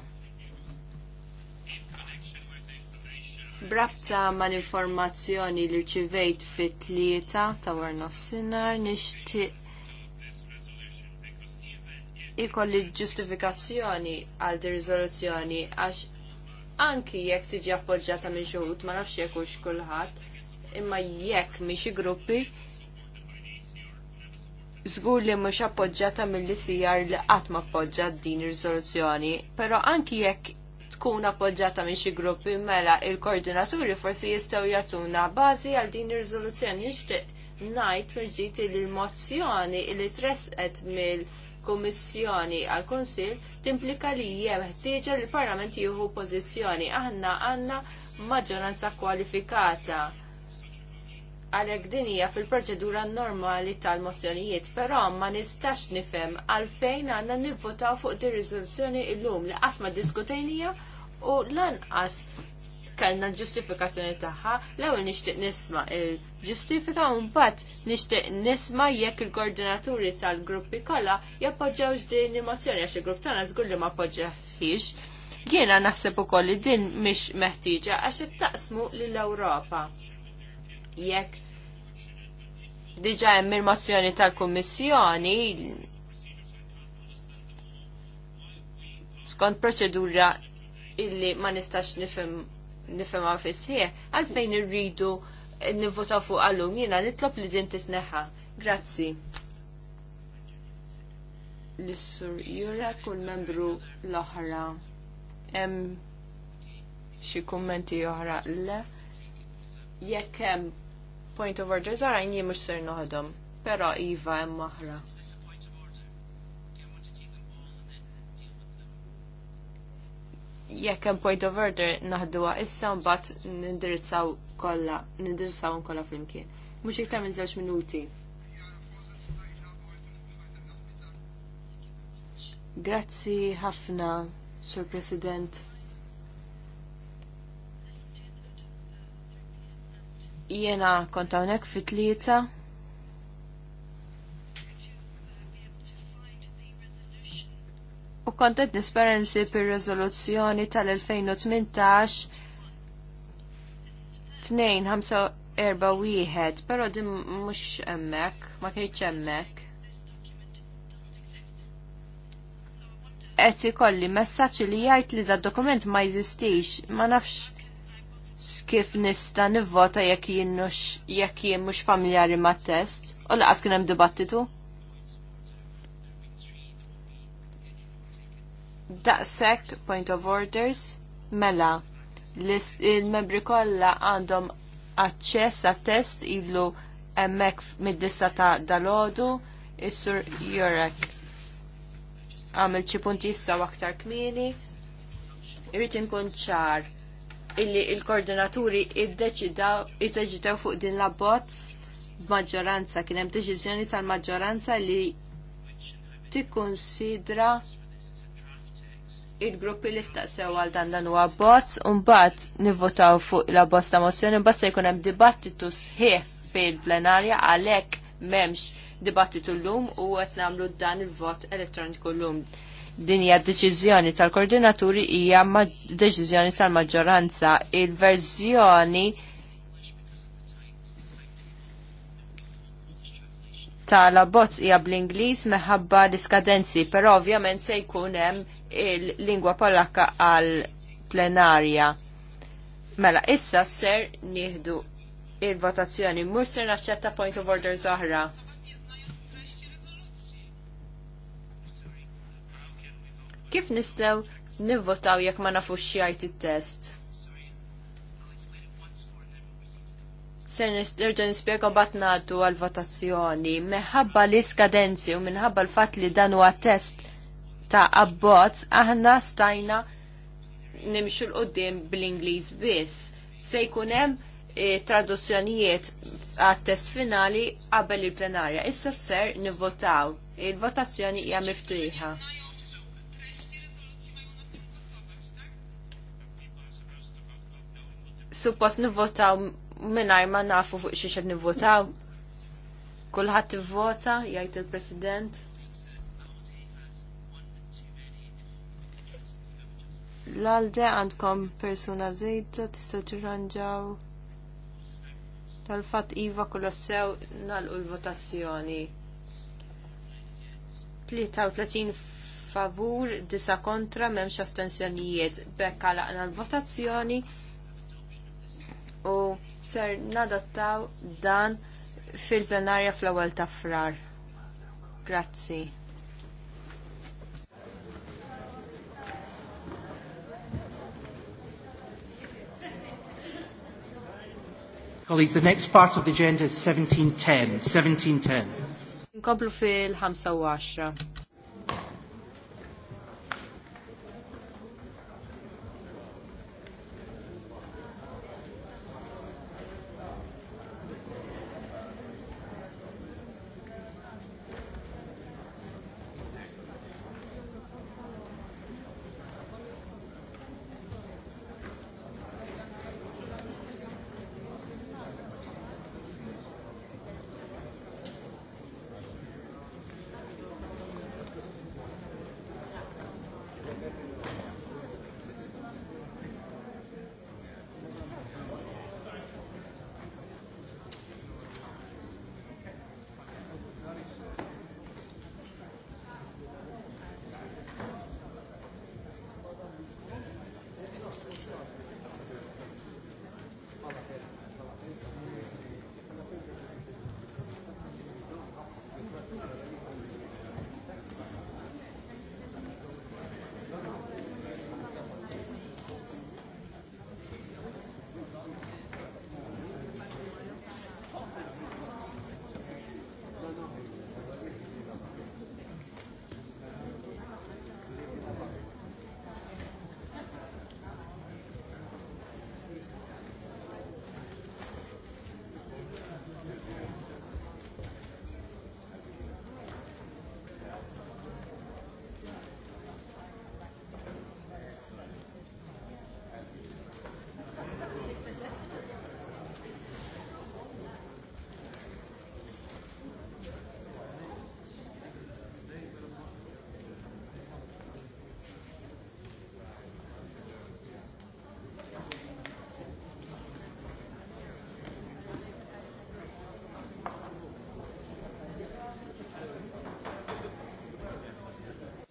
S3: Brabta ma l-informazzjoni li rċivejt fit tlieta ta' war nofsinhar nixtieq ikolli ġustifikazzjoni għal di riżoluzzjoni għax anki jekk tiġi appoġġjata minn xogħod ma nafx jekk kulħadd imma jekk mhix gruppi Żgur li mhux appoġġjata mill-ICR li qatt ma appoġġja din ir-riżoluzzjoni, però anki jekk tkun appoġġata minn xi gruppi mela il-koordinaturi forsi jistgħu jagħtuna bażi għal din ir-riżoluzzjoni nixtieq ngħid mill il li l-mozzjoni li tresqet mill Kummissjoni għal kunsill timplika li hemm ħtieġa li l-Parlament jieħu pożizzjoni aħna għandna maġġoranza kwalifikata għalhekk din hija fil-proċedura normali tal-mozzjonijiet, però ma nistax nifhem għalfejn għandna nivvota fuq di riżoluzzjoni llum li qatt ma diskutejnija u lanqas kellna ġustifikazzjoni tagħha l-ewwel nixtieq nisma' il-ġustifika u mbagħad nixtieq nisma' jekk il-koordinaturi tal-gruppi kollha jappoġġawx din il-mozzjoni għax il-grupp tagħna żgur li ma poġġaħiex. Jiena naħseb ukoll li din mhix meħtieġa għax ittaqsmu lill-Ewropa jekk diġa hemm il-mozzjoni tal-Kummissjoni skont proċedura illi ma nistax nifhem nifhemha fissieħ, għalfejn irridu nivvota fuq għallum jiena nitlob li din titneħħa. Grazzi. L-sur jura kull membru l-oħra. Hemm xi kummenti oħra le jekk hemm point of order zarajn jie mux ser noħdom, pero Iva jem maħra. Jekk hemm point of order naħduha issa mbagħad nindirizzaw kollha, nindirizzaw kollha flimkien. Mhux iktar minn żewġ minuti. Grazzi ħafna, Sir President. Jena kont hawnhekk fit-tlieta. U kontet nisperensi per rezoluzzjoni tal tal-2018 2-5-4-1, pero di mux emmek, ma kħiċ emmek. Et kolli messaċ li jajt li da dokument ma jizistix ma nafx kif nista nivvota jekk jien jekk jien mhux familjari mat-test u laqas kien hemm dibattitu. Daqshekk point of orders mela il-membri kollha għandhom aċċess għat-test ilu hemmhekk mid-dissa ta' dalodu is-sur Jurek għamil xi punti issa aktar kmieni. Irrid inkun ċar illi il-koordinaturi id-deċidaw fuq din la bozz b'maġġoranza kien hemm deċiżjoni tal-maġġoranza li tikkunsidra il-gruppi li staqsew għal dan dan huwa bozz u mbagħad nivvotaw fuq la bozz ta' mozzjoni mbagħad se jkun hemm dibattitu sħiħ fil-plenarja għalhekk m'hemmx dibattitu llum u qed nagħmlu dan il-vot elettroniku llum din hija deċiżjoni tal-koordinaturi hija deċiżjoni tal-maġġoranza. Il-verżjoni tal-abbozz hija bl-Ingliż meħabba diskadenzi, però ovvjament se jkun hemm il-lingwa Polakka għal plenarja. Mela, issa ser nieħdu il-votazzjoni. Mur ser naċċetta point of order oħra. Kif nistew nivvotaw jekk ma nafux xjajt it-test? Se nerġa' nispjega bat ngħaddu għall votazzjoni minħabba li skadenzi u minħabba l-fatt li dan huwa test ta' abbozz aħna stajna nimxu l-qoddim bl-Ingliż biss. Se jkun hemm e, traduzzjonijiet għat-test finali qabel il-plenarja. Issa ser nivvotaw. Il-votazzjoni hija miftuħa. suppost nivvotaw minnaj ma nafu fuq xiex xed nivvotaw. Kulħadd t-vota, il-president. L-għalde għandkom persuna zejda, tistaw tirranġaw. Tal-fat Iva kolossew nagħlqu l-votazzjoni. 33 favur, 9 kontra, memx astensjonijiet. Bekka laqna l-votazzjoni u ser nadattaw dan fil-plenarja fl-ewwel ta' frar. Grazzi.
S1: Colleagues, the next part of the agenda is 1710. 1710.
S3: Nkomplu fil-5 10.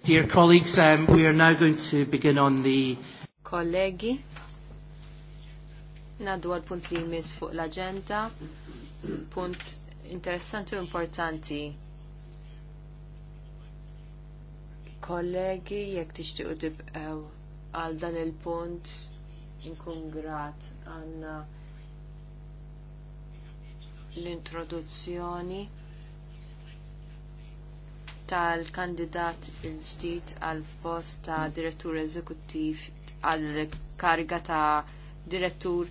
S1: Dear colleagues, um, we are now going to begin
S2: on the...
S3: Kollegi, naddu għal punt li jmiss fuq l-agenda, punt interessanti u importanti. Kollegi, jekk u tibqew għal dan il-punt, inkun grat għanna l-introduzzjoni tal-kandidat il-ġdid għal post ta' direttur eżekuttiv għal kariga ta' direttur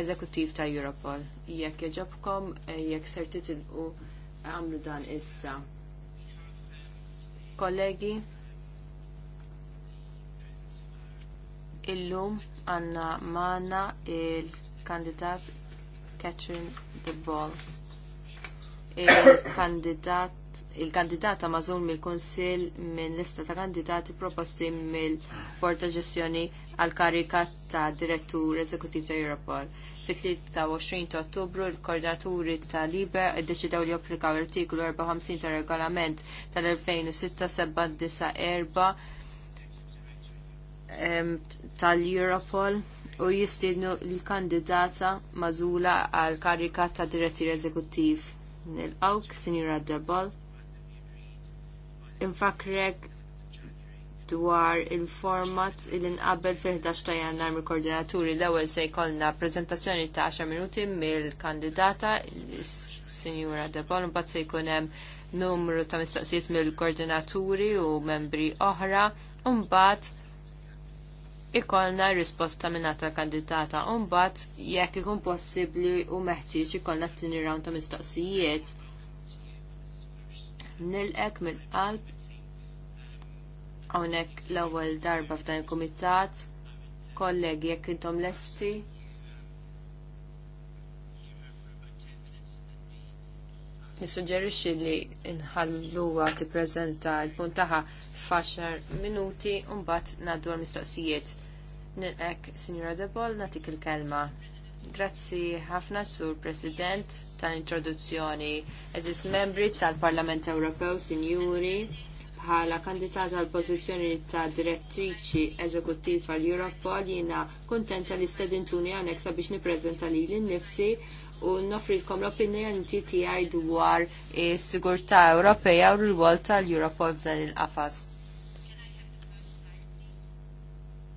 S3: eżekuttiv ta' Europol. Jekk jeġobkom, eh, jekk ser titilqu għamlu dan issa. Kollegi, illum għanna maħna il-kandidat Catherine de Ball il-kandidat il kandidata mażul mill-Kunsill minn lista ta' kandidati proposti mill-Porta Ġestjoni għal karika ta' Direttur Eżekutiv ta' Europol. Fit-23 ta' Ottubru il-Koordinaturi ta' Libe iddeċidew li jopplikaw artiklu 54 ta' regolament tal-2006 794 tal-Europol u jistidnu l-kandidata mażula għal karika ta' Direttur eżekuttiv nil-awk, Sinjura Debol, infakrek dwar il-format il-inqabbel fi 11 ta' jannar mill-koordinaturi l-ewwel se jkollna preżentazzjoni ta' 10 minuti mill-kandidata sinjura De Bol, mbagħad se jkun hemm numru ta' mistoqsijiet mill-koordinaturi u membri oħra, u mbagħad ikollna risposta minna ta' kandidata. Umbat, jekk ikun possibli u meħtieġ ikollna t-tini round ta' mistoqsijiet nilqek mill-qalb hawnhekk l-ewwel darba f'dan il-kumitat, kollegi jekk intom lesti. Nissuġġerixxi li nħalluha tippreżenta l-punt tagħha f'għaxar minuti u mbagħad ngħaddu għall-mistoqsijiet. Nilqek, Sinjora Debol, nagħtik il-kelma. Grazzi ħafna sur President tal-introduzzjoni. Eżis membri tal-Parlament Ewropew, Sinjuri, bħala kandidata għal pożizzjoni ta' direttriċi eżekuttiva għal europol jiena kuntenta li stedintuni għanek sabiex nippreżenta li l-nifsi u nofrilkom l-opinjoni għaj dwar is-sigurtà Ewropea u l għol tal-Europol f'dan il-qafas.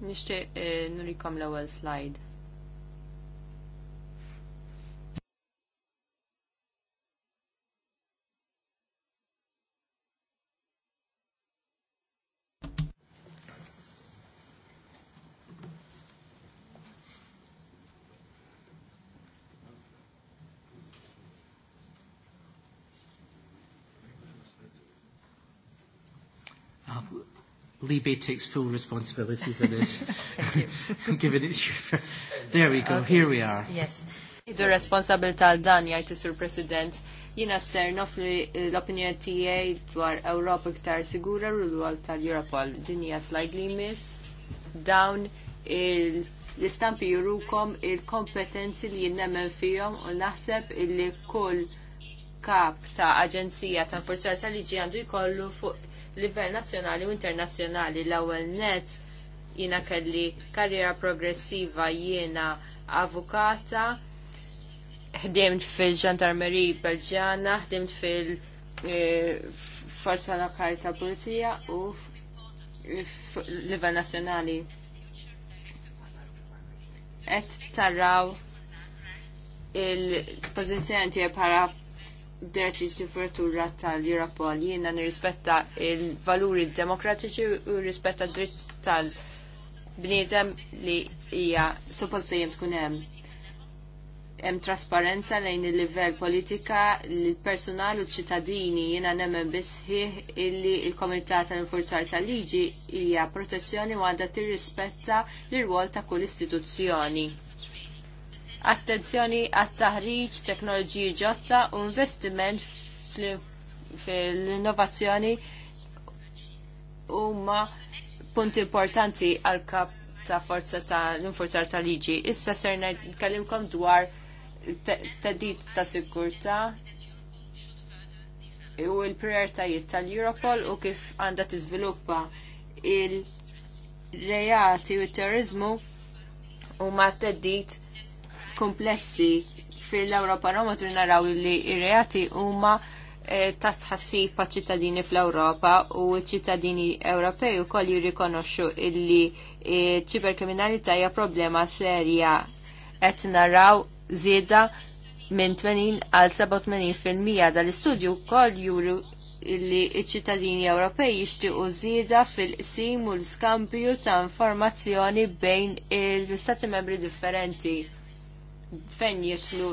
S3: Nishtiq eh, nurikom l-ewwel slide.
S1: Libby takes full responsibility for this. Given it's your There we go, okay. here we are.
S2: Yes.
S3: The responsibility tal dan jgħid Sir President jina ser nofli l opinion TA dwar Ewropa Ktar sigura u l-għal tal-Europol. Din hija slightly miss Down l-istampi jurukom il-kompetenzi li jinnemmen fihom u naħseb illi kull kap ta' aġenzija ta' forzar tal-liġi għandu jkollu fuq livell nazzjonali u internazzjonali l-ewwel net jiena kelli karriera progressiva jiena avukata ħdimt fil-ġandarmeri Belġjana, ħdimt fil-Forza eh, Lokali ta' Pulizija u livell nazzjonali. Et taraw il-pozizjoni tiegħek bħala dert ġivertura tal-Europol jiena nirrispetta il-valuri demokratiċi u rispetta dritt tal-bniedem li hija suppost dejjem tkun hemm. Hemm trasparenza lejn il-livell politika l-personal u ċittadini jiena nemmen bisħih illi il-Komunità tal-Infurzar tal-Liġi hija protezzjoni u għandha tirrispetta l-irwol ta' kull istituzzjoni attenzjoni għat taħriġ teknoloġiji ġotta u investiment fil-innovazzjoni huma punti importanti għal kap ta' forza ta' l-infurzar ta' liġi. Issa serna nkellimkom dwar tedit ta' sigurta u l-prioritajiet tal-Europol u kif għandha tiżviluppa il-rejati u t terrorizmu u ma' tedit komplessi fil-Ewropa Roma tur naraw li ir-reati huma eh, ta' tħassib pa' ċittadini fl-Ewropa u ċittadini Ewropej koll jirrikonoxxu illi eh, ċiberkriminalità hija problema serja qed naraw żieda minn 80 għal 87% dal-istudju wkoll juru illi ċittadini Ewropej jixtiequ żieda fil-qsim u l-skambju ta' informazzjoni bejn l istati membri differenti fejn jitlu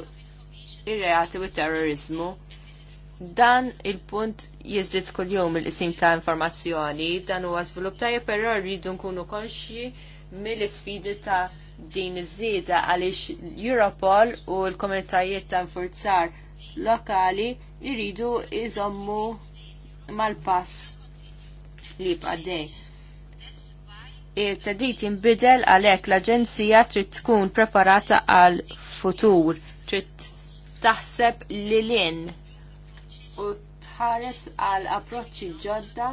S3: ir-reati u terrorizmu. Dan il-punt jizdit kol-jom il-isim ta' informazzjoni, dan huwa żvilupp ta' però rridu nkunu konxi mill-isfidi ta' din iż-żieda għaliex Europol u l-komunitajiet ta' nfurzar lokali jridu iżommu mal-pass li dej it-tedit jinbidel għalhekk l-Aġenzija trid tkun preparata għal futur, trid taħseb lilin u tħares għal approċċi ġodda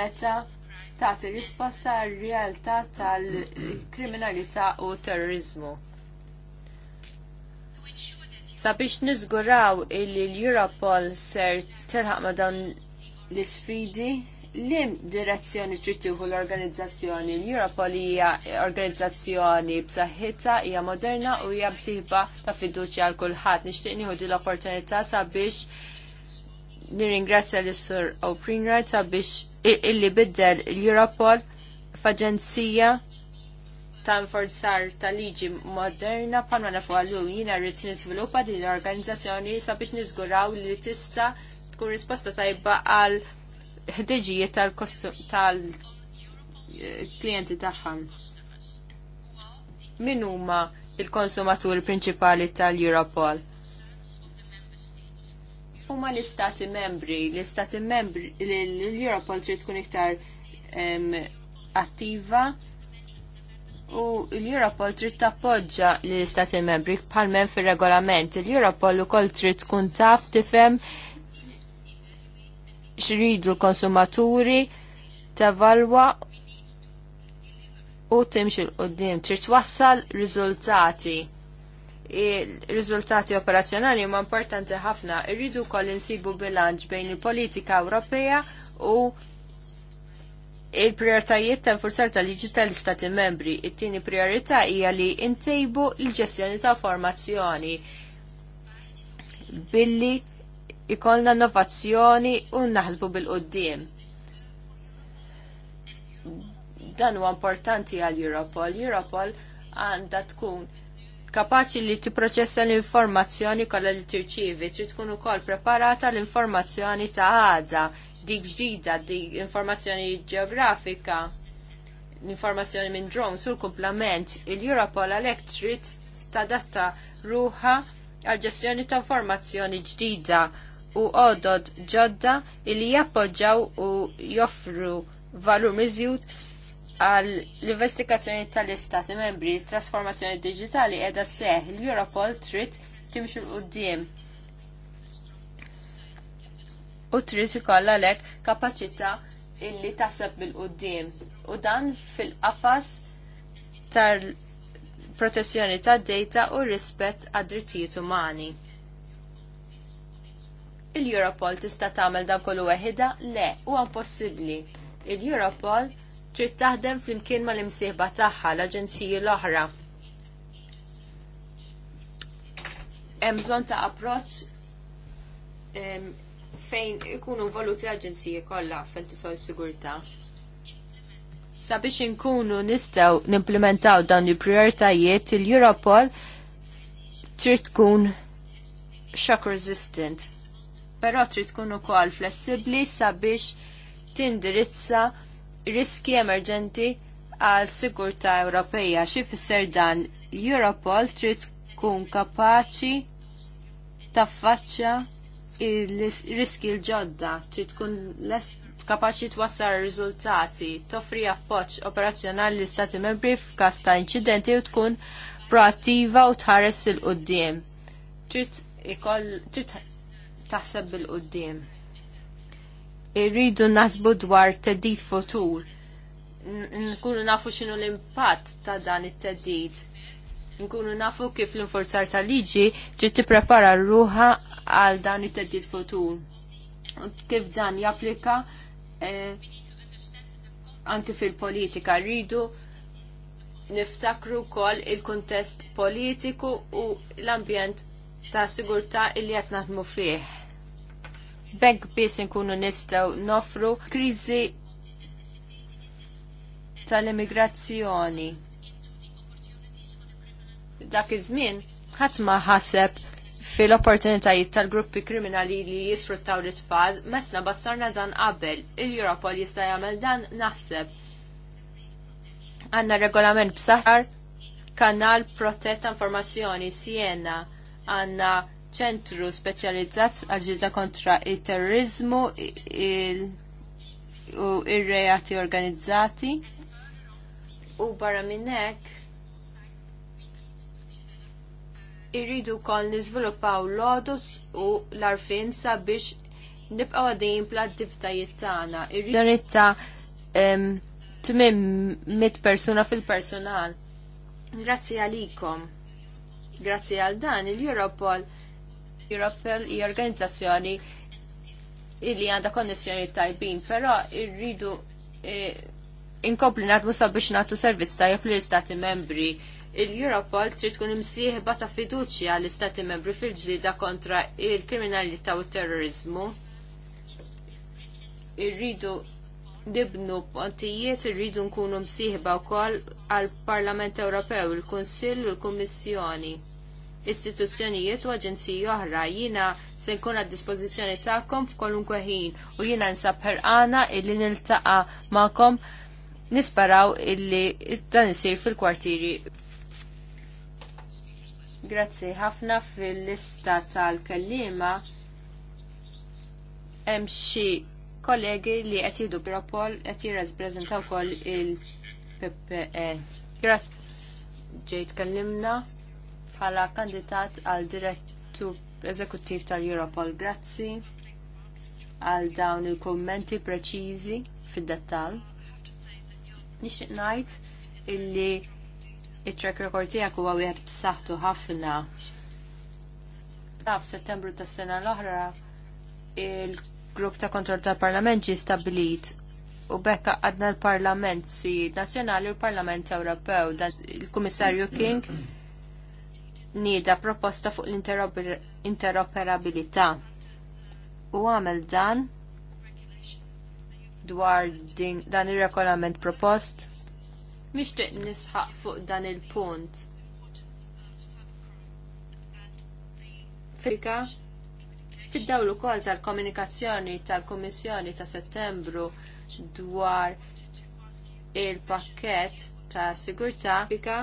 S3: meta tagħti risposta għal realtà tal-kriminalità u terrorizmu. Sabiex niżguraw il l-Europol ser telħaq ma dawn l-isfidi lim direzzjoni trittiħu l-organizzazzjoni. L-Europol hija organizzazzjoni b'saħħitha, hija moderna u hija bsiħba ta' fiduċja għal kulħadd. Nixtieq nieħu din l-opportunità sabiex nirringrazzja l sur O'Prinright sabiex illi biddel l-Europol f'aġenzija ta' nforzar ta' liġi moderna panwa nafu għallu jina rrit nizviluppa din l-organizzazzjoni sabiex nizguraw li tista' tkun risposta tajba għal ħdeġijiet tal-klienti tagħhom. Min huma il-konsumaturi prinċipali tal-Europol? Huma l-istati membri, l-istati membri, l-Europol trid tkun iktar attiva u l-Europol trid tappoġġa l-istati membri bħalmen fir-regolament. L-Europol ukoll trid tkun taf tifhem xridu l-konsumaturi tavalwa u timxi l-qoddim. Trid wassal riżultati. Riżultati operazzjonali ma importanti ħafna. Irridu koll insibu bilanċ bejn il-politika Ewropea u il-prioritajiet ta' forzar ta' liġi tal-istati membri. It-tieni priorità hija li ntejbu l-ġestjoni ta' formazzjoni billi ikolna innovazzjoni u naħsbu bil-qoddim. Dan huwa importanti għal Europol. Europol għandha tkun kapaċi li tipproċessa l-informazzjoni kollha li tirċievi, trid tkun ukoll preparata l-informazzjoni ta' għada, dik ġdida, dik informazzjoni ġeografika, l-informazzjoni minn drones sul kumplament il-Europol għalhekk trid tadatta ruħa għal ġestjoni ta' informazzjoni ġdida u għodod ġodda li jappoġġaw u joffru valur miżjud għall investigazzjoni tal-istati membri, trasformazzjoni digitali edha seħ l-Europol trid timxu d qoddim U trid ikolla lek kapaċità illi taħseb bil-qoddim. U dan fil-qafas tal protezzjoni tad data u rispett għad drittijiet umani il-Europol tista' tagħmel dan kollu weħida? Le, huwa impossibbli. Il-Europol trid taħdem flimkien mal-imsieħba tagħha l-aġenziji l-oħra. Hemm bżonn ta' approċċ fejn ikunu involuti l-aġenziji kollha fejn s sigurtà. Sabiex inkunu nistgħu nimplementaw dawn il-prioritajiet il-Europol trid tkun shock resistant però trid tkun ukoll flessibbli sabiex tindirizza riski emerġenti għal sigurtà Ewropeja xi fisser dan Europol trid tkun kapaċi taffaċċja il-riski l-ġodda, trid tkun kapaċi twassal riżultati, toffri appoġġ operazzjonali l-Istati membri f'każ ta' inċidenti u tkun proattiva u tħares il-qudiem. Trid taħseb bil-qoddim. Irridu nasbu dwar teddid futur. Nkunu nafu xinu l-impatt ta' dan it-teddid. Nkunu nafu kif l-inforzar tal-liġi prepara tipprepara ruħa għal dan it-teddid futur. Kif dan japplika eh, anki fil-politika rridu niftakru kol il-kontest politiku u l-ambjent ta' sigurta illi qed naħdmu fih. Bekk biss inkunu nistgħu nofru kriżi tal-immigrazzjoni. Dak iż-żmien ħadd ma ħaseb fil-opportunitajiet tal-gruppi kriminali li jisfruttaw l-tfal, mesna bassarna dan qabel, il-Europol jista' jagħmel dan naħseb. Għanna regolament b'saħar, kanal protetta informazzjoni Siena għanna ċentru speċjalizzat għal-ġilda kontra il-terrorizmu u il reati organizzati. U barra minnek, irridu kol nizvilupaw l odus u l-arfin sabiex nibqaw għadin pl-attivitajiet tagħna. Irridu tmim mit persuna fil-personal. Grazzi għalikom. Grazzi għal dan il-Europol Europol i organizzazzjoni illi għandha konnessjoni tajbin, però irridu e, inkompli nadmu sabiex nagħtu servizz tajjeb lill-Istati membri. Il-Europol trid tkun imsieħba ta' fiduċja għall-Istati membri fil-ġlida kontra il-kriminalità u t terrorizmu. Irridu nibnu pontijiet irridu nkunu msieħba wkoll għall Parlament Ewropew, il-Kunsill u l-Kummissjoni istituzzjonijiet u aġenziji oħra jiena se nkun għad dispożizzjoni tagħkom f'kolunkwe ħin u jiena nsab ħerqana illi niltaqa' ma'kom nisparaw illi dan isir fil-kwartieri. Grazzi ħafna fil-lista tal-kellima hemm xi kollegi li qed jidu Europol qed jirreżprezentaw ukoll il-PPE. Grazzi ġej tkellimna bħala kandidat għal direttur eżekuttiv tal-Europol. Grazzi għal dawn il-kommenti preċiżi fid dettall Nixtieq ngħid illi it-track record tiegħek huwa wieħed b'saħħtu ħafna. Taf Settembru tas-sena l-oħra il grupp ta' kontroll tal-Parlament ġie stabilit u bekka għadna l-Parlament si nazzjonali u l-Parlament Ewropew. Dan il-Kummissarju King nieda proposta fuq l-interoperabilità u għamel dan dwar din, dan il-regolament propost. Mixtieq nisħaq fuq dan il-punt. Fika, fid-dawl ukoll tal-komunikazzjoni tal-Kummissjoni ta' Settembru dwar il-pakket ta' sigurtà fika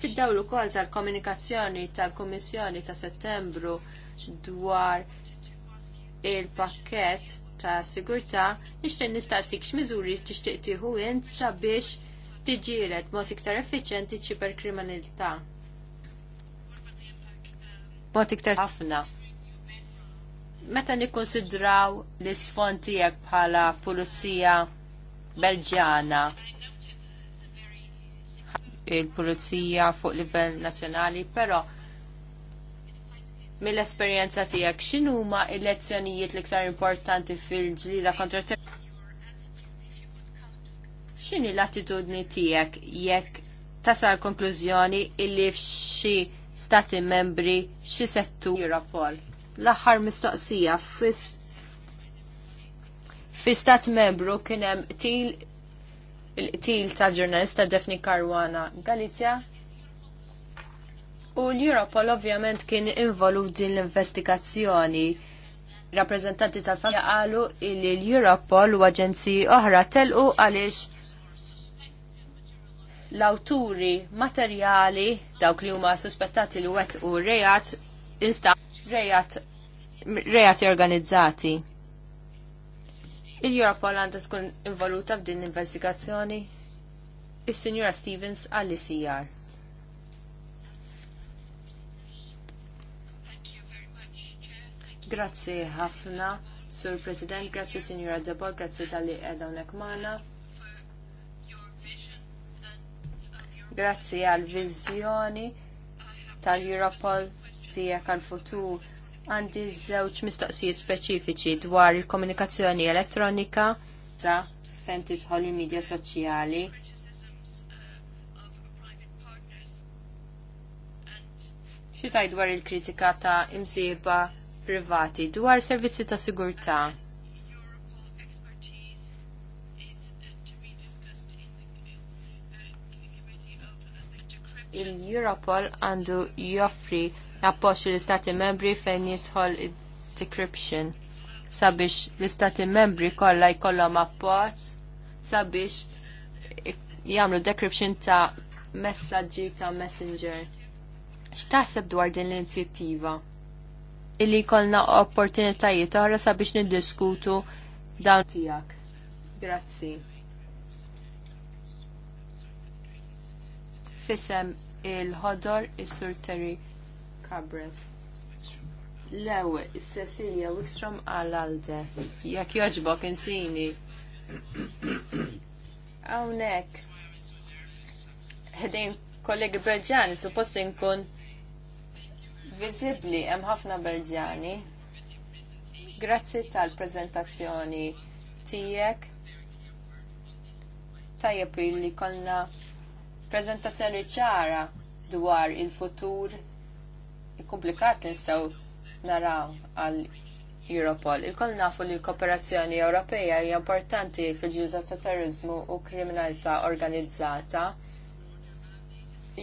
S3: fid-dawl ukoll tal-komunikazzjoni tal-Kummissjoni ta' Settembru dwar il-pakket ta' sigurtà nixtieq nistaqsik x'miżuri tixtieq tieħu int sabiex tiġieled mod iktar effiċjenti ċiberkriminalità. Mod iktar ħafna meta nikkonsidraw l-isfond tiegħek bħala pulizija Belġjana il-pulizija fuq livell nazzjonali, però mill-esperjenza tiegħek x'inhuma l-lezzjonijiet l-iktar importanti fil-ġlida kontra X'inhi l-attitudni tiegħek jekk tasal konklużjoni illi f'xi stati membri xi settu Europol? l-aħħar mistoqsija fi istat membru kien hemm til il-qtil ta' ġurnalista Defni Karwana Galizja. U l-Europol ovvjament kien involut din l-investigazzjoni. Rappreżentanti tal-familja qalu li l-Europol u aġenziji oħra telqu għaliex l-awturi materjali dawk li huma suspettati li wet u rejat rejat organizzati. Il-Europol għandha tkun involuta f'din l-investigazzjoni. is signora Stevens għall-ICR. Grazzi ħafna, Sur President, grazzi Sinjura Debol, grazzi tal-li għedha unek maħna. Grazzi għal-vizjoni tal-Europol tiegħek għal-futur għandi żewġ mistoqsijiet speċifiċi dwar il-komunikazzjoni elettronika sa fejn tidħol il-medja soċjali. Xi tajt dwar il-kritika ta' imsieba privati dwar servizzi ta' sigurtà. il-Europol għandu joffri appoġġ l-istati membri fejn jidħol decryption sabiex l-istati membri kollha jkollhom appoġġ sabiex jagħmlu decryption ta' messaġġi ta' messenger. X'taħseb dwar din l-inizjattiva? Illi jkollna opportunitajiet oħra sabiex niddiskutu dawn tiegħek. Grazzi. Fisem il-ħodor is-surteri. Il Cabres. Lew, is-Cecilia Wikstrom għal Alde. Jak jogħġbok insini. Hawnhekk. Hedin kollegi Belġani suppost inkun vizibli hemm ħafna Belġani. Grazzi tal prezentazzjoni tiegħek. Tajjeb li konna prezentazzjoni ċara dwar il-futur komplikat nistaw naraw għal Europol. Il-koll nafu li l-kooperazzjoni Ewropeja hija importanti fil-ġilda ta' terrorizmu u kriminalità organizzata.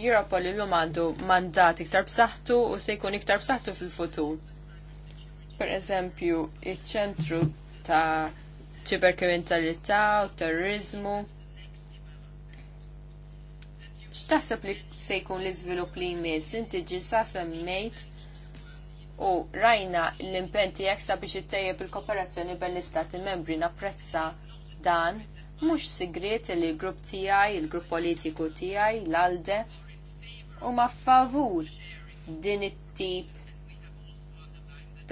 S3: Europol illum għandu mandat iktar b'saħħtu u se jkun iktar b'saħħtu fil-futur. Per eżempju, iċ-ċentru ta' ċiberkriminalità u terrorizmu X'taħseb li se jkun l-iżvilupp li jmiss inti ġisa semmejt u rajna l-impenti jeksa biex ittejjeb il-kooperazzjoni bel istati membri napprezza dan mhux sigriet li l-grupp tiegħi, il-grupp politiku tiegħi, l-alde u ma favur din it-tip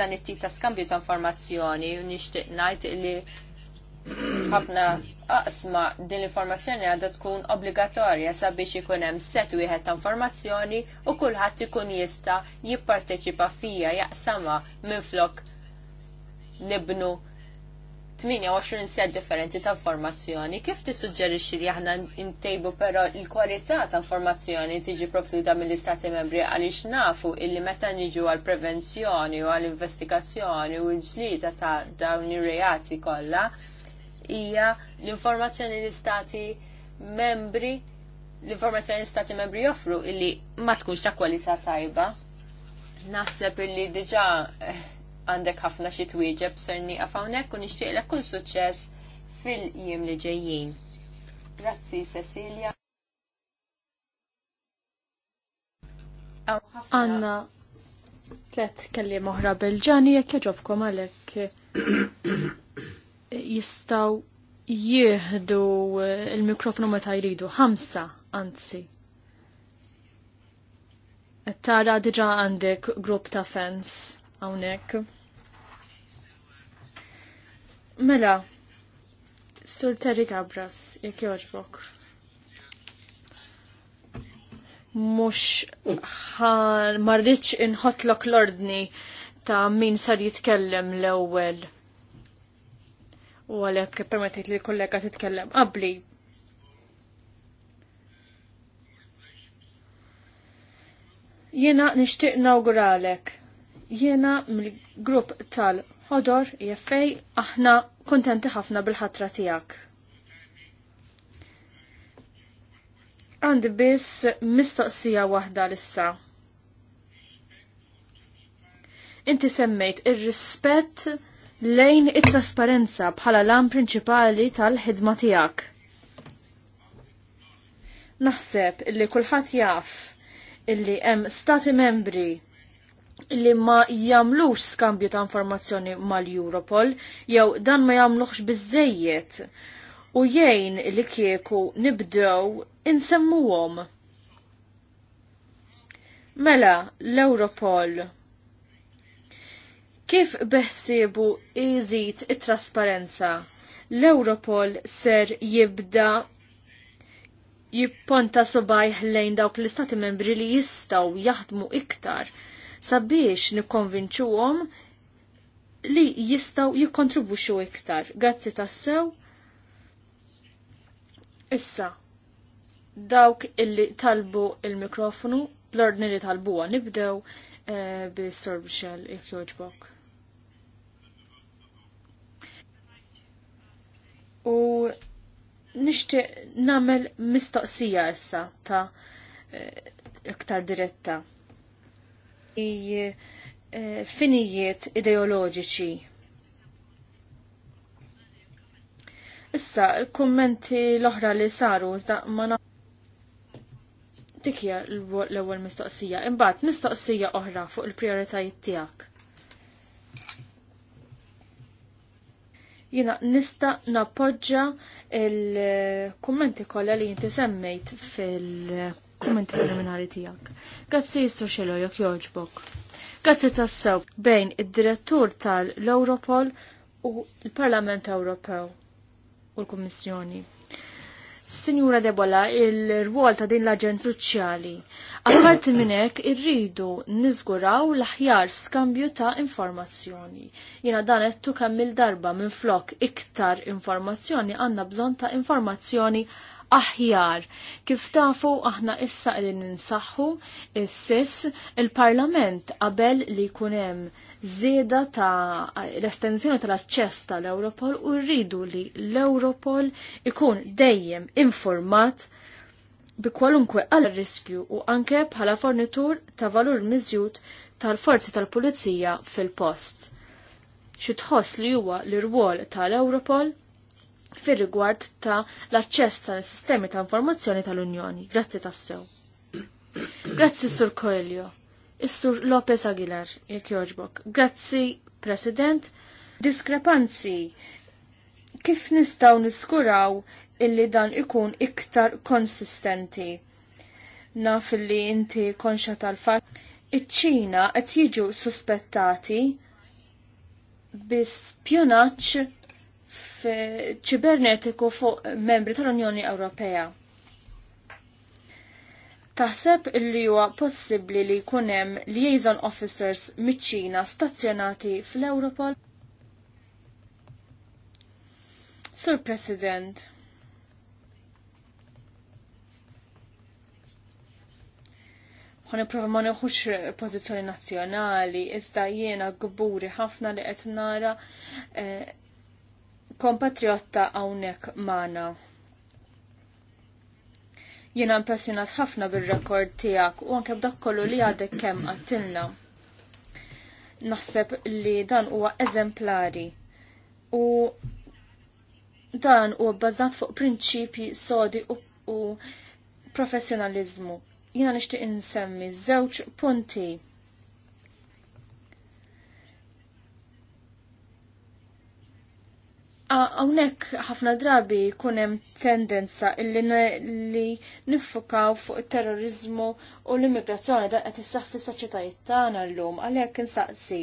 S3: dan it-tip ta' skambju ta' informazzjoni u nixtieq ngħid li f'ħafna Aqsma, din l-informazzjoni għadha tkun obbligatorja sabiex ikun hemm set wieħed ta' informazzjoni u kulħadd ikun jista' jipparteċipa fija jaqsama minflok nibnu 28 set differenti ta' informazzjoni, kif tissuġġerixxi li aħna ntejbu però l-kwalità ta' informazzjoni tiġi profduta mill-Istati Membri għaliex nafu illi meta niġu għal prevenzjoni u għal investigazzjoni u l-ġlida ta' dawn ir-reati kollha, hija l-informazzjoni li stati membri l-informazzjoni li stati membri joffru illi ma tkunx ta' kwalità tajba. Naħseb illi diġà eh, għandek ħafna xi twieġeb serni hawnhekk u nixtieqlek kull suċċess fil-jiem li ġejjin. Grazzi Cecilia.
S2: Anna, tlet kelli moħra bil-ġani jekk joġobkom għalek jistaw jieħdu eh, il-mikrofonu meta jridu, ħamsa, anzi. Tara diġa għandek grupp ta' fans hawnhekk. Mela, Sur Terry Cabras, jekk joġbok. Mux marriċ inħotlok l-ordni ta' min sar jitkellem l-ewwel u għalhekk permettit li l-kollega titkellem qabli. Jiena nixtieq nawguralek. Jiena mill-grupp tal-ħodor jeffej aħna kontenti ħafna bil-ħatra tiegħek. Għandi biss mistoqsija waħda lissa. Inti semmejt ir-rispett lejn it-trasparenza bħala lam prinċipali tal-ħidma tiegħek. Naħseb illi kulħadd jaf illi hemm stati membri li ma jamlux skambju ta' informazzjoni mal-Europol, jew dan ma jamluħx bizzejiet u jgħin li kieku nibdew insemmuhom. Mela, l-Europol Kif beħsiebu jizid it-trasparenza? L-Europol ser jibda jipponta sobajħ lejn dawk l-istati membri li jistaw jaħdmu iktar sabiex nikkonvinċuhom li jistaw jikontribuxu iktar. Grazzi tassew. Issa, dawk illi talbu il-mikrofonu, l-ordni li talbuwa nibdew, eh, bis-sorbxel il-kjoġbok. u nixtieq nagħmel mistoqsija issa ta' iktar eh, diretta. I eh, finijiet ideoloġiċi. Issa, il-kommenti l-oħra li saru, zda ma Tikja l-ewwel mistoqsija. Imbagħad mistoqsija oħra fuq il prioritajiet tiegħek. jina nista napoġġa il-kommenti kolla li jinti semmejt fil-kommenti preliminari tijak. Grazzi jistru xelo jok joġbok. Grazzi tassew bejn id-direttur tal-Europol u l-Parlament Ewropew u l-Kommissjoni. Sinjura Debola, il-rwol ta' din l-aġent soċjali. Apparti minn hekk irridu niżguraw l-aħjar skambju ta' informazzjoni. Jiena dan qed kemm il-darba minn flok iktar informazzjoni għandna bżonn ta' informazzjoni aħjar. Kif tafu aħna issa li ninsaħħu is-sis il-Parlament qabel li jkun hemm zeda ta' l-estensjoni tal-aċċess tal-Europol u rridu li l-Europol ikun dejjem informat bi kwalunkwe għal riskju u anke bħala fornitur ta' valur miżjud tal-forzi tal-pulizija fil-post. Xi tħoss li huwa l-irwol tal-Europol fir-rigward ta' l-aċċess tal-sistemi ta' informazzjoni tal-Unjoni. Grazzi tassew. Grazzi Sur Coelho. Is-Sur Lopez Aguilar, jekk joġbok. Grazzi, President. Diskrepanzi. Kif nistaw niskuraw illi dan ikun iktar konsistenti? Naf li inti konxa tal-fat. Iċ-Ċina qed jiġu suspettati bi spjonaġġ f'ċibernetiku fuq membri tal-Unjoni Ewropea Taħseb li huwa possibbli li jkun hemm liaison officers miċ-Ċina stazzjonati fl-Europol? Sur President, ħon iprofa ma neħux pozizjoni nazjonali, iżda jiena gburi ħafna li qed nara eh, kompatriotta hawnhekk magħna. Jiena impressjonat ħafna bir-rekord tiegħek u anke b'dak kollu li għadek kemm għattilna. Naħseb li dan huwa eżemplari u dan huwa bbażat fuq prinċipji sodi u, u professjonaliżmu. Jiena nixtieq insemmi żewġ punti Għawnek ħafna drabi kunem tendenza illi li nifukaw fuq terrorizmu u l-immigrazzjoni dan qed issaħ fis-soċjetajiet tagħna llum għalhekk insaqsi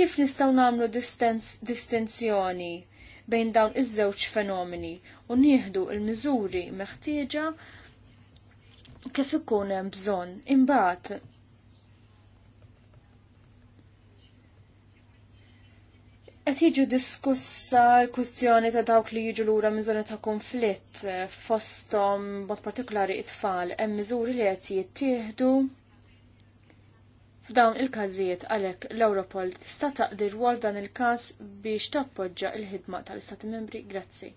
S2: kif nistgħu nagħmlu distenzjoni bejn dawn iż-żewġ fenomeni u nieħdu l-miżuri meħtieġa kif ikun hemm bżonn. Imbagħad Qed jiġu diskussa l kustjoni ta' dawk li jiġu lura minn żoni ta' konflitt eh, fosthom bot partikolari it-tfal hemm miżuri li qed jittieħdu f'dawn il-każijiet għalhekk l-Europol tista' taqdi rwol dan il-każ biex tappoġġa l-ħidma tal-Istati Membri. Grazzi.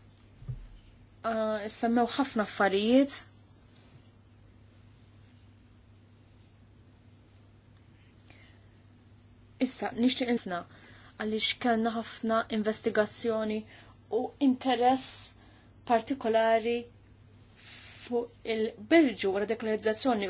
S2: Ah, Semmew ħafna affarijiet Issa, nixtieq infna għaliex kellna ħafna investigazzjoni u interess partikolari fuq il-Belġu u radikalizzazzjoni